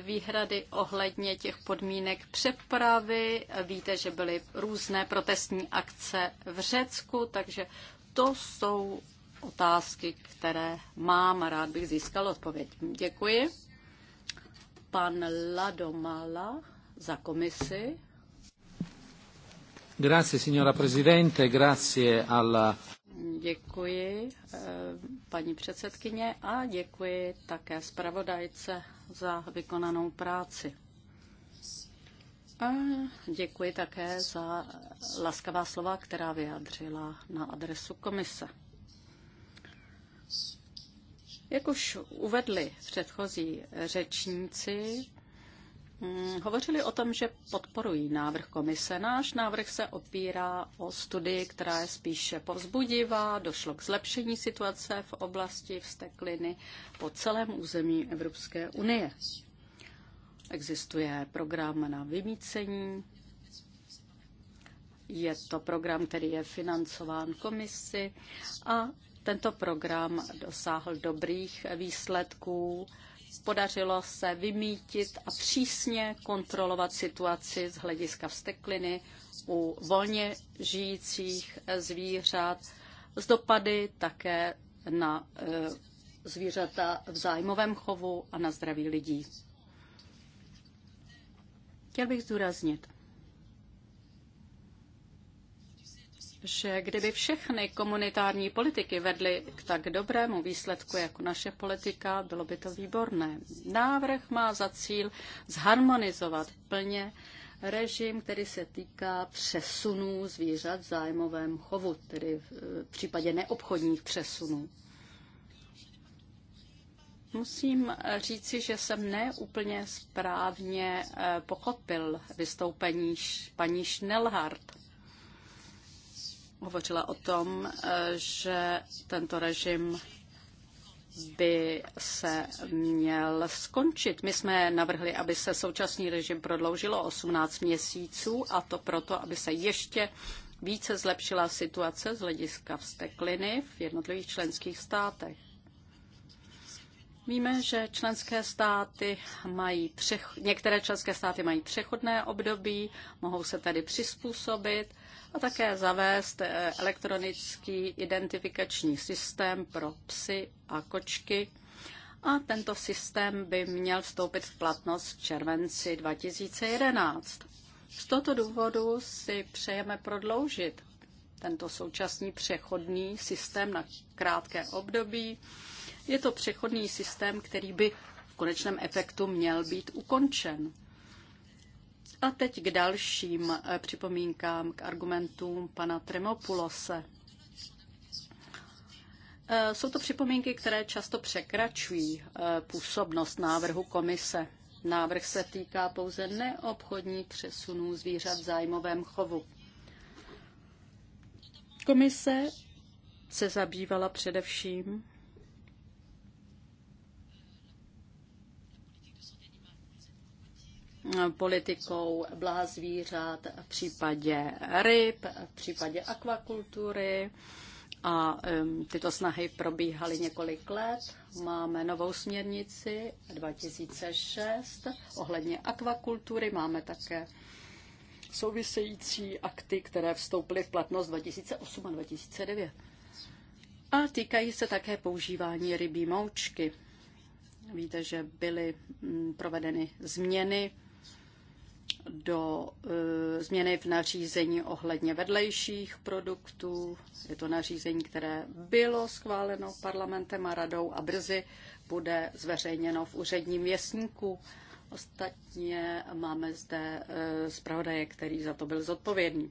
výhrady ohledně těch podmínek přepravy. Víte, že byly různé protestní akce v Řecku, takže to jsou otázky, které mám a rád bych získal odpověď. Děkuji. Pan Ladomala za komisi. Grazie, signora Presidente, grazie alla... Děkuji, eh, paní předsedkyně, a děkuji také zpravodajce za vykonanou práci. A děkuji také za laskavá slova, která vyjádřila na adresu komise. Jak už uvedli předchozí řečníci, Mm, hovořili o tom, že podporují návrh komise. Náš návrh se opírá o studii, která je spíše povzbudivá, došlo k zlepšení situace v oblasti vstekliny po celém území Evropské unie. Existuje program na vymícení, je to program, který je financován komisi a tento program dosáhl dobrých výsledků Podařilo se vymítit a přísně kontrolovat situaci z hlediska vstekliny u volně žijících zvířat z dopady také na e, zvířata v zájmovém chovu a na zdraví lidí. Chtěl bych zdůraznit, že kdyby všechny komunitární politiky vedly k tak dobrému výsledku jako naše politika, bylo by to výborné. Návrh má za cíl zharmonizovat plně režim, který se týká přesunů zvířat v zájmovém chovu, tedy v případě neobchodních přesunů. Musím říci, že jsem neúplně správně eh, pochopil vystoupení paní Schnellhardt hovořila o tom, eh, že tento režim by se měl skončit. My jsme navrhli, aby se současný režim prodloužilo 18 měsíců a to proto, aby se ještě více zlepšila situace z hlediska vztekliny v jednotlivých členských státech. Víme, že členské státy mají přech... některé členské státy mají přechodné období, mohou se tedy přizpůsobit a také zavést eh, elektronický identifikační systém pro psy a kočky. A tento systém by měl vstoupit v platnost v červenci 2011. Z tohoto důvodu si přejeme prodloužit tento současný přechodný systém na krátké období. Je to přechodný systém, který by v konečném efektu měl být ukončen. A teď k dalším eh, připomínkám, k argumentům pana Tremopulose. Eh, jsou to připomínky, které často překračují eh, působnost návrhu komise. Návrh se týká pouze neobchodní přesunů zvířat v zájmovém chovu. Komise se zabývala především politikou blaha zvířat v případě ryb, v případě akvakultury a um, tyto snahy probíhaly několik let. Máme novou směrnici 2006 ohledně akvakultury, máme také související akty, které vstoupily v platnost 2008 a 2009. A týkají se také používání rybí moučky. Víte, že byly mm, provedeny změny do e, změny v nařízení ohledně vedlejších produktů. Je to nařízení, které bylo schváleno parlamentem a radou a brzy bude zveřejněno v úředním věstníku. Ostatně máme zde e, zpravodaje, který za to byl zodpovědný.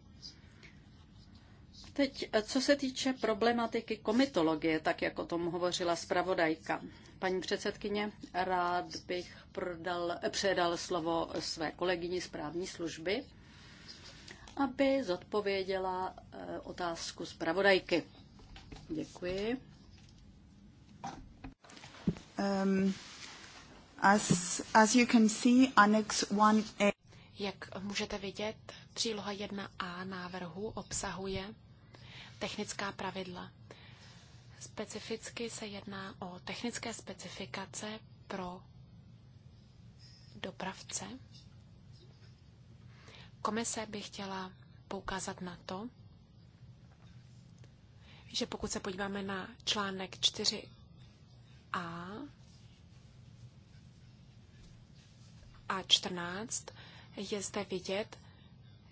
Teď, co se týče problematiky komitologie, tak jako o tom hovořila zpravodajka. Paní předsedkyně, rád bych prodal, eh, předal slovo své kolegyni z právní služby, aby zodpověděla eh, otázku zpravodajky. Děkuji. Um, as, as you can see, annex 1A... Jak můžete vidět, příloha 1a návrhu obsahuje technická pravidla. Specificky se jedná o technické specifikace pro dopravce. Komise by chtěla poukázat na to, že pokud se podíváme na článek 4a a 14, je zde vidět,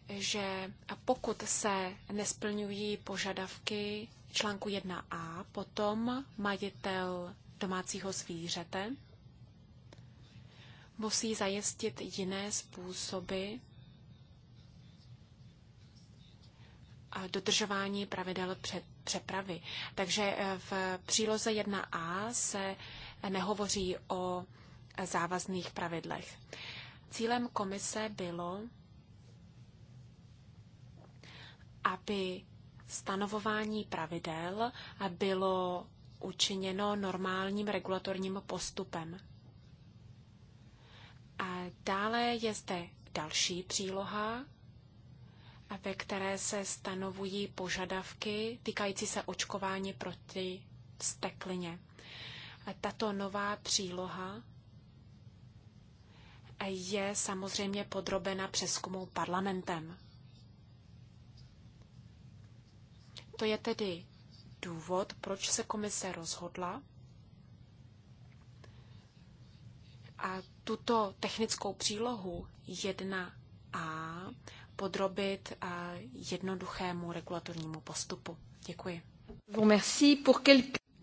že pokud se nesplňují požadavky článku 1a, potom majitel domácího zvířete musí zajistit jiné způsoby a dodržování pravidel před přepravy. Takže eh, v příloze 1a se nehovoří o závazných pravidlech. Cílem komise bylo aby stanovování pravidel bylo učiněno normálním regulatorním postupem. A dále je zde další příloha, ve které se stanovují požadavky týkající se očkování proti steklině. A tato nová příloha je samozřejmě podrobena přeskumu parlamentem. To je tedy důvod, proč se komise rozhodla a tuto technickou přílohu 1a podrobit a jednoduchému regulatornímu postupu. Děkuji.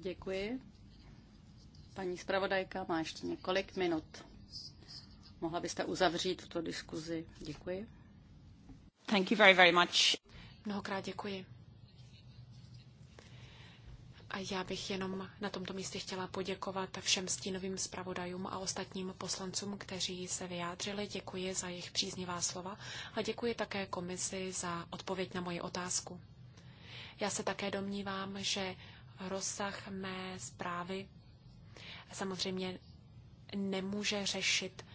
Děkuji. Paní zpravodajka má ještě několik minut. Mohla byste uzavřít tuto diskuzi. Děkuji. Thank you very, very much. Mnohokrát děkuji. A já bych jenom na tomto místě chtěla poděkovat všem stínovým zpravodajům a ostatním poslancům, kteří se vyjádřili. Děkuji za jejich příznivá slova a děkuji také komisi za odpověď na moji otázku. Já se také domnívám, že rozsah mé zprávy samozřejmě nemůže řešit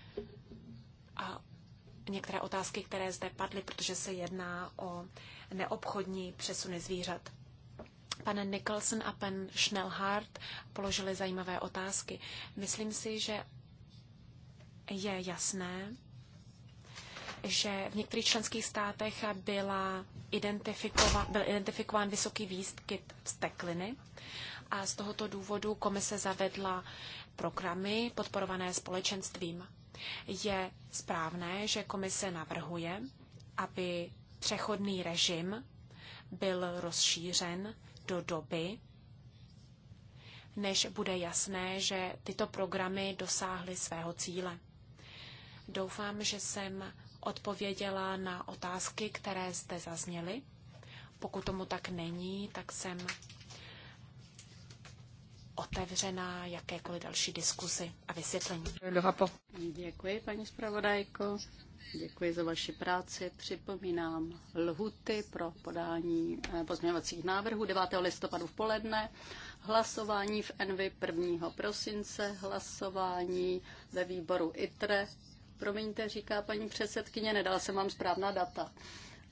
a některé otázky, které zde padly, protože se jedná o neobchodní přesuny zvířat. Pan Nicholson a pan Schnellhardt položili zajímavé otázky. Myslím si, že je jasné, že v některých členských státech byla identifikován, byl identifikován vysoký výskyt stekliny a z tohoto důvodu komise zavedla programy podporované společenstvím. Je správné, že komise navrhuje, aby přechodný režim byl rozšířen do doby, než bude jasné, že tyto programy dosáhly svého cíle. Doufám, že jsem odpověděla na otázky, které zde zazněly. Pokud tomu tak není, tak jsem otevřená jakékoliv další diskusi a vysvětlení. Děkuji, paní zpravodajko. Děkuji za vaši práci. Připomínám lhuty pro podání eh, pozměňovacích návrhů 9. listopadu v poledne, hlasování v Envy 1. prosince, hlasování ve výboru ITRE. Promiňte, říká paní předsedkyně, nedala jsem vám správná data.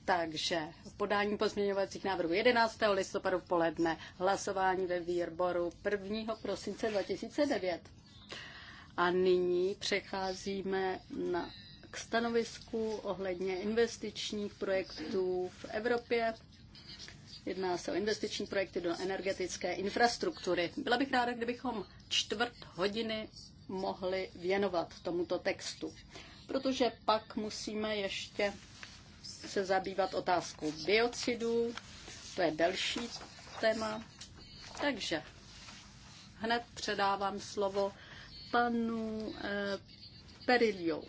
Takže podání pozměňovacích návrhů 11. listopadu v poledne, hlasování ve výboru 1. prosince 2009. A nyní přecházíme na, k stanovisku ohledně investičních projektů v Evropě. Jedná se o investiční projekty do energetické infrastruktury. Byla bych ráda, kdybychom čtvrt hodiny mohli věnovat tomuto textu, protože pak musíme ještě se zabývat otázkou biocidů, to je další téma. Takže hned předávám slovo panu eh, Periliou.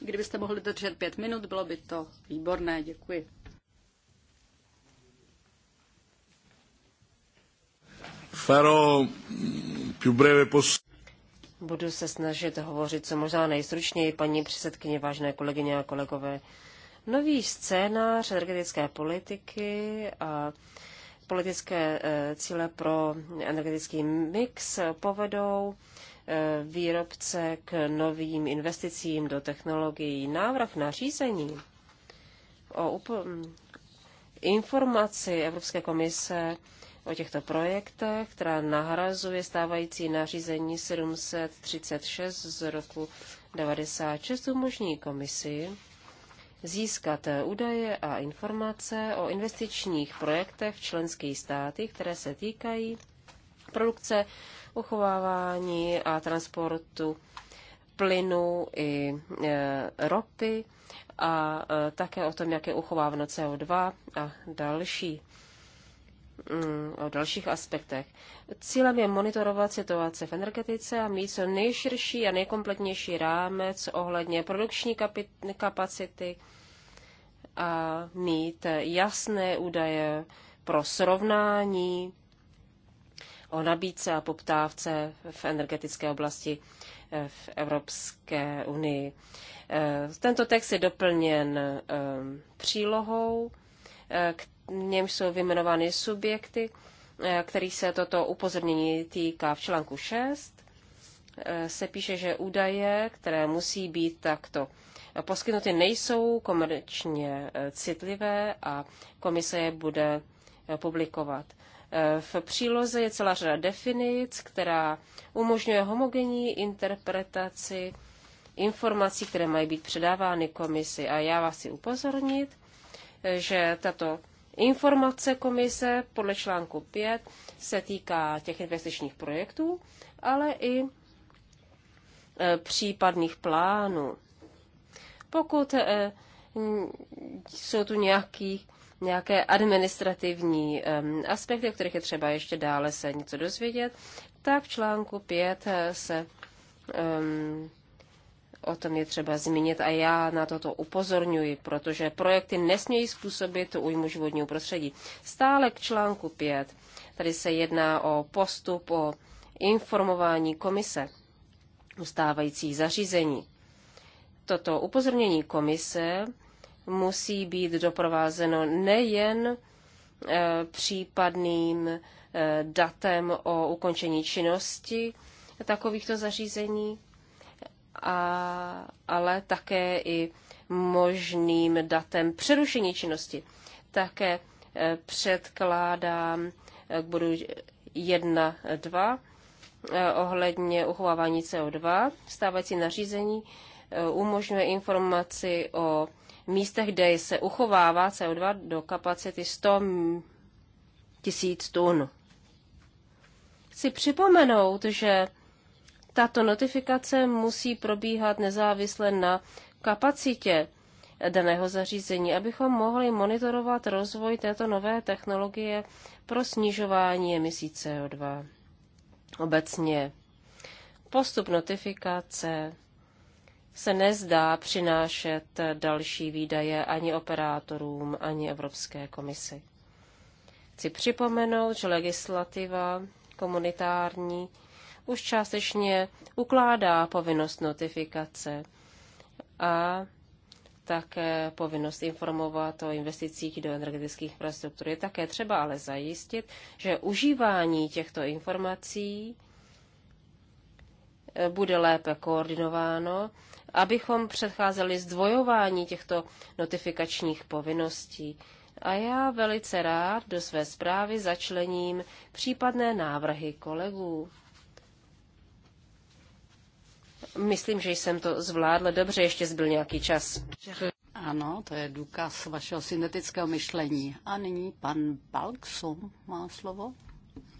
Kdybyste mohli držet pět minut, bylo by to výborné. Děkuji. Faro, più breve possibile. Budu se snažit hovořit co možná nejstručněji, paní předsedkyně, vážné kolegyně a kolegové. Nový scénář energetické politiky a politické e, cíle pro energetický mix povedou e, výrobce k novým investicím do technologií. Návrh na řízení o informaci Evropské komise o těchto projektech, která nahrazuje stávající nařízení 736 z roku 96, umožní komisi získat eh, údaje a informace o investičních projektech v členských státech, které se týkají produkce, uchovávání a transportu plynu i eh, ropy a eh, také o tom, jak je uchováváno CO2 a další mm, o dalších aspektech. Cílem je monitorovat situaci v energetice a mít co nejširší a nejkompletnější rámec ohledně produkční kapacity a mít jasné údaje pro srovnání o nabídce a poptávce v energetické oblasti eh, v Evropské unii. Eh, tento text je doplněn eh, přílohou, k němž jsou vyjmenovány subjekty, Eh, který se toto upozornění týká v článku 6, eh, se píše, že údaje, které musí být takto poskytnuty, nejsou komerčně eh, citlivé a komise je bude publikovat. V příloze je celá řada definic, která umožňuje homogenní interpretaci informací, které mají být předávány komisi. A já vás chci upozornit, že tato Informace komise podle článku 5 se týká těch investičních projektů, ale i e, případných plánů. Pokud e, jsou tu nějaký, nějaké administrativní aspekty, o kterých je třeba ještě dále se něco dozvědět, tak v článku 5 e, se O tom je třeba zmínit a já na toto upozorňuji, protože projekty nesmějí způsobit újmu životního prostředí. Stále k článku 5. Tady se jedná o postup, o informování komise ustávajících zařízení. Toto upozornění komise musí být doprovázeno nejen e, případným e, datem o ukončení činnosti takovýchto zařízení, a, ale také i možným datem přerušení činnosti. Také eh, předkládám eh, k bodu 1, 2 eh, ohledně uchovávání CO2. Stávající nařízení umožňuje informaci o místech, kde se uchovává CO2 do kapacity 100 tisíc tun. Chci připomenout, že tato notifikace musí probíhat nezávisle na kapacitě daného zařízení, abychom mohli monitorovat rozvoj této nové technologie pro snižování emisí CO2. Obecně postup notifikace se nezdá přinášet další výdaje ani operátorům, ani Evropské komisi. Chci připomenout, že legislativa komunitární už částečně ukládá povinnost notifikace a také povinnost informovat o investicích do energetických infrastruktur Je také třeba ale zajistit, že užívání těchto informací eh, bude lépe koordinováno, abychom předcházeli zdvojování těchto notifikačních povinností. A já velice rád do své zprávy začlením případné návrhy kolegů. Myslím, že jsem to zvládla dobře, ještě zbyl nějaký čas. Ano, to je důkaz vašeho syntetického myšlení. A nyní pan Balksum má slovo.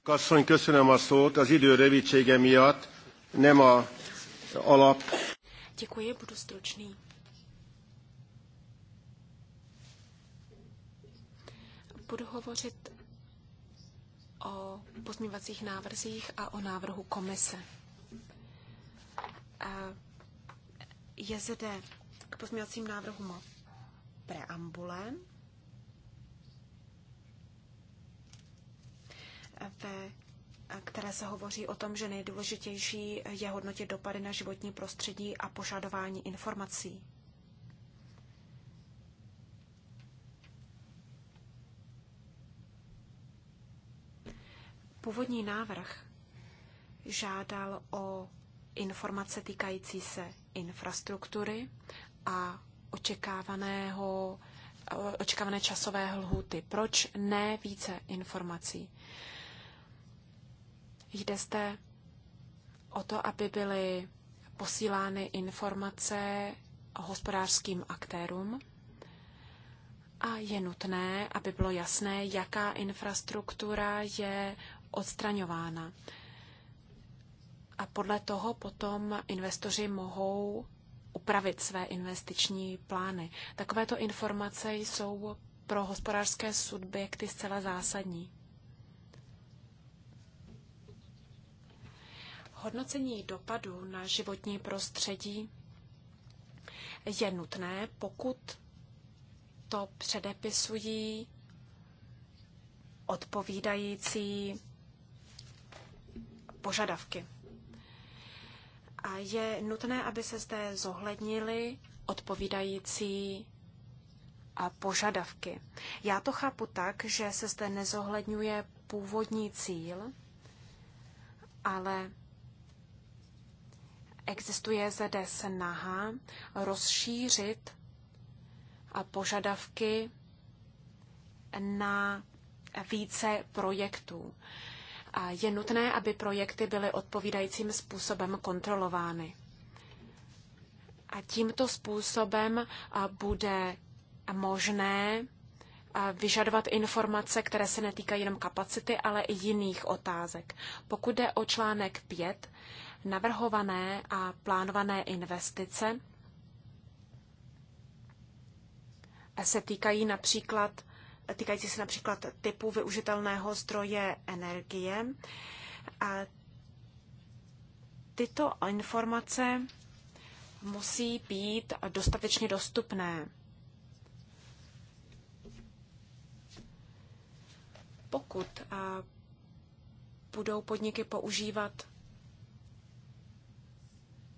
Kasszony, köszönöm a szót. Az idő rövidsége miatt nem a alap. Děkuji, budu stručný. Budu hovořit o pozměňovacích návrzích a o návrhu komise je zde k pozměňovacím návrhům preambule. Ve které se hovoří o tom, že nejdůležitější je hodnotit dopady na životní prostředí a požadování informací. Původní návrh žádal o informace týkající se infrastruktury a očekávaného, očekávané časové lhuty. Proč ne více informací? Jde zde o to, aby byly posílány informace hospodářským aktérům a je nutné, aby bylo jasné, jaká infrastruktura je odstraňována. A podle toho potom investoři mohou upravit své investiční plány. Takovéto informace jsou pro hospodářské subjekty zcela zásadní. Hodnocení dopadu na životní prostředí je nutné, pokud to předepisují odpovídající požadavky. A je nutné, aby se zde zohlednili odpovídající a požadavky. Já to chápu tak, že se zde nezohledňuje původní cíl, ale existuje zde snaha rozšířit a požadavky na více projektů. A Je nutné, aby projekty byly odpovídajícím způsobem kontrolovány. A tímto způsobem bude možné vyžadovat informace, které se netýkají jenom kapacity, ale i jiných otázek. Pokud jde o článek 5, navrhované a plánované investice se týkají například týkající se například typu využitelného zdroje energie. A tyto informace musí být dostatečně dostupné. Pokud budou podniky používat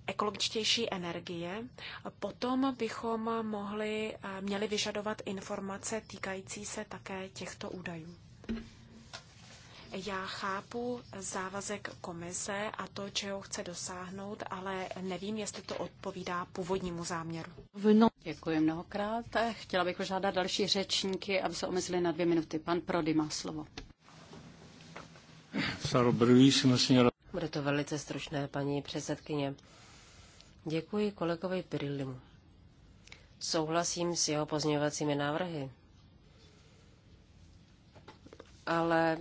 ekologičtější energie, potom bychom mohli, eh, měli vyžadovat informace týkající se také těchto údajů. Já chápu závazek komise a to, čeho chce dosáhnout, ale nevím, jestli to odpovídá původnímu záměru. děkuji mnohokrát. Chtěla bych požádat další řečníky, aby se omezili na dvě minuty. Pan Prody má slovo. Bude to velice stručné, paní předsedkyně. Děkuji kolegovi Pirillimu. Souhlasím s jeho pozměňovacími návrhy. Ale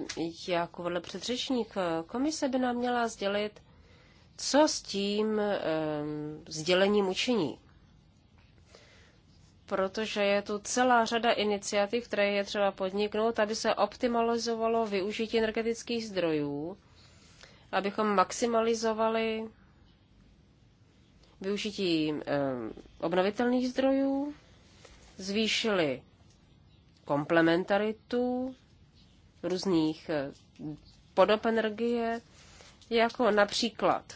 jako vedle předřečník, komise by nám měla sdělit, co s tím e, sdělením učení. Protože je tu celá řada iniciativ, které je třeba podniknout, aby se optimalizovalo využití energetických zdrojů, abychom maximalizovali využití eh, obnovitelných zdrojů, zvýšili komplementaritu různých eh, podob energie, jako například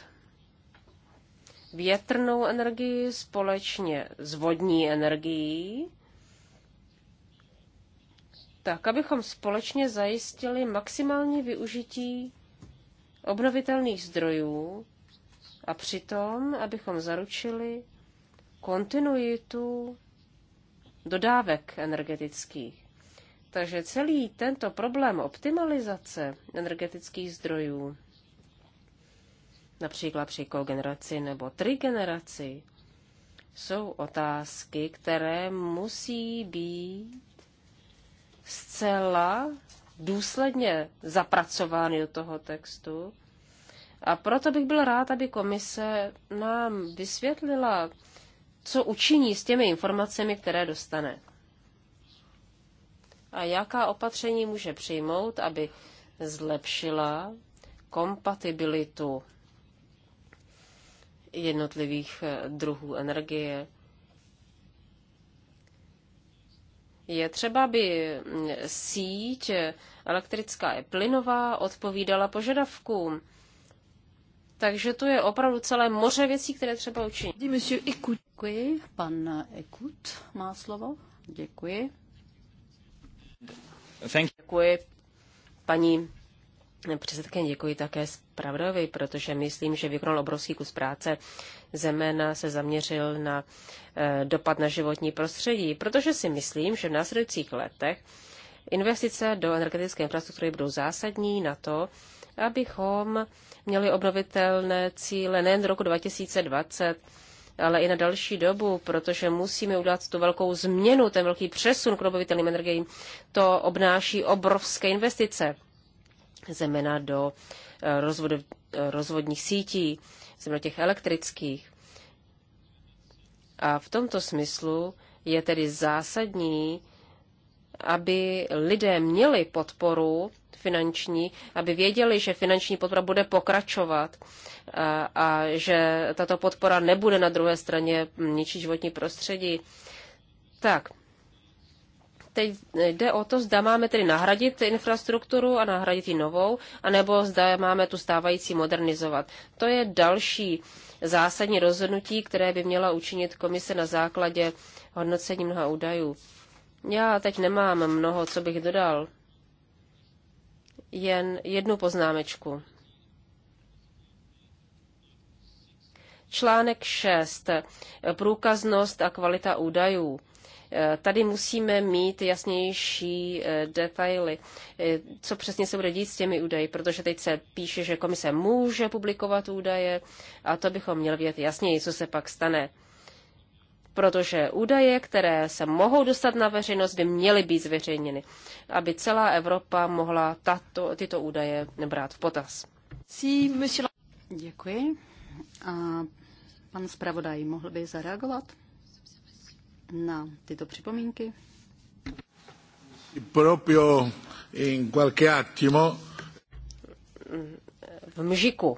větrnou energii společně s vodní energií, tak abychom společně zajistili maximální využití obnovitelných zdrojů a přitom, abychom zaručili kontinuitu dodávek energetických. Takže celý tento problém optimalizace energetických zdrojů, například při kogeneraci nebo trigeneraci, jsou otázky, které musí být zcela důsledně zapracovány do toho textu, a proto bych byl rád, aby komise nám vysvětlila, co učiní s těmi informacemi, které dostane. A jaká opatření může přijmout, aby zlepšila kompatibilitu jednotlivých eh, druhů energie. Je třeba, aby mm, síť eh, elektrická i plynová odpovídala požadavkům takže to je opravdu celé moře věcí, které třeba učinit. Děkuji. Pan Ekut má slovo. Děkuji. Thank you. Děkuji paní předsedkyně, děkuji také zpravdovi, protože myslím, že vykonal obrovský kus práce. Zemena se zaměřil na eh, dopad na životní prostředí, protože si myslím, že v následujících letech investice do energetické infrastruktury budou zásadní na to, abychom měli obnovitelné cíle nejen do roku 2020, ale i na další dobu, protože musíme udělat tu velkou změnu, ten velký přesun k obnovitelným energiím. To obnáší obrovské investice, zejména do eh, rozvod, eh, rozvodních sítí, zejména těch elektrických. A v tomto smyslu je tedy zásadní, aby lidé měli podporu finanční, aby věděli, že finanční podpora bude pokračovat a, a že tato podpora nebude na druhé straně ničit životní prostředí. Tak, teď jde o to, zda máme tedy nahradit infrastrukturu a nahradit ji novou, anebo zda máme tu stávající modernizovat. To je další zásadní rozhodnutí, které by měla učinit komise na základě hodnocení mnoha údajů. Já teď nemám mnoho, co bych dodal jen jednu poznámečku. Článek 6. Průkaznost a kvalita údajů. Eh, tady musíme mít jasnější eh, detaily, eh, co přesně se bude dít s těmi údaji, protože teď se píše, že komise může publikovat údaje a to bychom měli vědět jasněji, co se pak stane protože údaje, které se mohou dostat na veřejnost, by měly být zveřejněny, aby celá Evropa mohla tato, tyto údaje brát v potaz. Děkuji. A pan zpravodaj mohl by zareagovat na tyto připomínky? Proprio in qualche attimo. V mžiku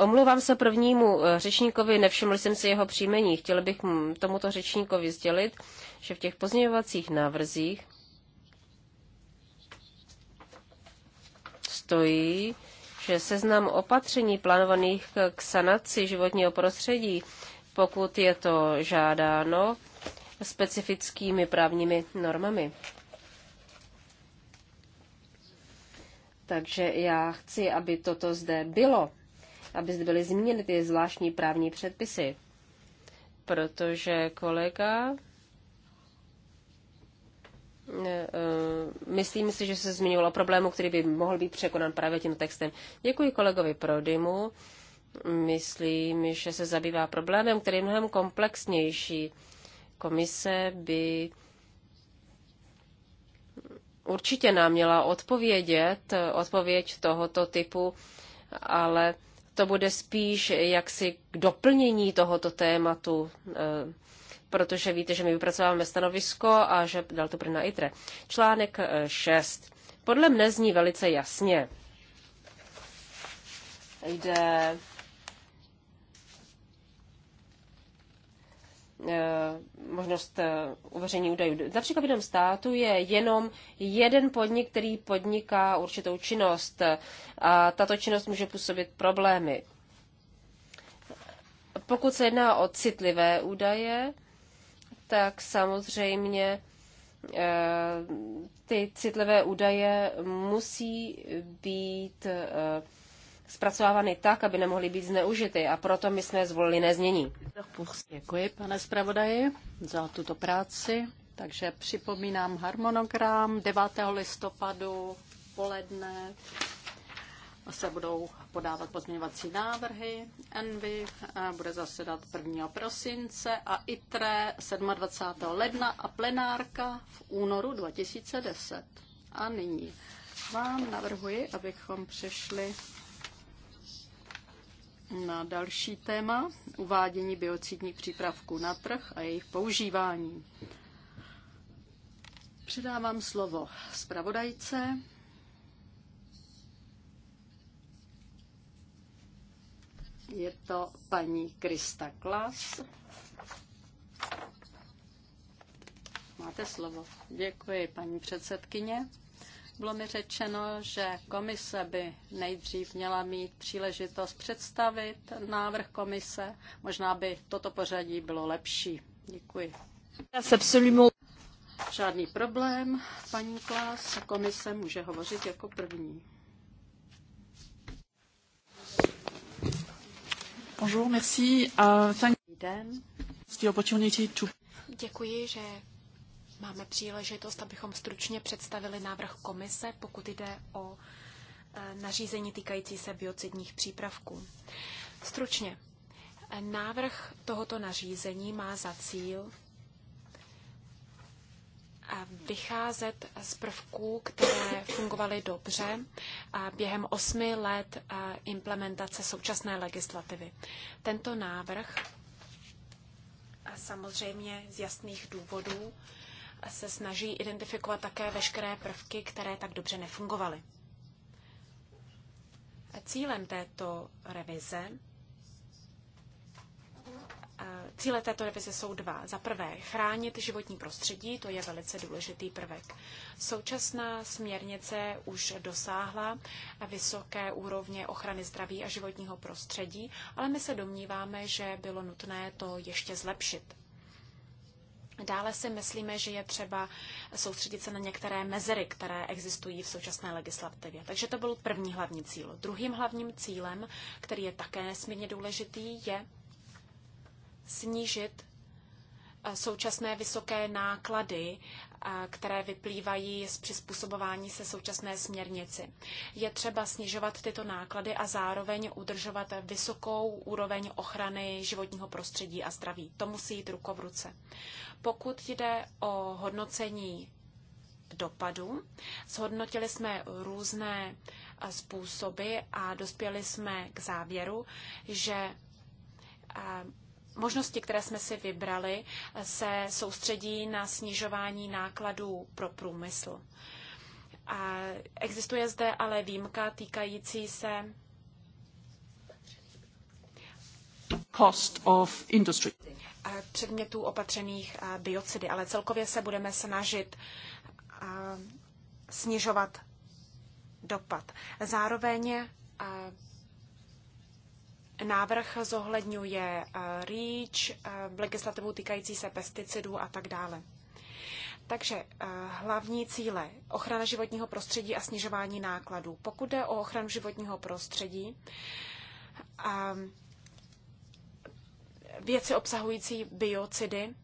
Omlouvám se prvnímu eh, řečníkovi, nevšiml jsem si jeho příjmení. Chtěl bych tomuto řečníkovi sdělit, že v těch pozměňovacích návrzích stojí, že seznam opatření plánovaných k sanaci životního prostředí, pokud je to žádáno, specifickými právními normami. Takže já chci, aby toto zde bylo aby zde byly zmíněny ty zvláštní právní předpisy. Protože kolega eh, myslím si, že se zmiňovalo problému, který by mohl být překonán právě tím textem. Děkuji kolegovi Prodymu. Myslím, že se zabývá problémem, který je mnohem komplexnější. Komise by určitě nám měla odpovědět, odpověď tohoto typu, ale to bude spíš jaksi k doplnění tohoto tématu, eh, protože víte, že my vypracováváme stanovisko a že dal to na ITRE. Článek 6. Eh, Podle mne zní velice jasně. Jde Eh, možnost eh, uveření údajů. Například v jednom státu je jenom jeden podnik, který podniká určitou činnost eh, a tato činnost může působit problémy. Pokud se jedná o citlivé údaje, tak samozřejmě ty citlivé údaje musí být zpracovávány tak, aby nemohly být zneužity a proto my jsme zvolili neznění. Děkuji, pane zpravodaji, za tuto práci. Takže připomínám harmonogram 9. listopadu poledne se budou podávat pozměňovací návrhy. Envy eh, bude zasedat 1. prosince a ITRE 27. ledna a plenárka v únoru 2010. A nyní vám navrhuji, abychom přešli na další téma uvádění biocidních přípravků na trh a jejich používání. Předávám slovo zpravodajce. Je to paní Krista Klas. Máte slovo. Děkuji, paní předsedkyně. Bylo mi řečeno, že komise by nejdřív měla mít příležitost představit návrh komise. Možná by toto pořadí bylo lepší. Děkuji. Žádný problém, paní Klas. Komise může hovořit jako první. Bonjour, merci. Uh, thank... Den. Děkuji, že Máme příležitost, abychom stručně představili návrh komise, pokud jde o e, nařízení týkající se biocidních přípravků. Stručně. Návrh tohoto nařízení má za cíl e, vycházet z prvků, které fungovaly dobře e, během osmi let implementace současné legislativy. Tento návrh samozřejmě z jasných důvodů se snaží identifikovat také veškeré prvky, které tak dobře nefungovaly. Cílem této revize eh, Cíle této revize jsou dva. Za prvé, chránit životní prostředí, to je velice důležitý prvek. Současná směrnice už dosáhla vysoké úrovně ochrany zdraví a životního prostředí, ale my se domníváme, že bylo nutné to ještě zlepšit. Dále si myslíme, že je třeba soustředit se na některé mezery, které existují v současné legislativě. Takže to byl první hlavní cíl. Druhým hlavním cílem, který je také nesmírně důležitý, je snížit eh, současné vysoké náklady které vyplývají z přizpůsobování se současné směrnici. Je třeba snižovat tyto náklady a zároveň udržovat vysokou úroveň ochrany životního prostředí a zdraví. To musí jít ruko v ruce. Pokud jde o hodnocení dopadu, zhodnotili jsme různé způsoby a dospěli jsme k závěru, že možnosti, které jsme si vybrali, se soustředí na snižování nákladů pro průmysl. A existuje zde ale výjimka týkající se cost of industry. předmětů opatřených biocidy, ale celkově se budeme snažit snižovat dopad. Zároveň Návrh zohledňuje eh, REACH, eh, legislativu týkající se pesticidů a tak dále. Takže eh, hlavní cíle ochrana životního prostředí a snižování nákladů. Pokud jde o ochranu životního prostředí, věci obsahující biocidy,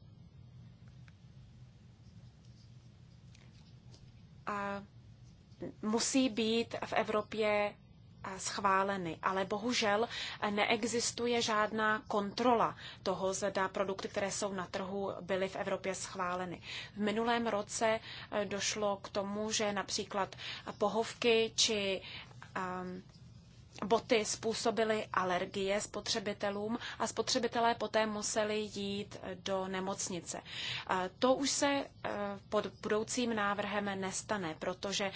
musí být v Evropě schváleny, ale bohužel neexistuje žádná kontrola toho, zda produkty, které jsou na trhu, byly v Evropě schváleny. V minulém roce eh, došlo k tomu, že například pohovky či um, boty způsobily alergie spotřebitelům a spotřebitelé poté museli jít eh, do nemocnice. Eh, to už se eh, pod budoucím návrhem nestane, protože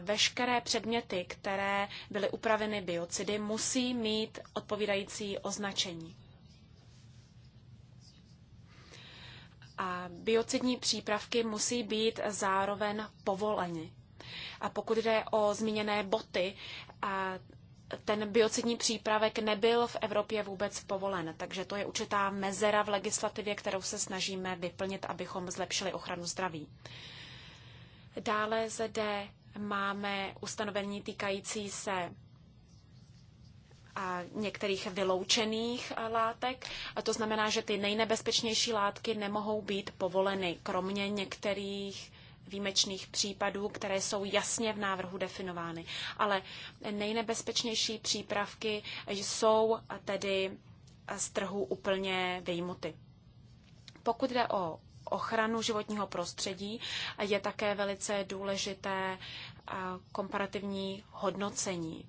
veškeré předměty, které byly upraveny biocidy, musí mít odpovídající označení. A biocidní přípravky musí být zároveň povoleny. A pokud jde o zmíněné boty, ten biocidní přípravek nebyl v Evropě vůbec povolen, takže to je určitá mezera v legislativě, kterou se snažíme vyplnit, abychom zlepšili ochranu zdraví. Dále zde máme ustanovení týkající se a některých vyloučených látek. A to znamená, že ty nejnebezpečnější látky nemohou být povoleny, kromě některých výjimečných případů, které jsou jasně v návrhu definovány. Ale nejnebezpečnější přípravky jsou tedy z trhu úplně vyjmuty. Pokud jde o ochranu životního prostředí, je také velice důležité komparativní hodnocení.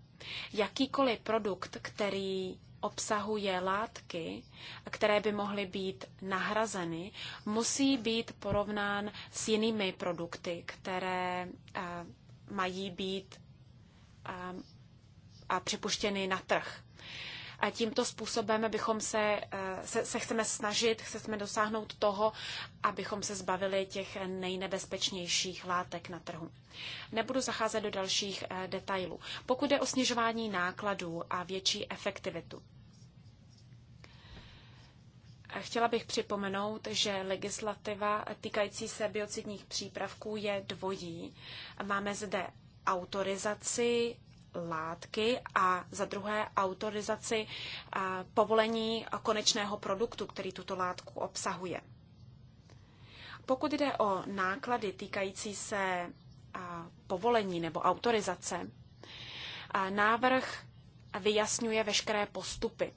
Jakýkoliv produkt, který obsahuje látky, které by mohly být nahrazeny, musí být porovnán s jinými produkty, které eh, mají být eh, a připuštěny na trh. A tímto způsobem bychom se, eh, se, se chceme snažit, chceme dosáhnout toho, abychom se zbavili těch nejnebezpečnějších látek na trhu. Nebudu zacházet do dalších eh, detailů. Pokud jde o snižování nákladů a větší efektivitu, Chtěla bych připomenout, že legislativa týkající se biocidních přípravků je dvojí. Máme zde autorizaci látky a za druhé autorizaci povolení konečného produktu, který tuto látku obsahuje. Pokud jde o náklady týkající se povolení nebo autorizace, návrh vyjasňuje veškeré postupy.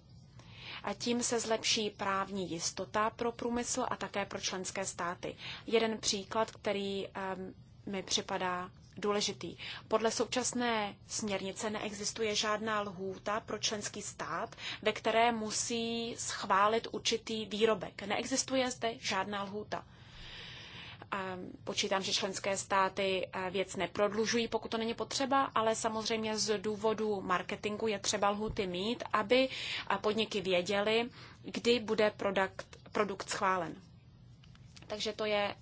A tím se zlepší právní jistota pro průmysl a také pro členské státy. Jeden příklad, který mi připadá důležitý. Podle současné směrnice neexistuje žádná lhůta pro členský stát, ve které musí schválit určitý výrobek. Neexistuje zde žádná lhůta. Počítám, že členské státy věc neprodlužují, pokud to není potřeba, ale samozřejmě z důvodu marketingu je třeba lhuty mít, aby podniky věděly, kdy bude produkt, produkt schválen. Takže to je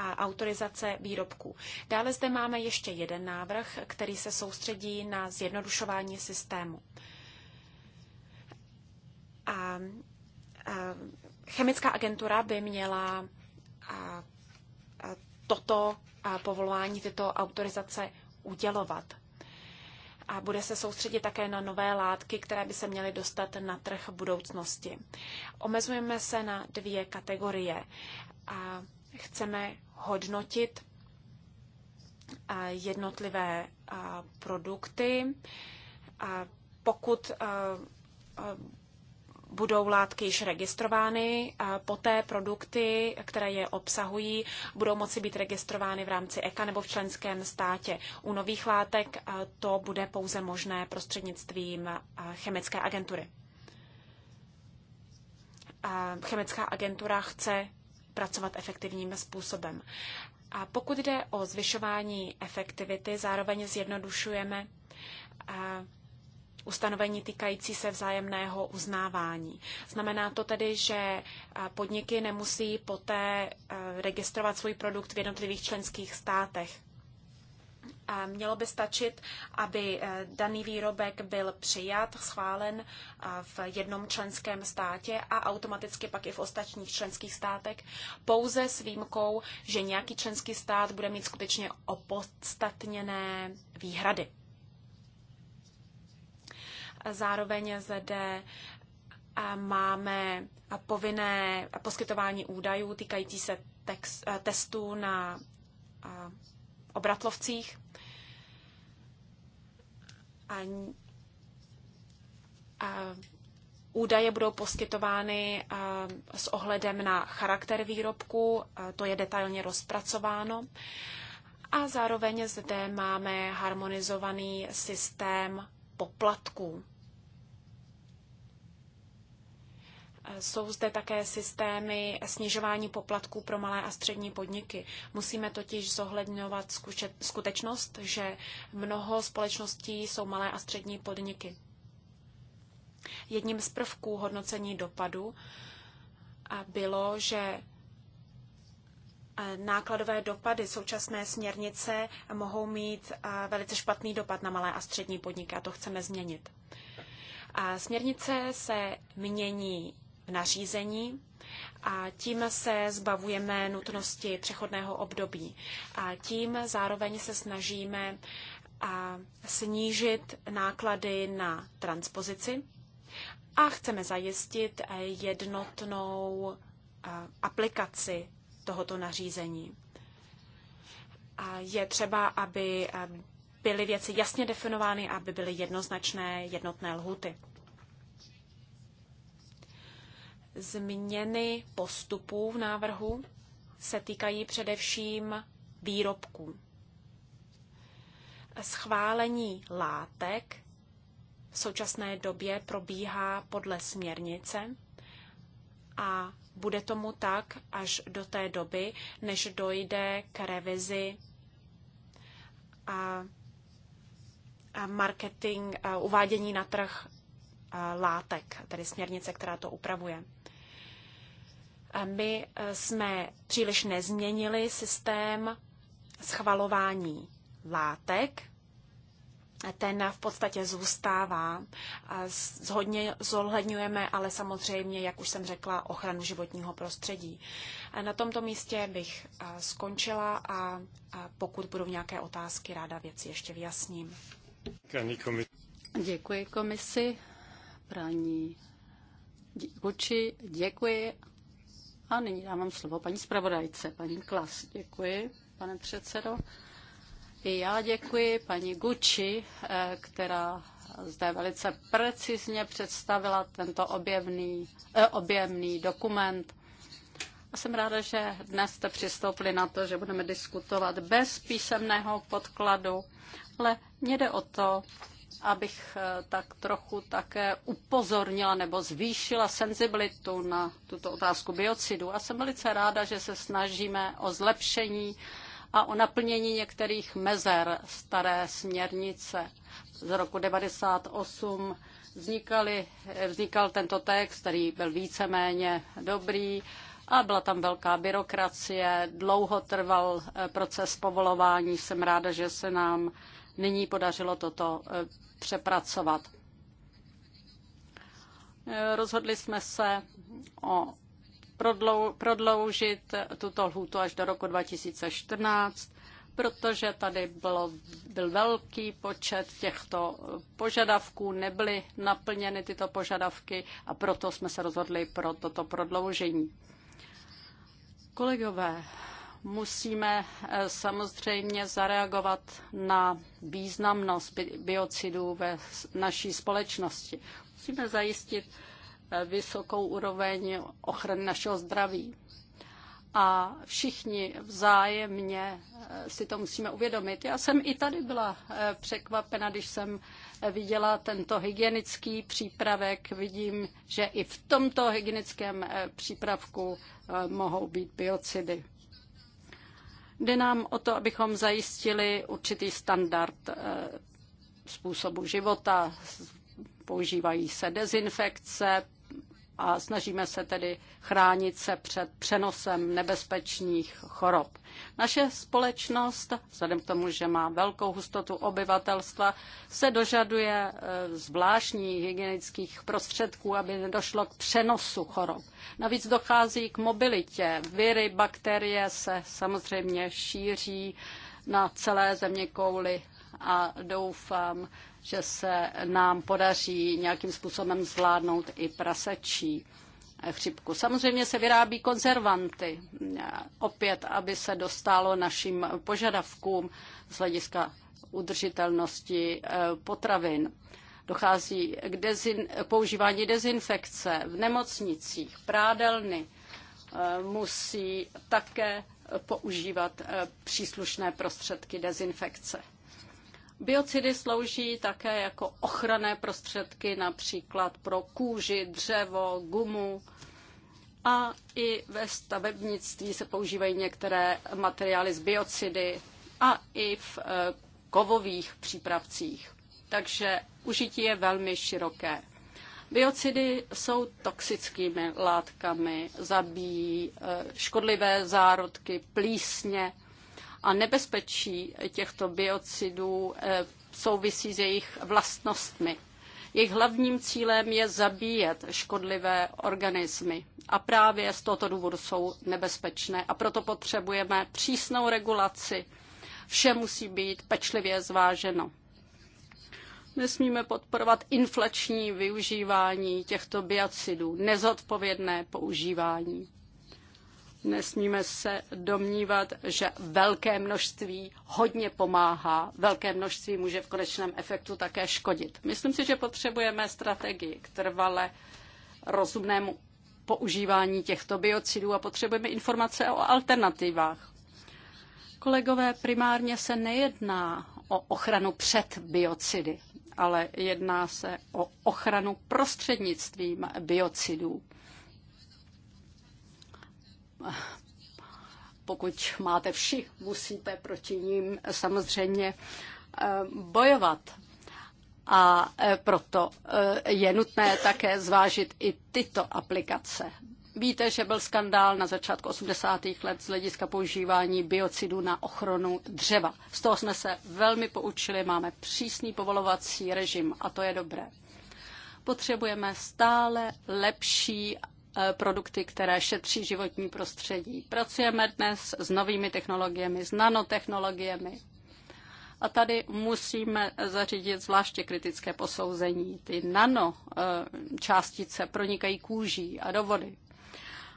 a autorizace výrobků. Dále zde máme ještě jeden návrh, který se soustředí na zjednodušování systému. A, a chemická agentura by měla a, a toto a povolování, tyto autorizace udělovat a bude se soustředit také na nové látky, které by se měly dostat na trh v budoucnosti. Omezujeme se na dvě kategorie. A Chceme hodnotit jednotlivé produkty. Pokud budou látky již registrovány, poté produkty, které je obsahují, budou moci být registrovány v rámci EKA nebo v členském státě. U nových látek to bude pouze možné prostřednictvím chemické agentury. Chemická agentura chce pracovat efektivním způsobem. A pokud jde o zvyšování efektivity, zároveň zjednodušujeme eh, ustanovení týkající se vzájemného uznávání. Znamená to tedy, že eh, podniky nemusí poté eh, registrovat svůj produkt v jednotlivých členských státech. Mělo by stačit, aby eh, daný výrobek byl přijat, schválen eh, v jednom členském státě a automaticky pak i v ostatních členských státech, pouze s výjimkou, že nějaký členský stát bude mít skutečně opodstatněné výhrady. Zároveň zde eh, máme povinné poskytování údajů týkající se text, testů na obratlovcích. A, a údaje budou poskytovány a, s ohledem na charakter výrobku, a to je detailně rozpracováno. A zároveň zde máme harmonizovaný systém poplatků. Eh, jsou zde také systémy snižování poplatků pro malé a střední podniky. Musíme totiž zohledňovat skutečnost, že mnoho společností jsou malé a střední podniky. Jedním z prvků hodnocení dopadu eh, bylo, že eh, nákladové dopady současné směrnice mohou mít velice špatný dopad na malé a střední podniky a to chceme změnit. A směrnice se mění nařízení a tím se zbavujeme nutnosti přechodného období. A tím zároveň se snažíme a snížit náklady na transpozici a chceme zajistit e, jednotnou aplikaci tohoto nařízení. A je třeba, aby e, byly věci jasně definovány, aby byly jednoznačné jednotné lhuty. Změny postupů v návrhu se týkají především výrobků. Schválení látek v současné době probíhá podle směrnice a bude tomu tak až do té doby, než dojde k revizi a, marketing, a uvádění na trh látek, tedy směrnice, která to upravuje. My eh, jsme příliš nezměnili systém schvalování látek. Ten v podstatě zůstává. Zhodně zohledňujeme, ale samozřejmě, jak už jsem řekla, ochranu životního prostředí. Na tomto místě bych eh, skončila a pokud budou nějaké otázky, ráda věci ještě vyjasním. Děkuji komisi. Praní Guči, děkuji a nyní dávám slovo paní zpravodajce, paní Klas. Děkuji, pane předsedo. I já děkuji paní Guči, eh, která zde velice precizně představila tento eh, objemný dokument. A jsem ráda, že dnes jste přistoupili na to, že budeme diskutovat bez písemného podkladu, ale mně jde o to, abych eh, tak trochu také upozornila nebo zvýšila senzibilitu na tuto otázku biocidu. A jsem velice ráda, že se snažíme o zlepšení a o naplnění některých mezer staré směrnice z roku 98 vznikaly, eh, vznikal tento text, který byl víceméně dobrý a byla tam velká byrokracie, dlouho trval eh, proces povolování. Jsem ráda, že se nám nyní podařilo toto e, přepracovat. E, rozhodli jsme se o prodloužit tuto lhůtu až do roku 2014, protože tady bylo, byl velký počet těchto požadavků, nebyly naplněny tyto požadavky a proto jsme se rozhodli pro toto prodloužení. Kolegové, musíme eh, samozřejmě zareagovat na významnost biocidů ve naší společnosti. Musíme zajistit eh, vysokou úroveň ochrany našeho zdraví. A všichni vzájemně eh, si to musíme uvědomit. Já jsem i tady byla překvapena, když jsem viděla tento hygienický přípravek. Vidím, že i v tomto hygienickém přípravku mohou být biocidy. Jde nám o to, abychom zajistili určitý standard eh, způsobu života. Používají se dezinfekce, a snažíme se tedy chránit se před přenosem nebezpečných chorob. Naše společnost, vzhledem k tomu, že má velkou hustotu obyvatelstva, se dožaduje e, zvláštních hygienických prostředků, aby nedošlo k přenosu chorob. Navíc dochází k mobilitě. Viry, bakterie se samozřejmě šíří na celé země kouly a doufám, že se nám podaří nějakým způsobem zvládnout i prasečí chřipku. Samozřejmě se vyrábí konzervanty, opět, aby se dostalo našim požadavkům z hlediska udržitelnosti eh, potravin. Dochází k dezin, používání dezinfekce v nemocnicích, prádelny eh, musí také používat eh, příslušné prostředky dezinfekce. Biocidy slouží také jako ochranné prostředky například pro kůži, dřevo, gumu a i ve stavebnictví se používají některé materiály z biocidy a i v e, kovových přípravcích. Takže užití je velmi široké. Biocidy jsou toxickými látkami, zabíjí e, škodlivé zárodky, plísně a nebezpečí těchto biocidů eh, souvisí s jejich vlastnostmi. Jejich hlavním cílem je zabíjet škodlivé organismy a právě z tohoto důvodu jsou nebezpečné a proto potřebujeme přísnou regulaci. Vše musí být pečlivě zváženo. Nesmíme podporovat inflační využívání těchto biocidů, nezodpovědné používání. Nesmíme se domnívat, že velké množství hodně pomáhá, velké množství může v konečném efektu také škodit. Myslím si, že potřebujeme strategii k trvale rozumnému používání těchto biocidů a potřebujeme informace o alternativách. Kolegové, primárně se nejedná o ochranu před biocidy, ale jedná se o ochranu prostřednictvím biocidů pokud máte vši, musíte proti ním samozřejmě eh, bojovat. A eh, proto eh, je nutné také zvážit i tyto aplikace. Víte, že byl skandál na začátku 80. let z hlediska používání biocidů na ochranu dřeva. Z toho jsme se velmi poučili, máme přísný povolovací režim a to je dobré. Potřebujeme stále lepší Eh, produkty, které šetří životní prostředí. Pracujeme dnes s novými technologiemi, s nanotechnologiemi. A tady musíme zařídit zvláště kritické posouzení. Ty nano eh, částice pronikají kůží a do vody.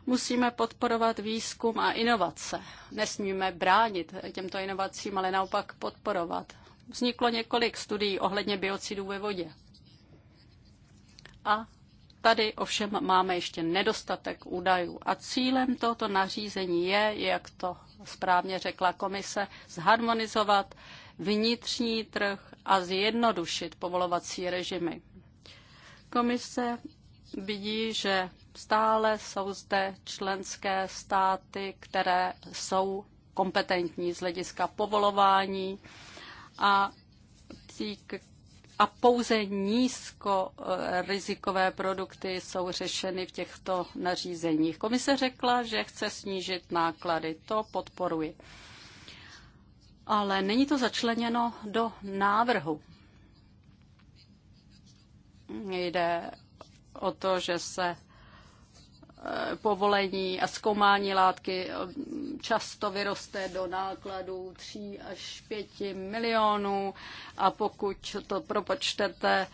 Musíme podporovat výzkum a inovace. Nesmíme bránit těmto inovacím, ale naopak podporovat. Vzniklo několik studií ohledně biocidů ve vodě. A Tady ovšem máme ještě nedostatek údajů a cílem tohoto nařízení je, jak to správně řekla komise, zharmonizovat vnitřní trh a zjednodušit povolovací režimy. Komise vidí, že stále jsou zde členské státy, které jsou kompetentní z hlediska povolování a týk, a pouze nízko rizikové produkty jsou řešeny v těchto nařízeních. Komise řekla, že chce snížit náklady. To podporuji. Ale není to začleněno do návrhu. Jde o to, že se povolení a zkoumání látky často vyroste do nákladů 3 až 5 milionů a pokud to propočtete,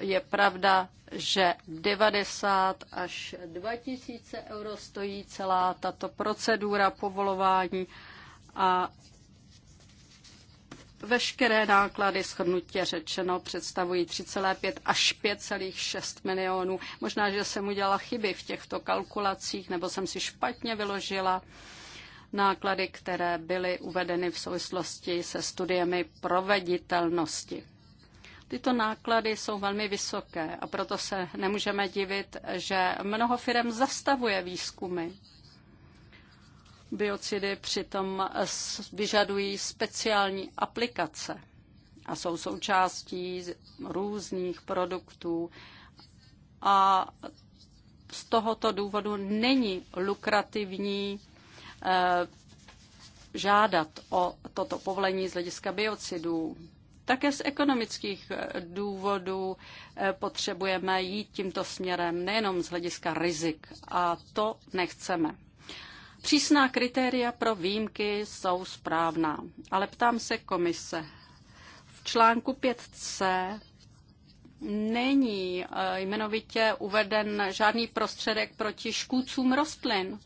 je pravda, že 90 až 2000 euro stojí celá tato procedura povolování a Veškeré náklady, shrnutě řečeno, představují 3,5 až 5,6 milionů. Možná, že jsem udělala chyby v těchto kalkulacích, nebo jsem si špatně vyložila náklady, které byly uvedeny v souvislosti se studiemi proveditelnosti. Tyto náklady jsou velmi vysoké a proto se nemůžeme divit, že mnoho firm zastavuje výzkumy Biocidy přitom eh, vyžadují speciální aplikace a jsou součástí různých produktů a z tohoto důvodu není lukrativní eh, žádat o toto povolení z hlediska biocidů. Také z ekonomických eh, důvodů potřebujeme jít tímto směrem, nejenom z hlediska rizik. A to nechceme. Přísná kritéria pro výjimky jsou správná, ale ptám se komise. V článku 5c není eh, jmenovitě uveden žádný prostředek proti škůdcům rostlin.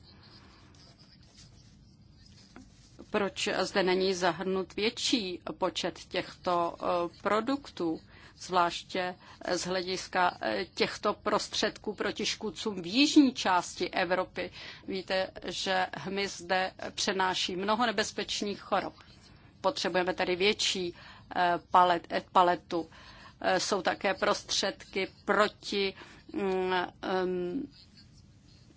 Proč zde není zahrnut větší počet těchto eh, produktů? zvláště z hlediska eh, těchto prostředků proti škůdcům v jižní části Evropy. Víte, že hmyz zde přenáší mnoho nebezpečných chorob. Potřebujeme tedy větší eh, palet, eh, paletu. Jsou také prostředky proti mm,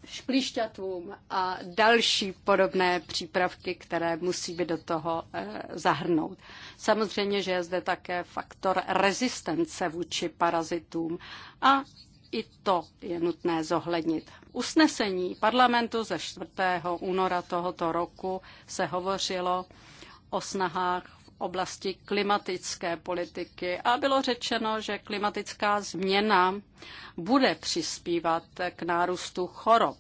šplíšťatům a další podobné přípravky, které musí být do toho eh, zahrnout. Samozřejmě, že je zde také faktor rezistence vůči parazitům a i to je nutné zohlednit. V usnesení parlamentu ze 4. února tohoto roku se hovořilo o snahách oblasti klimatické politiky a bylo řečeno, že klimatická změna bude přispívat k nárůstu chorob.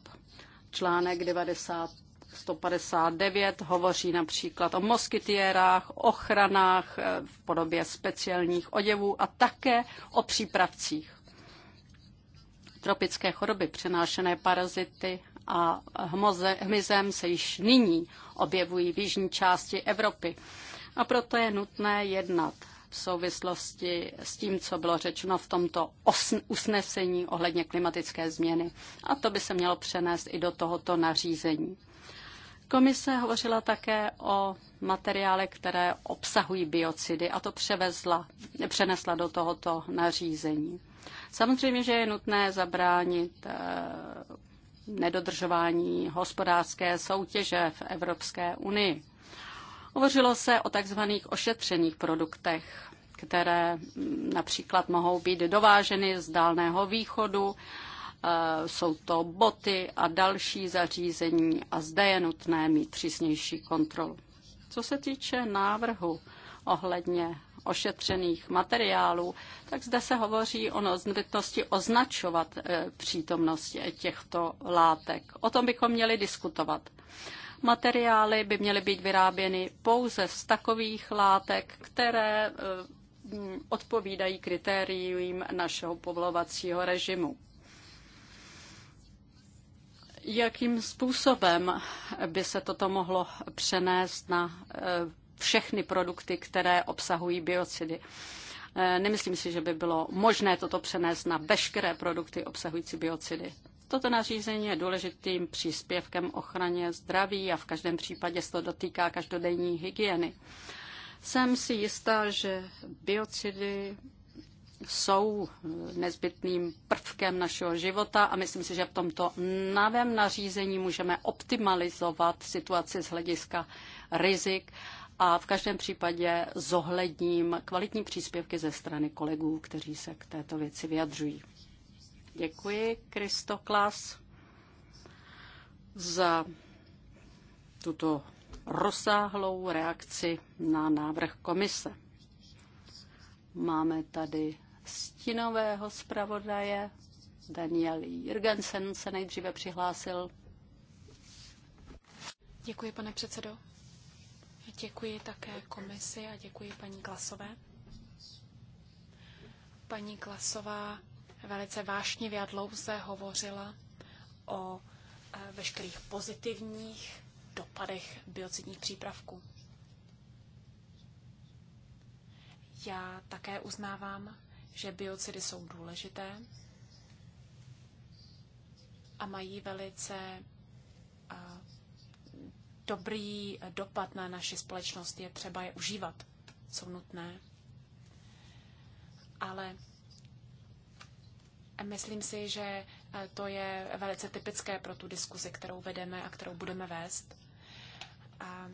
Článek 90 159 hovoří například o moskytiérách, ochranách eh, v podobě speciálních oděvů a také o přípravcích. Tropické choroby přenášené parazity a hmyzem se již nyní objevují v jižní části Evropy a proto je nutné jednat v souvislosti s tím, co bylo řečeno v tomto usnesení ohledně klimatické změny. A to by se mělo přenést i do tohoto nařízení. Komise hovořila také o materiálech, které obsahují biocidy a to převezla, přenesla do tohoto nařízení. Samozřejmě, že je nutné zabránit eh, nedodržování hospodářské soutěže v Evropské unii. Hovořilo se o takzvaných ošetřených produktech, které například mohou být dováženy z Dálného východu, eh, jsou to boty a další zařízení a zde je nutné mít přísnější kontrolu. Co se týče návrhu ohledně ošetřených materiálů, tak zde se hovoří o nutnosti označovat eh, přítomnost těchto látek. O tom bychom měli diskutovat. Materiály by měly být vyráběny pouze z takových látek, které eh, odpovídají kritériím našeho povolovacího režimu. Jakým způsobem by se toto mohlo přenést na eh, všechny produkty, které obsahují biocidy? Eh, nemyslím si, že by bylo možné toto přenést na veškeré produkty obsahující biocidy. Toto nařízení je důležitým příspěvkem ochraně zdraví a v každém případě se to dotýká každodenní hygieny. Jsem si jistá, že biocidy jsou nezbytným prvkem našeho života a myslím si, že v tomto novém nařízení můžeme optimalizovat situaci z hlediska rizik a v každém případě zohledním kvalitní příspěvky ze strany kolegů, kteří se k této věci vyjadřují. Děkuji, Kristoklas, za tuto rozsáhlou reakci na návrh komise. Máme tady stinového zpravodaje. Daniel Jürgensen se nejdříve přihlásil. Děkuji, pane předsedo. Děkuji také komisi a děkuji paní Klasové. Paní Klasová velice vášnivě a dlouze hovořila o eh, veškerých pozitivních dopadech biocidních přípravků. Já také uznávám, že biocidy jsou důležité a mají velice eh, dobrý dopad na naši společnost. Je třeba je užívat, jsou nutné. Ale Myslím si, že eh, to je velice typické pro tu diskuzi, kterou vedeme a kterou budeme vést. A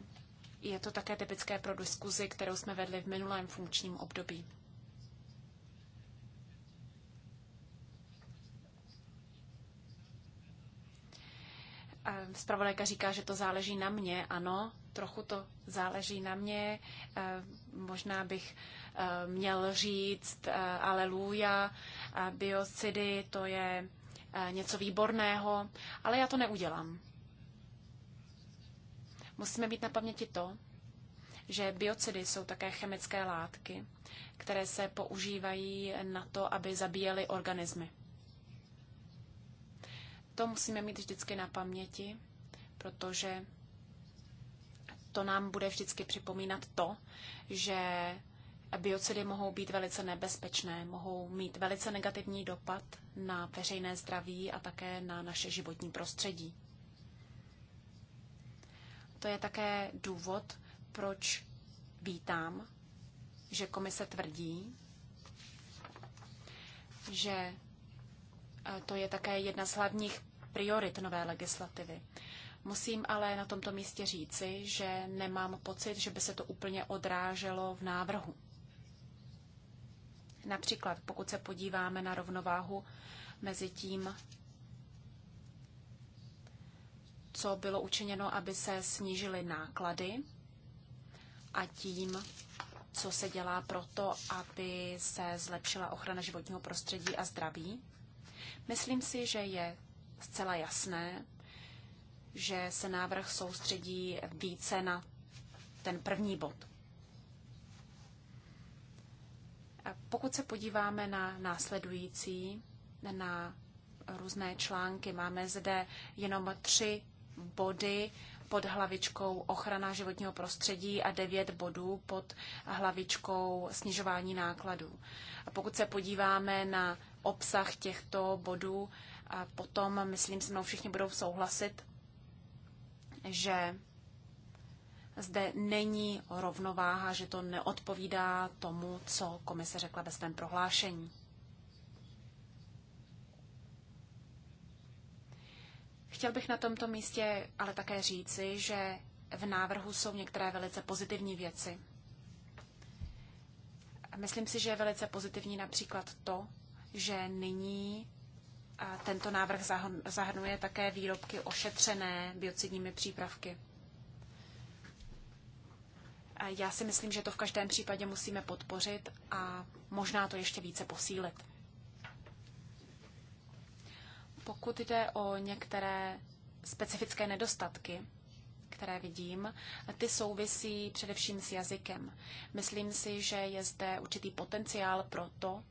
je to také typické pro diskuzi, kterou jsme vedli v minulém funkčním období. Spravodajka říká, že to záleží na mě. Ano, trochu to záleží na mě. Eh, možná bych Eh, měl říct eh, aleluja, biocidy, to je eh, něco výborného, ale já to neudělám. Musíme mít na paměti to, že biocidy jsou také chemické látky, které se používají na to, aby zabíjely organismy. To musíme mít vždycky na paměti, protože to nám bude vždycky připomínat to, že biocidy mohou být velice nebezpečné, mohou mít velice negativní dopad na veřejné zdraví a také na naše životní prostředí. To je také důvod, proč vítám, že komise tvrdí, že e, to je také jedna z hlavních priorit nové legislativy. Musím ale na tomto místě říci, že nemám pocit, že by se to úplně odráželo v návrhu. Například pokud se podíváme na rovnováhu mezi tím, co bylo učiněno, aby se snížily náklady a tím, co se dělá proto, aby se zlepšila ochrana životního prostředí a zdraví. Myslím si, že je zcela jasné, že se návrh soustředí více na ten první bod. Pokud se podíváme na následující, na různé články, máme zde jenom tři body pod hlavičkou ochrana životního prostředí a devět bodů pod hlavičkou snižování nákladů. A pokud se podíváme na obsah těchto bodů, potom, myslím, se mnou všichni budou souhlasit, že zde není rovnováha, že to neodpovídá tomu, co komise řekla ve svém prohlášení. Chtěl bych na tomto místě ale také říci, že v návrhu jsou některé velice pozitivní věci. Myslím si, že je velice pozitivní například to, že nyní tento návrh zahrnuje také výrobky ošetřené biocidními přípravky. Já si myslím, že to v každém případě musíme podpořit a možná to ještě více posílit. Pokud jde o některé specifické nedostatky, které vidím, ty souvisí především s jazykem. Myslím si, že je zde určitý potenciál pro to,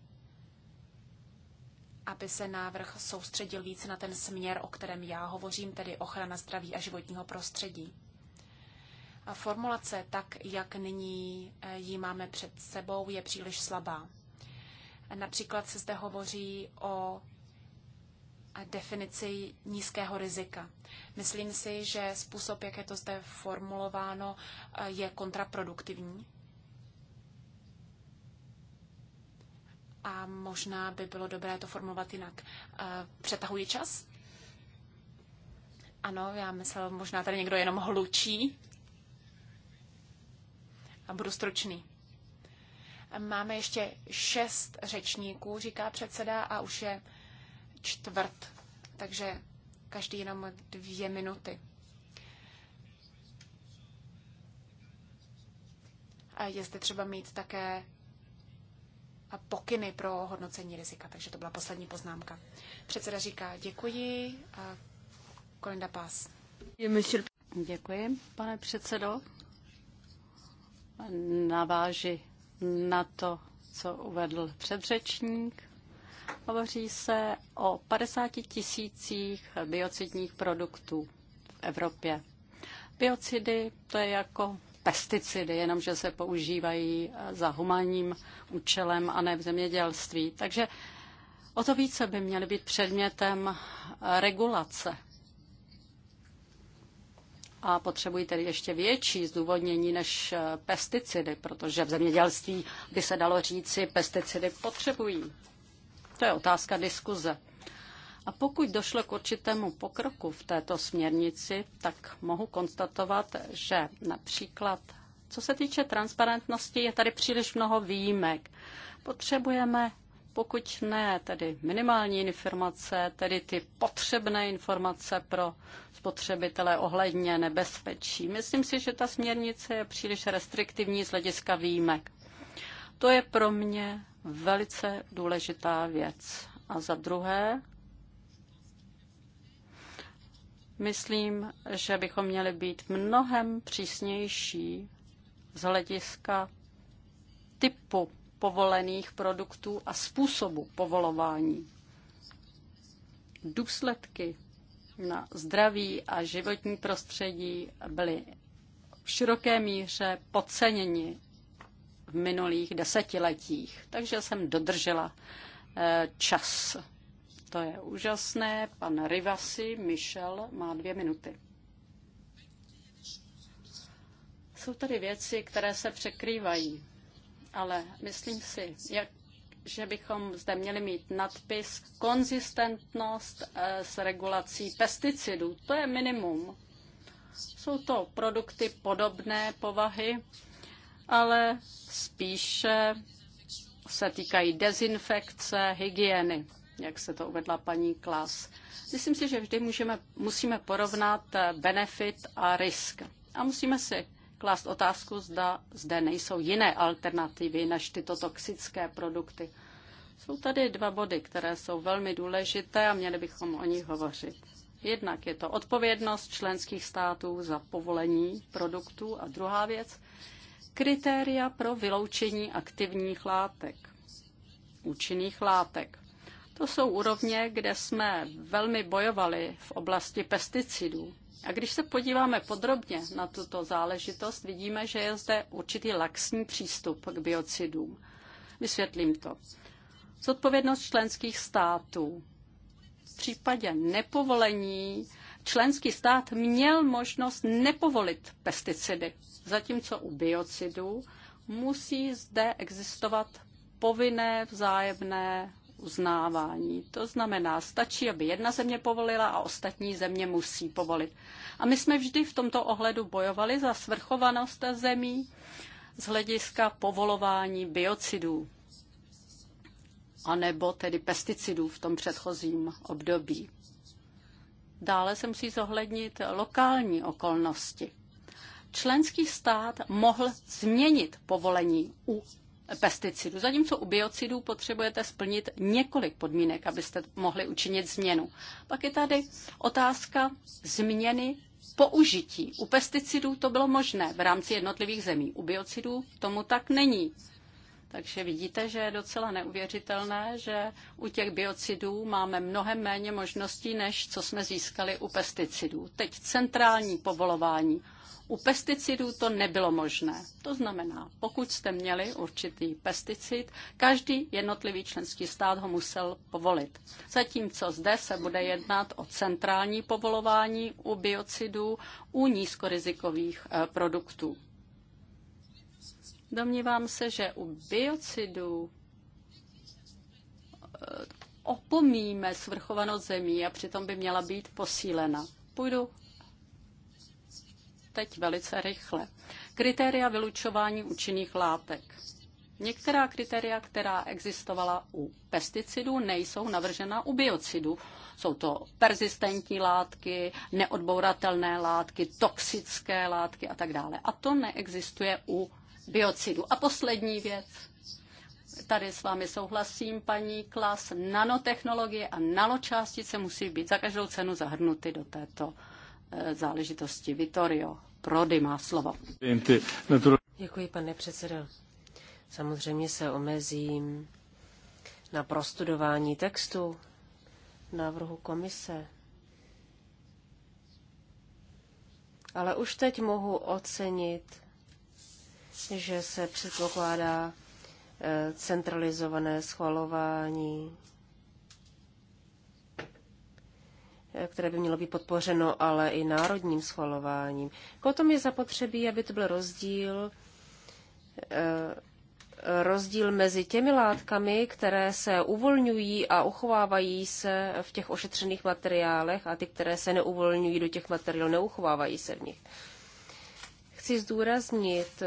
aby se návrh soustředil více na ten směr, o kterém já hovořím, tedy ochrana zdraví a životního prostředí formulace, tak jak nyní eh, ji máme před sebou, je příliš slabá. Například se zde hovoří o eh, definici nízkého rizika. Myslím si, že způsob, jak je to zde formulováno, eh, je kontraproduktivní. A možná by bylo dobré to formulovat jinak. Přetahuji čas? Ano, já myslel, možná tady někdo jenom hlučí a budu stručný. Máme ještě šest řečníků, říká předseda, a už je čtvrt, takže každý jenom dvě minuty. A je zde třeba mít také a pokyny pro hodnocení rizika. Takže to byla poslední poznámka. Předseda říká děkuji a Kolinda Pás. Děkuji, pane předsedo naváži na to, co uvedl předřečník. Hovoří se o 50 tisících biocidních produktů v Evropě. Biocidy to je jako pesticidy, jenomže se používají za humánním účelem a ne v zemědělství. Takže o to více by měly být předmětem regulace a potřebují tedy ještě větší zdůvodnění než eh, pesticidy, protože v zemědělství by se dalo říci, pesticidy potřebují. To je otázka diskuze. A pokud došlo k určitému pokroku v této směrnici, tak mohu konstatovat, že například co se týče transparentnosti, je tady příliš mnoho výjimek. Potřebujeme pokud ne tedy minimální informace, tedy ty potřebné informace pro spotřebitele ohledně nebezpečí. Myslím si, že ta směrnice je příliš restriktivní z hlediska výjimek. To je pro mě velice důležitá věc. A za druhé, myslím, že bychom měli být mnohem přísnější z hlediska typu povolených produktů a způsobu povolování. Důsledky na zdraví a životní prostředí byly v široké míře podceněni v minulých desetiletích. Takže jsem dodržela eh, čas. To je úžasné. Pan Rivasi Michel má dvě minuty. Jsou tady věci, které se překrývají ale myslím si, jak, že bychom zde měli mít nadpis konzistentnost eh, s regulací pesticidů. To je minimum. Jsou to produkty podobné povahy, ale spíše se týkají dezinfekce, hygieny, jak se to uvedla paní Klas. Myslím si, že vždy můžeme, musíme porovnat eh, benefit a risk. A musíme si klást otázku, zda zde nejsou jiné alternativy než tyto toxické produkty. Jsou tady dva body, které jsou velmi důležité a měli bychom o nich hovořit. Jednak je to odpovědnost členských států za povolení produktů a druhá věc, kritéria pro vyloučení aktivních látek, účinných látek. To jsou úrovně, kde jsme velmi bojovali v oblasti pesticidů. A když se podíváme podrobně na tuto záležitost, vidíme, že je zde určitý laxní přístup k biocidům. Vysvětlím to. Zodpovědnost členských států. V případě nepovolení členský stát měl možnost nepovolit pesticidy, zatímco u biocidů musí zde existovat povinné vzájemné uznávání. To znamená, stačí, aby jedna země povolila a ostatní země musí povolit. A my jsme vždy v tomto ohledu bojovali za svrchovanost zemí z hlediska povolování biocidů a nebo tedy pesticidů v tom předchozím období. Dále se musí zohlednit lokální okolnosti. Členský stát mohl změnit povolení u pesticidů. Zatímco u biocidů potřebujete splnit několik podmínek, abyste mohli učinit změnu. Pak je tady otázka změny použití. U pesticidů to bylo možné v rámci jednotlivých zemí. U biocidů tomu tak není. Takže vidíte, že je docela neuvěřitelné, že u těch biocidů máme mnohem méně možností, než co jsme získali u pesticidů. Teď centrální povolování. U pesticidů to nebylo možné. To znamená, pokud jste měli určitý pesticid, každý jednotlivý členský stát ho musel povolit. Zatímco zde se bude jednat o centrální povolování u biocidů u nízkorizikových eh, produktů. Domnívám se, že u biocidů eh, opomíme svrchovanost zemí a přitom by měla být posílena. Půjdu teď velice rychle. Kritéria vylučování účinných látek. Některá kritéria, která existovala u pesticidů, nejsou navržena u biocidů. Jsou to persistentní látky, neodbouratelné látky, toxické látky a tak dále. A to neexistuje u biocidů. A poslední věc. Tady s vámi souhlasím, paní Klas. Nanotechnologie a nanočástice musí být za každou cenu zahrnuty do této Eh, záležitosti. Vittorio Prodi má slovo. Děkuji, pane předsedo. Samozřejmě se omezím na prostudování textu návrhu komise. Ale už teď mohu ocenit, že se předpokládá eh, centralizované schvalování které by mělo být podpořeno, ale i národním schvalováním. Potom je zapotřebí, aby to byl rozdíl eh, rozdíl mezi těmi látkami, které se uvolňují a uchovávají se v těch ošetřených materiálech a ty, které se neuvolňují do těch materiálů, neuchovávají se v nich. Chci zdůraznit,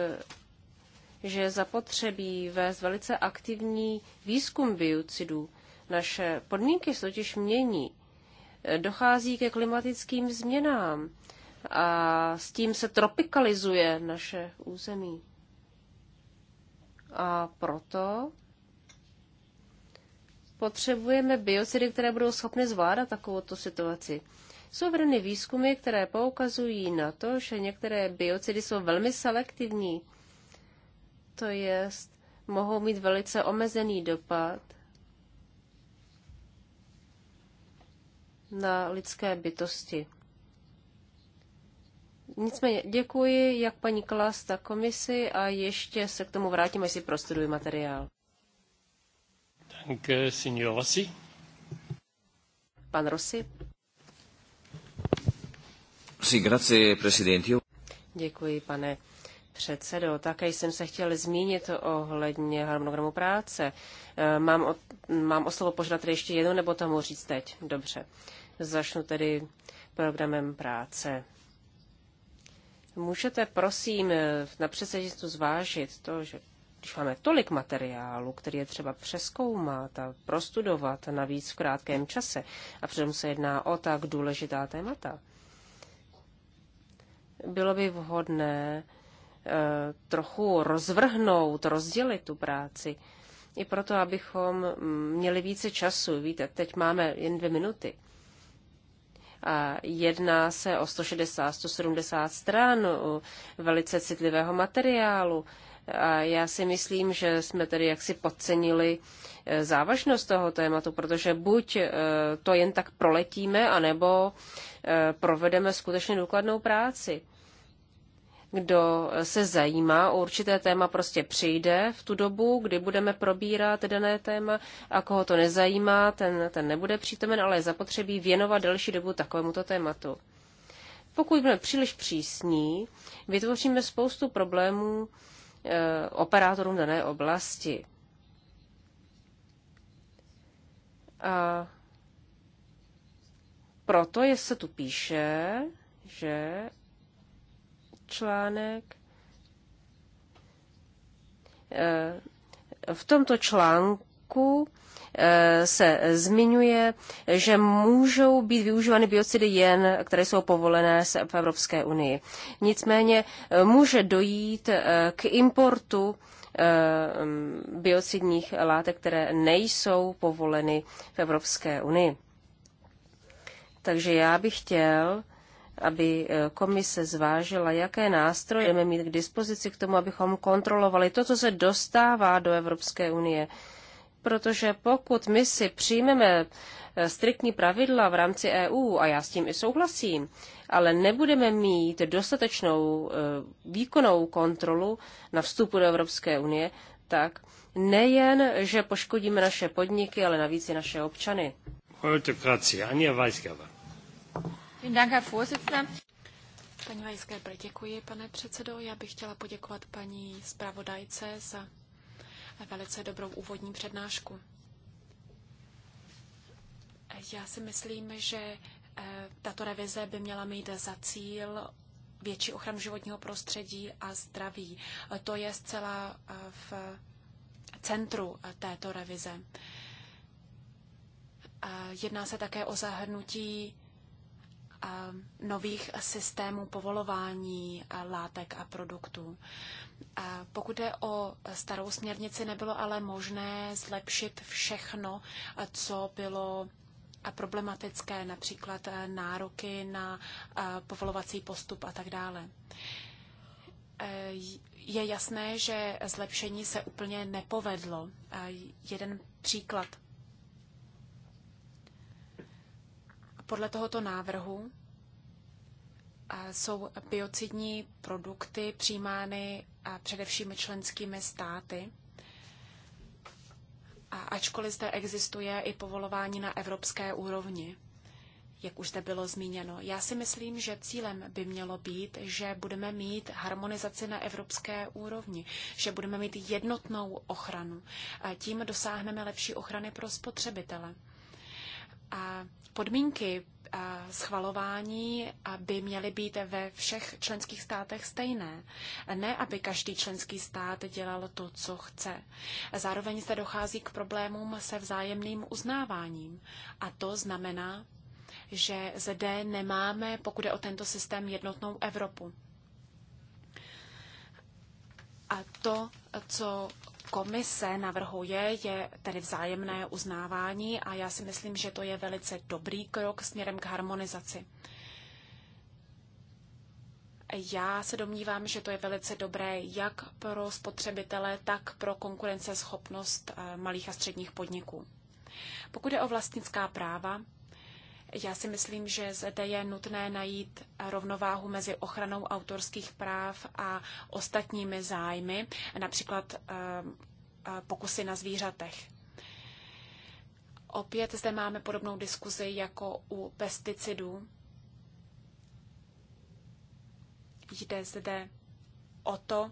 že zapotřebí vést velice aktivní výzkum biocidů. Naše podmínky se totiž mění dochází ke klimatickým změnám a s tím se tropikalizuje naše území. A proto potřebujeme biocidy, které budou schopny zvládat takovouto situaci. Jsou vedeny výzkumy, které poukazují na to, že některé biocidy jsou velmi selektivní. To jest, mohou mít velice omezený dopad na lidské bytosti. Nicméně děkuji jak paní Klas, tak komisi a ještě se k tomu vrátím, až si prostuduji materiál. Danke, signor Rossi. Pan Rossi. Sí, grazie, presidente. Děkuji, pane předsedo. Také jsem se chtěl zmínit ohledně harmonogramu práce. Mám o, mám o slovo požádat ještě jednou, nebo tomu říct teď? Dobře. Začnu tedy programem práce. Můžete prosím na předsednictvu zvážit to, že když máme tolik materiálu, který je třeba přeskoumat a prostudovat navíc v krátkém čase, a přitom se jedná o tak důležitá témata, bylo by vhodné eh, trochu rozvrhnout, rozdělit tu práci. I proto, abychom mm, měli více času. Víte, teď máme jen dvě minuty. A jedná se o 160-170 stran velice citlivého materiálu. A já si myslím, že jsme tedy jaksi podcenili e, závažnost toho tématu, protože buď e, to jen tak proletíme, anebo e, provedeme skutečně důkladnou práci kdo se zajímá o určité téma, prostě přijde v tu dobu, kdy budeme probírat dané téma a koho to nezajímá, ten, ten nebude přítomen, ale je zapotřebí věnovat delší dobu takovémuto tématu. Pokud budeme příliš přísní, vytvoříme spoustu problémů e, operátorům dané oblasti. A proto je se tu píše, že článek. Eh, v tomto článku eh, se zmiňuje, že můžou být využívány biocidy jen, které jsou povolené v Evropské unii. Nicméně eh, může dojít k importu biocidních látek, které nejsou povoleny v Evropské unii. Takže já bych chtěl, aby eh, komise zvážila, jaké nástroje budeme mít k dispozici k tomu, abychom kontrolovali to, co se dostává do Evropské unie. Protože pokud my si přijmeme eh, striktní pravidla v rámci EU, a já s tím i souhlasím, ale nebudeme mít dostatečnou eh, výkonnou kontrolu na vstupu do Evropské unie, tak nejen, že poškodíme naše podniky, ale navíc i naše občany. Holtokracie, Anja Weisgerber. Paní Weisgerber, děkuji, pane předsedo. Já bych chtěla poděkovat paní zpravodajce za velice dobrou úvodní přednášku. Já si myslím, že eh, tato revize by měla mít za cíl větší ochranu životního prostředí a zdraví. Eh, to je zcela eh, v centru této revize. Jedná se také o zahrnutí Eh, nových systémů povolování eh, látek a produktů. Eh, pokud je o starou směrnici, nebylo ale možné zlepšit všechno, co bylo a problematické, například nároky na povolovací postup a tak dále. Je jasné, že zlepšení se úplně nepovedlo. Jeden příklad Podle tohoto návrhu jsou biocidní produkty přijímány především členskými státy, ačkoliv zde existuje i povolování na evropské úrovni, jak už zde bylo zmíněno. Já si myslím, že cílem by mělo být, že budeme mít harmonizaci na evropské úrovni, že budeme mít jednotnou ochranu. A tím dosáhneme lepší ochrany pro spotřebitele podmínky schvalování by měly být ve všech členských státech stejné. Ne, aby každý členský stát dělal to, co chce. Zároveň se dochází k problémům se vzájemným uznáváním. A to znamená, že zde nemáme, pokud je o tento systém, jednotnou Evropu. A to, co komise navrhuje, je tedy vzájemné uznávání a já si myslím, že to je velice dobrý krok směrem k harmonizaci. Já se domnívám, že to je velice dobré jak pro spotřebitele, tak pro konkurenceschopnost eh, malých a středních podniků. Pokud je o vlastnická práva, já si myslím, že zde je nutné najít rovnováhu mezi ochranou autorských práv a ostatními zájmy, například ehm, e, pokusy na zvířatech. Opět zde máme podobnou diskuzi jako u pesticidů. Jde zde o to,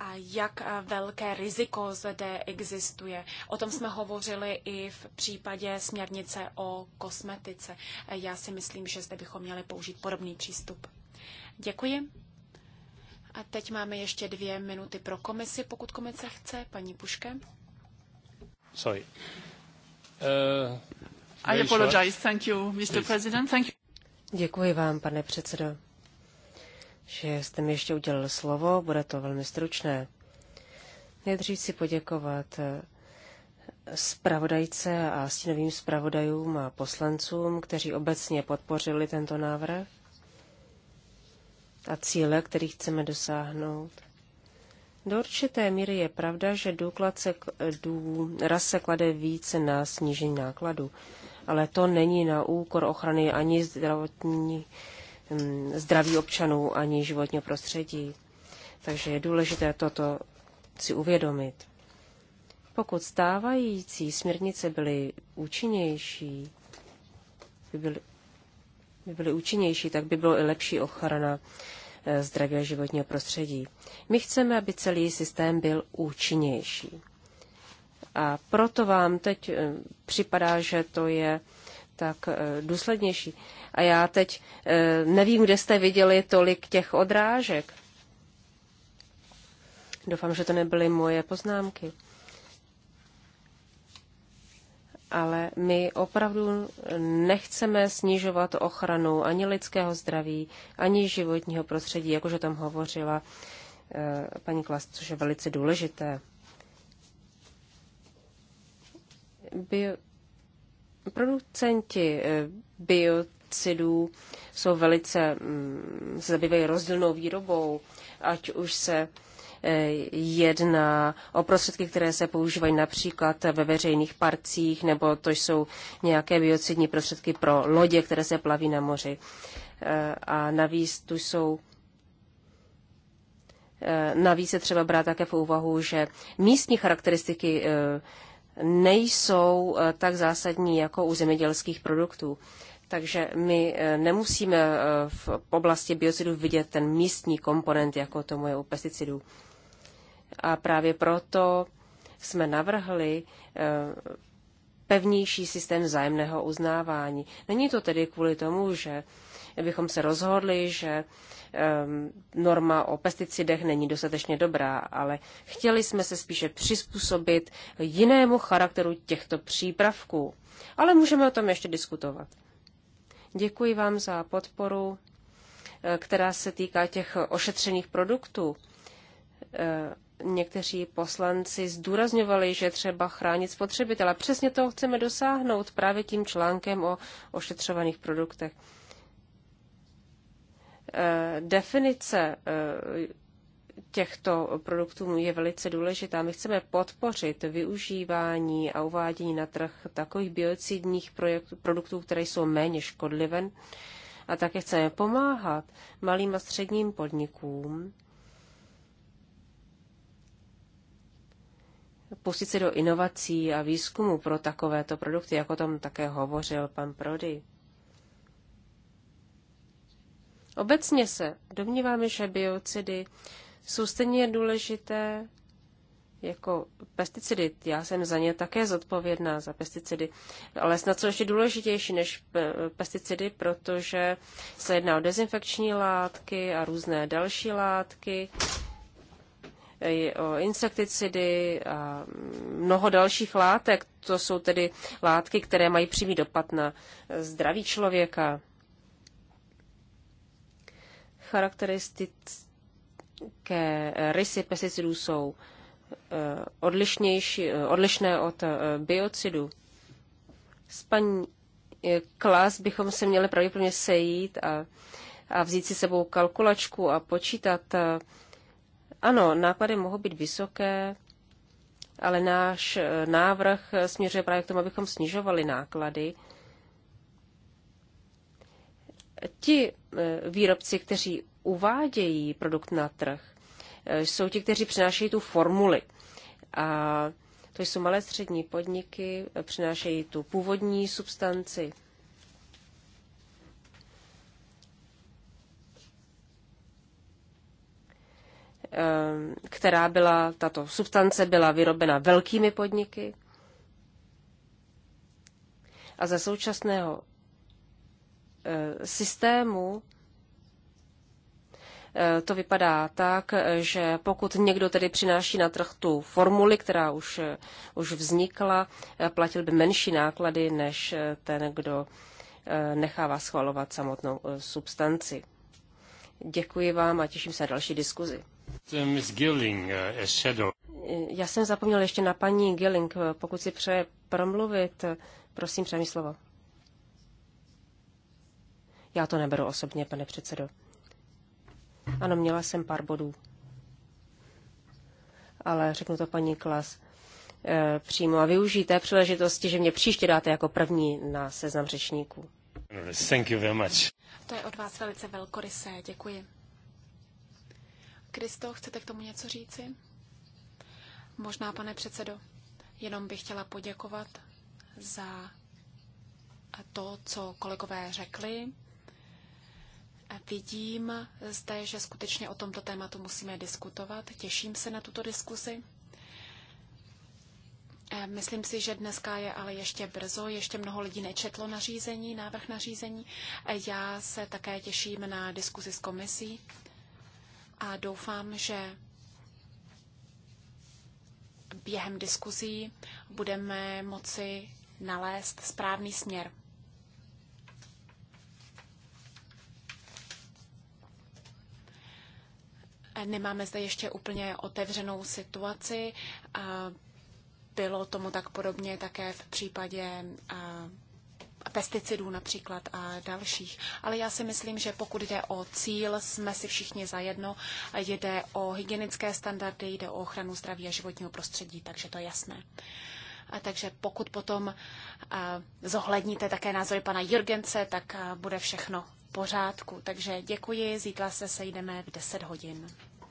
a jak eh, velké riziko zde existuje. O tom jsme hovořili i v případě směrnice o kosmetice. Eh, já si myslím, že zde bychom měli použít podobný přístup. Děkuji. A teď máme ještě dvě minuty pro komisi, pokud komise chce. Paní Puške. Sorry. Uh, I apologize. Thank you, Mr. Please. President. Thank you. Děkuji vám, pane předsedo že jste mi ještě udělal slovo, bude to velmi stručné. Nejdřív si poděkovat spravodajce eh, a stínovým spravodajům a poslancům, kteří obecně podpořili tento návrh a cíle, který chceme dosáhnout. Do určité míry je pravda, že důklad se, důraz se klade více na snížení nákladu, ale to není na úkor ochrany ani zdravotní Mm, zdraví občanů ani životního prostředí. Takže je důležité toto si uvědomit. Pokud stávající směrnice byly účinnější, by byly, by byly účinnější, tak by bylo i lepší ochrana eh, zdraví a životního prostředí. My chceme, aby celý systém byl účinnější. A proto vám teď eh, připadá, že to je tak eh, důslednější. A já teď eh, nevím, kde jste viděli tolik těch odrážek. Doufám, že to nebyly moje poznámky. Ale my opravdu nechceme snižovat ochranu ani lidského zdraví, ani životního prostředí, jakože tam hovořila eh, paní Klas, což je velice důležité. Bio, Producenti eh, biocidů jsou velice, mm, se zabývají rozdílnou výrobou, ať už se eh, jedná o prostředky, které se používají například ve veřejných parcích, nebo to jsou nějaké biocidní prostředky pro lodě, které se plaví na moři. Eh, a navíc tu jsou Navíc je třeba brát také v úvahu, že místní charakteristiky nejsou eh, tak zásadní jako u zemědělských produktů. Takže my eh, nemusíme eh, v oblasti biocidů vidět ten místní komponent, jako tomu je u pesticidů. A právě proto jsme navrhli pevnější systém vzájemného uznávání. Není to tedy kvůli tomu, že bychom se rozhodli, že ehm, norma o pesticidech není dostatečně dobrá, ale chtěli jsme se spíše přizpůsobit jinému charakteru těchto přípravků. Ale můžeme o tom ještě diskutovat. Děkuji vám za podporu, eh, která se týká těch ošetřených produktů. Eh, někteří poslanci zdůrazňovali, že třeba chránit spotřebitele. Přesně toho chceme dosáhnout právě tím článkem o ošetřovaných produktech. Eh, definice eh, těchto produktů je velice důležitá. My chceme podpořit využívání a uvádění na trh takových biocidních produktů, které jsou méně škodlivé. A také chceme pomáhat malým a středním podnikům pustit se do inovací a výzkumu pro takovéto produkty, jako tom také hovořil pan Prody. Obecně se domníváme, že biocidy jsou stejně důležité jako pesticidy. Já jsem za ně také zodpovědná, za pesticidy. Ale snad jsou ještě důležitější než pesticidy, protože se jedná o dezinfekční látky a různé další látky, o insekticidy a mnoho dalších látek. To jsou tedy látky, které mají přímý dopad na zdraví člověka. Charakteristické rysy pesticidů jsou eh, odlišnější, eh, odlišné od eh, biocidů. S paní Klas bychom se měli pravděpodobně sejít a, a vzít si sebou kalkulačku a počítat. Ano, náklady mohou být vysoké, ale náš návrh směřuje právě k tomu, abychom snižovali náklady ti eh, výrobci, kteří uvádějí produkt na trh, eh, jsou ti, kteří přinášejí tu formuli. A to jsou malé střední podniky, eh, přinášejí tu původní substanci. která byla, tato substance byla vyrobena velkými podniky. A za současného Eh, systému eh, to vypadá tak, že pokud někdo tedy přináší na trh tu formuli, která už, eh, už vznikla, platil by menší náklady než ten, kdo nechává schvalovat samotnou substanci. Děkuji vám a těším se na další diskuzi. Já jsem zapomněl ještě na paní Gilling. Pokud si přeje promluvit, prosím, přemyslovo. slovo. Já to neberu osobně, pane předsedo. Ano, měla jsem pár bodů. Ale řeknu to paní Klas e, přímo a využijte, té příležitosti, že mě příště dáte jako první na seznam řečníků. Thank you very much. To je od vás velice velkorysé, děkuji. Kristo, chcete k tomu něco říci? Možná, pane předsedo, jenom bych chtěla poděkovat za to, co kolegové řekli, Vidím zde, že skutečně o tomto tématu musíme diskutovat. Těším se na tuto diskusi. E, myslím si, že dneska je ale ještě brzo, ještě mnoho lidí nečetlo nařízení, návrh nařízení. E, já se také těším na diskuzi s komisí a doufám, že během diskuzí budeme moci nalézt správný směr. Nemáme zde ještě úplně otevřenou situaci. Bylo tomu tak podobně také v případě pesticidů například a dalších. Ale já si myslím, že pokud jde o cíl, jsme si všichni zajedno. Jde o hygienické standardy, jde o ochranu zdraví a životního prostředí, takže to je jasné. A takže pokud potom zohledníte také názory pana Jurgence, tak bude všechno pořádku. Takže děkuji, zítra se sejdeme v 10 hodin.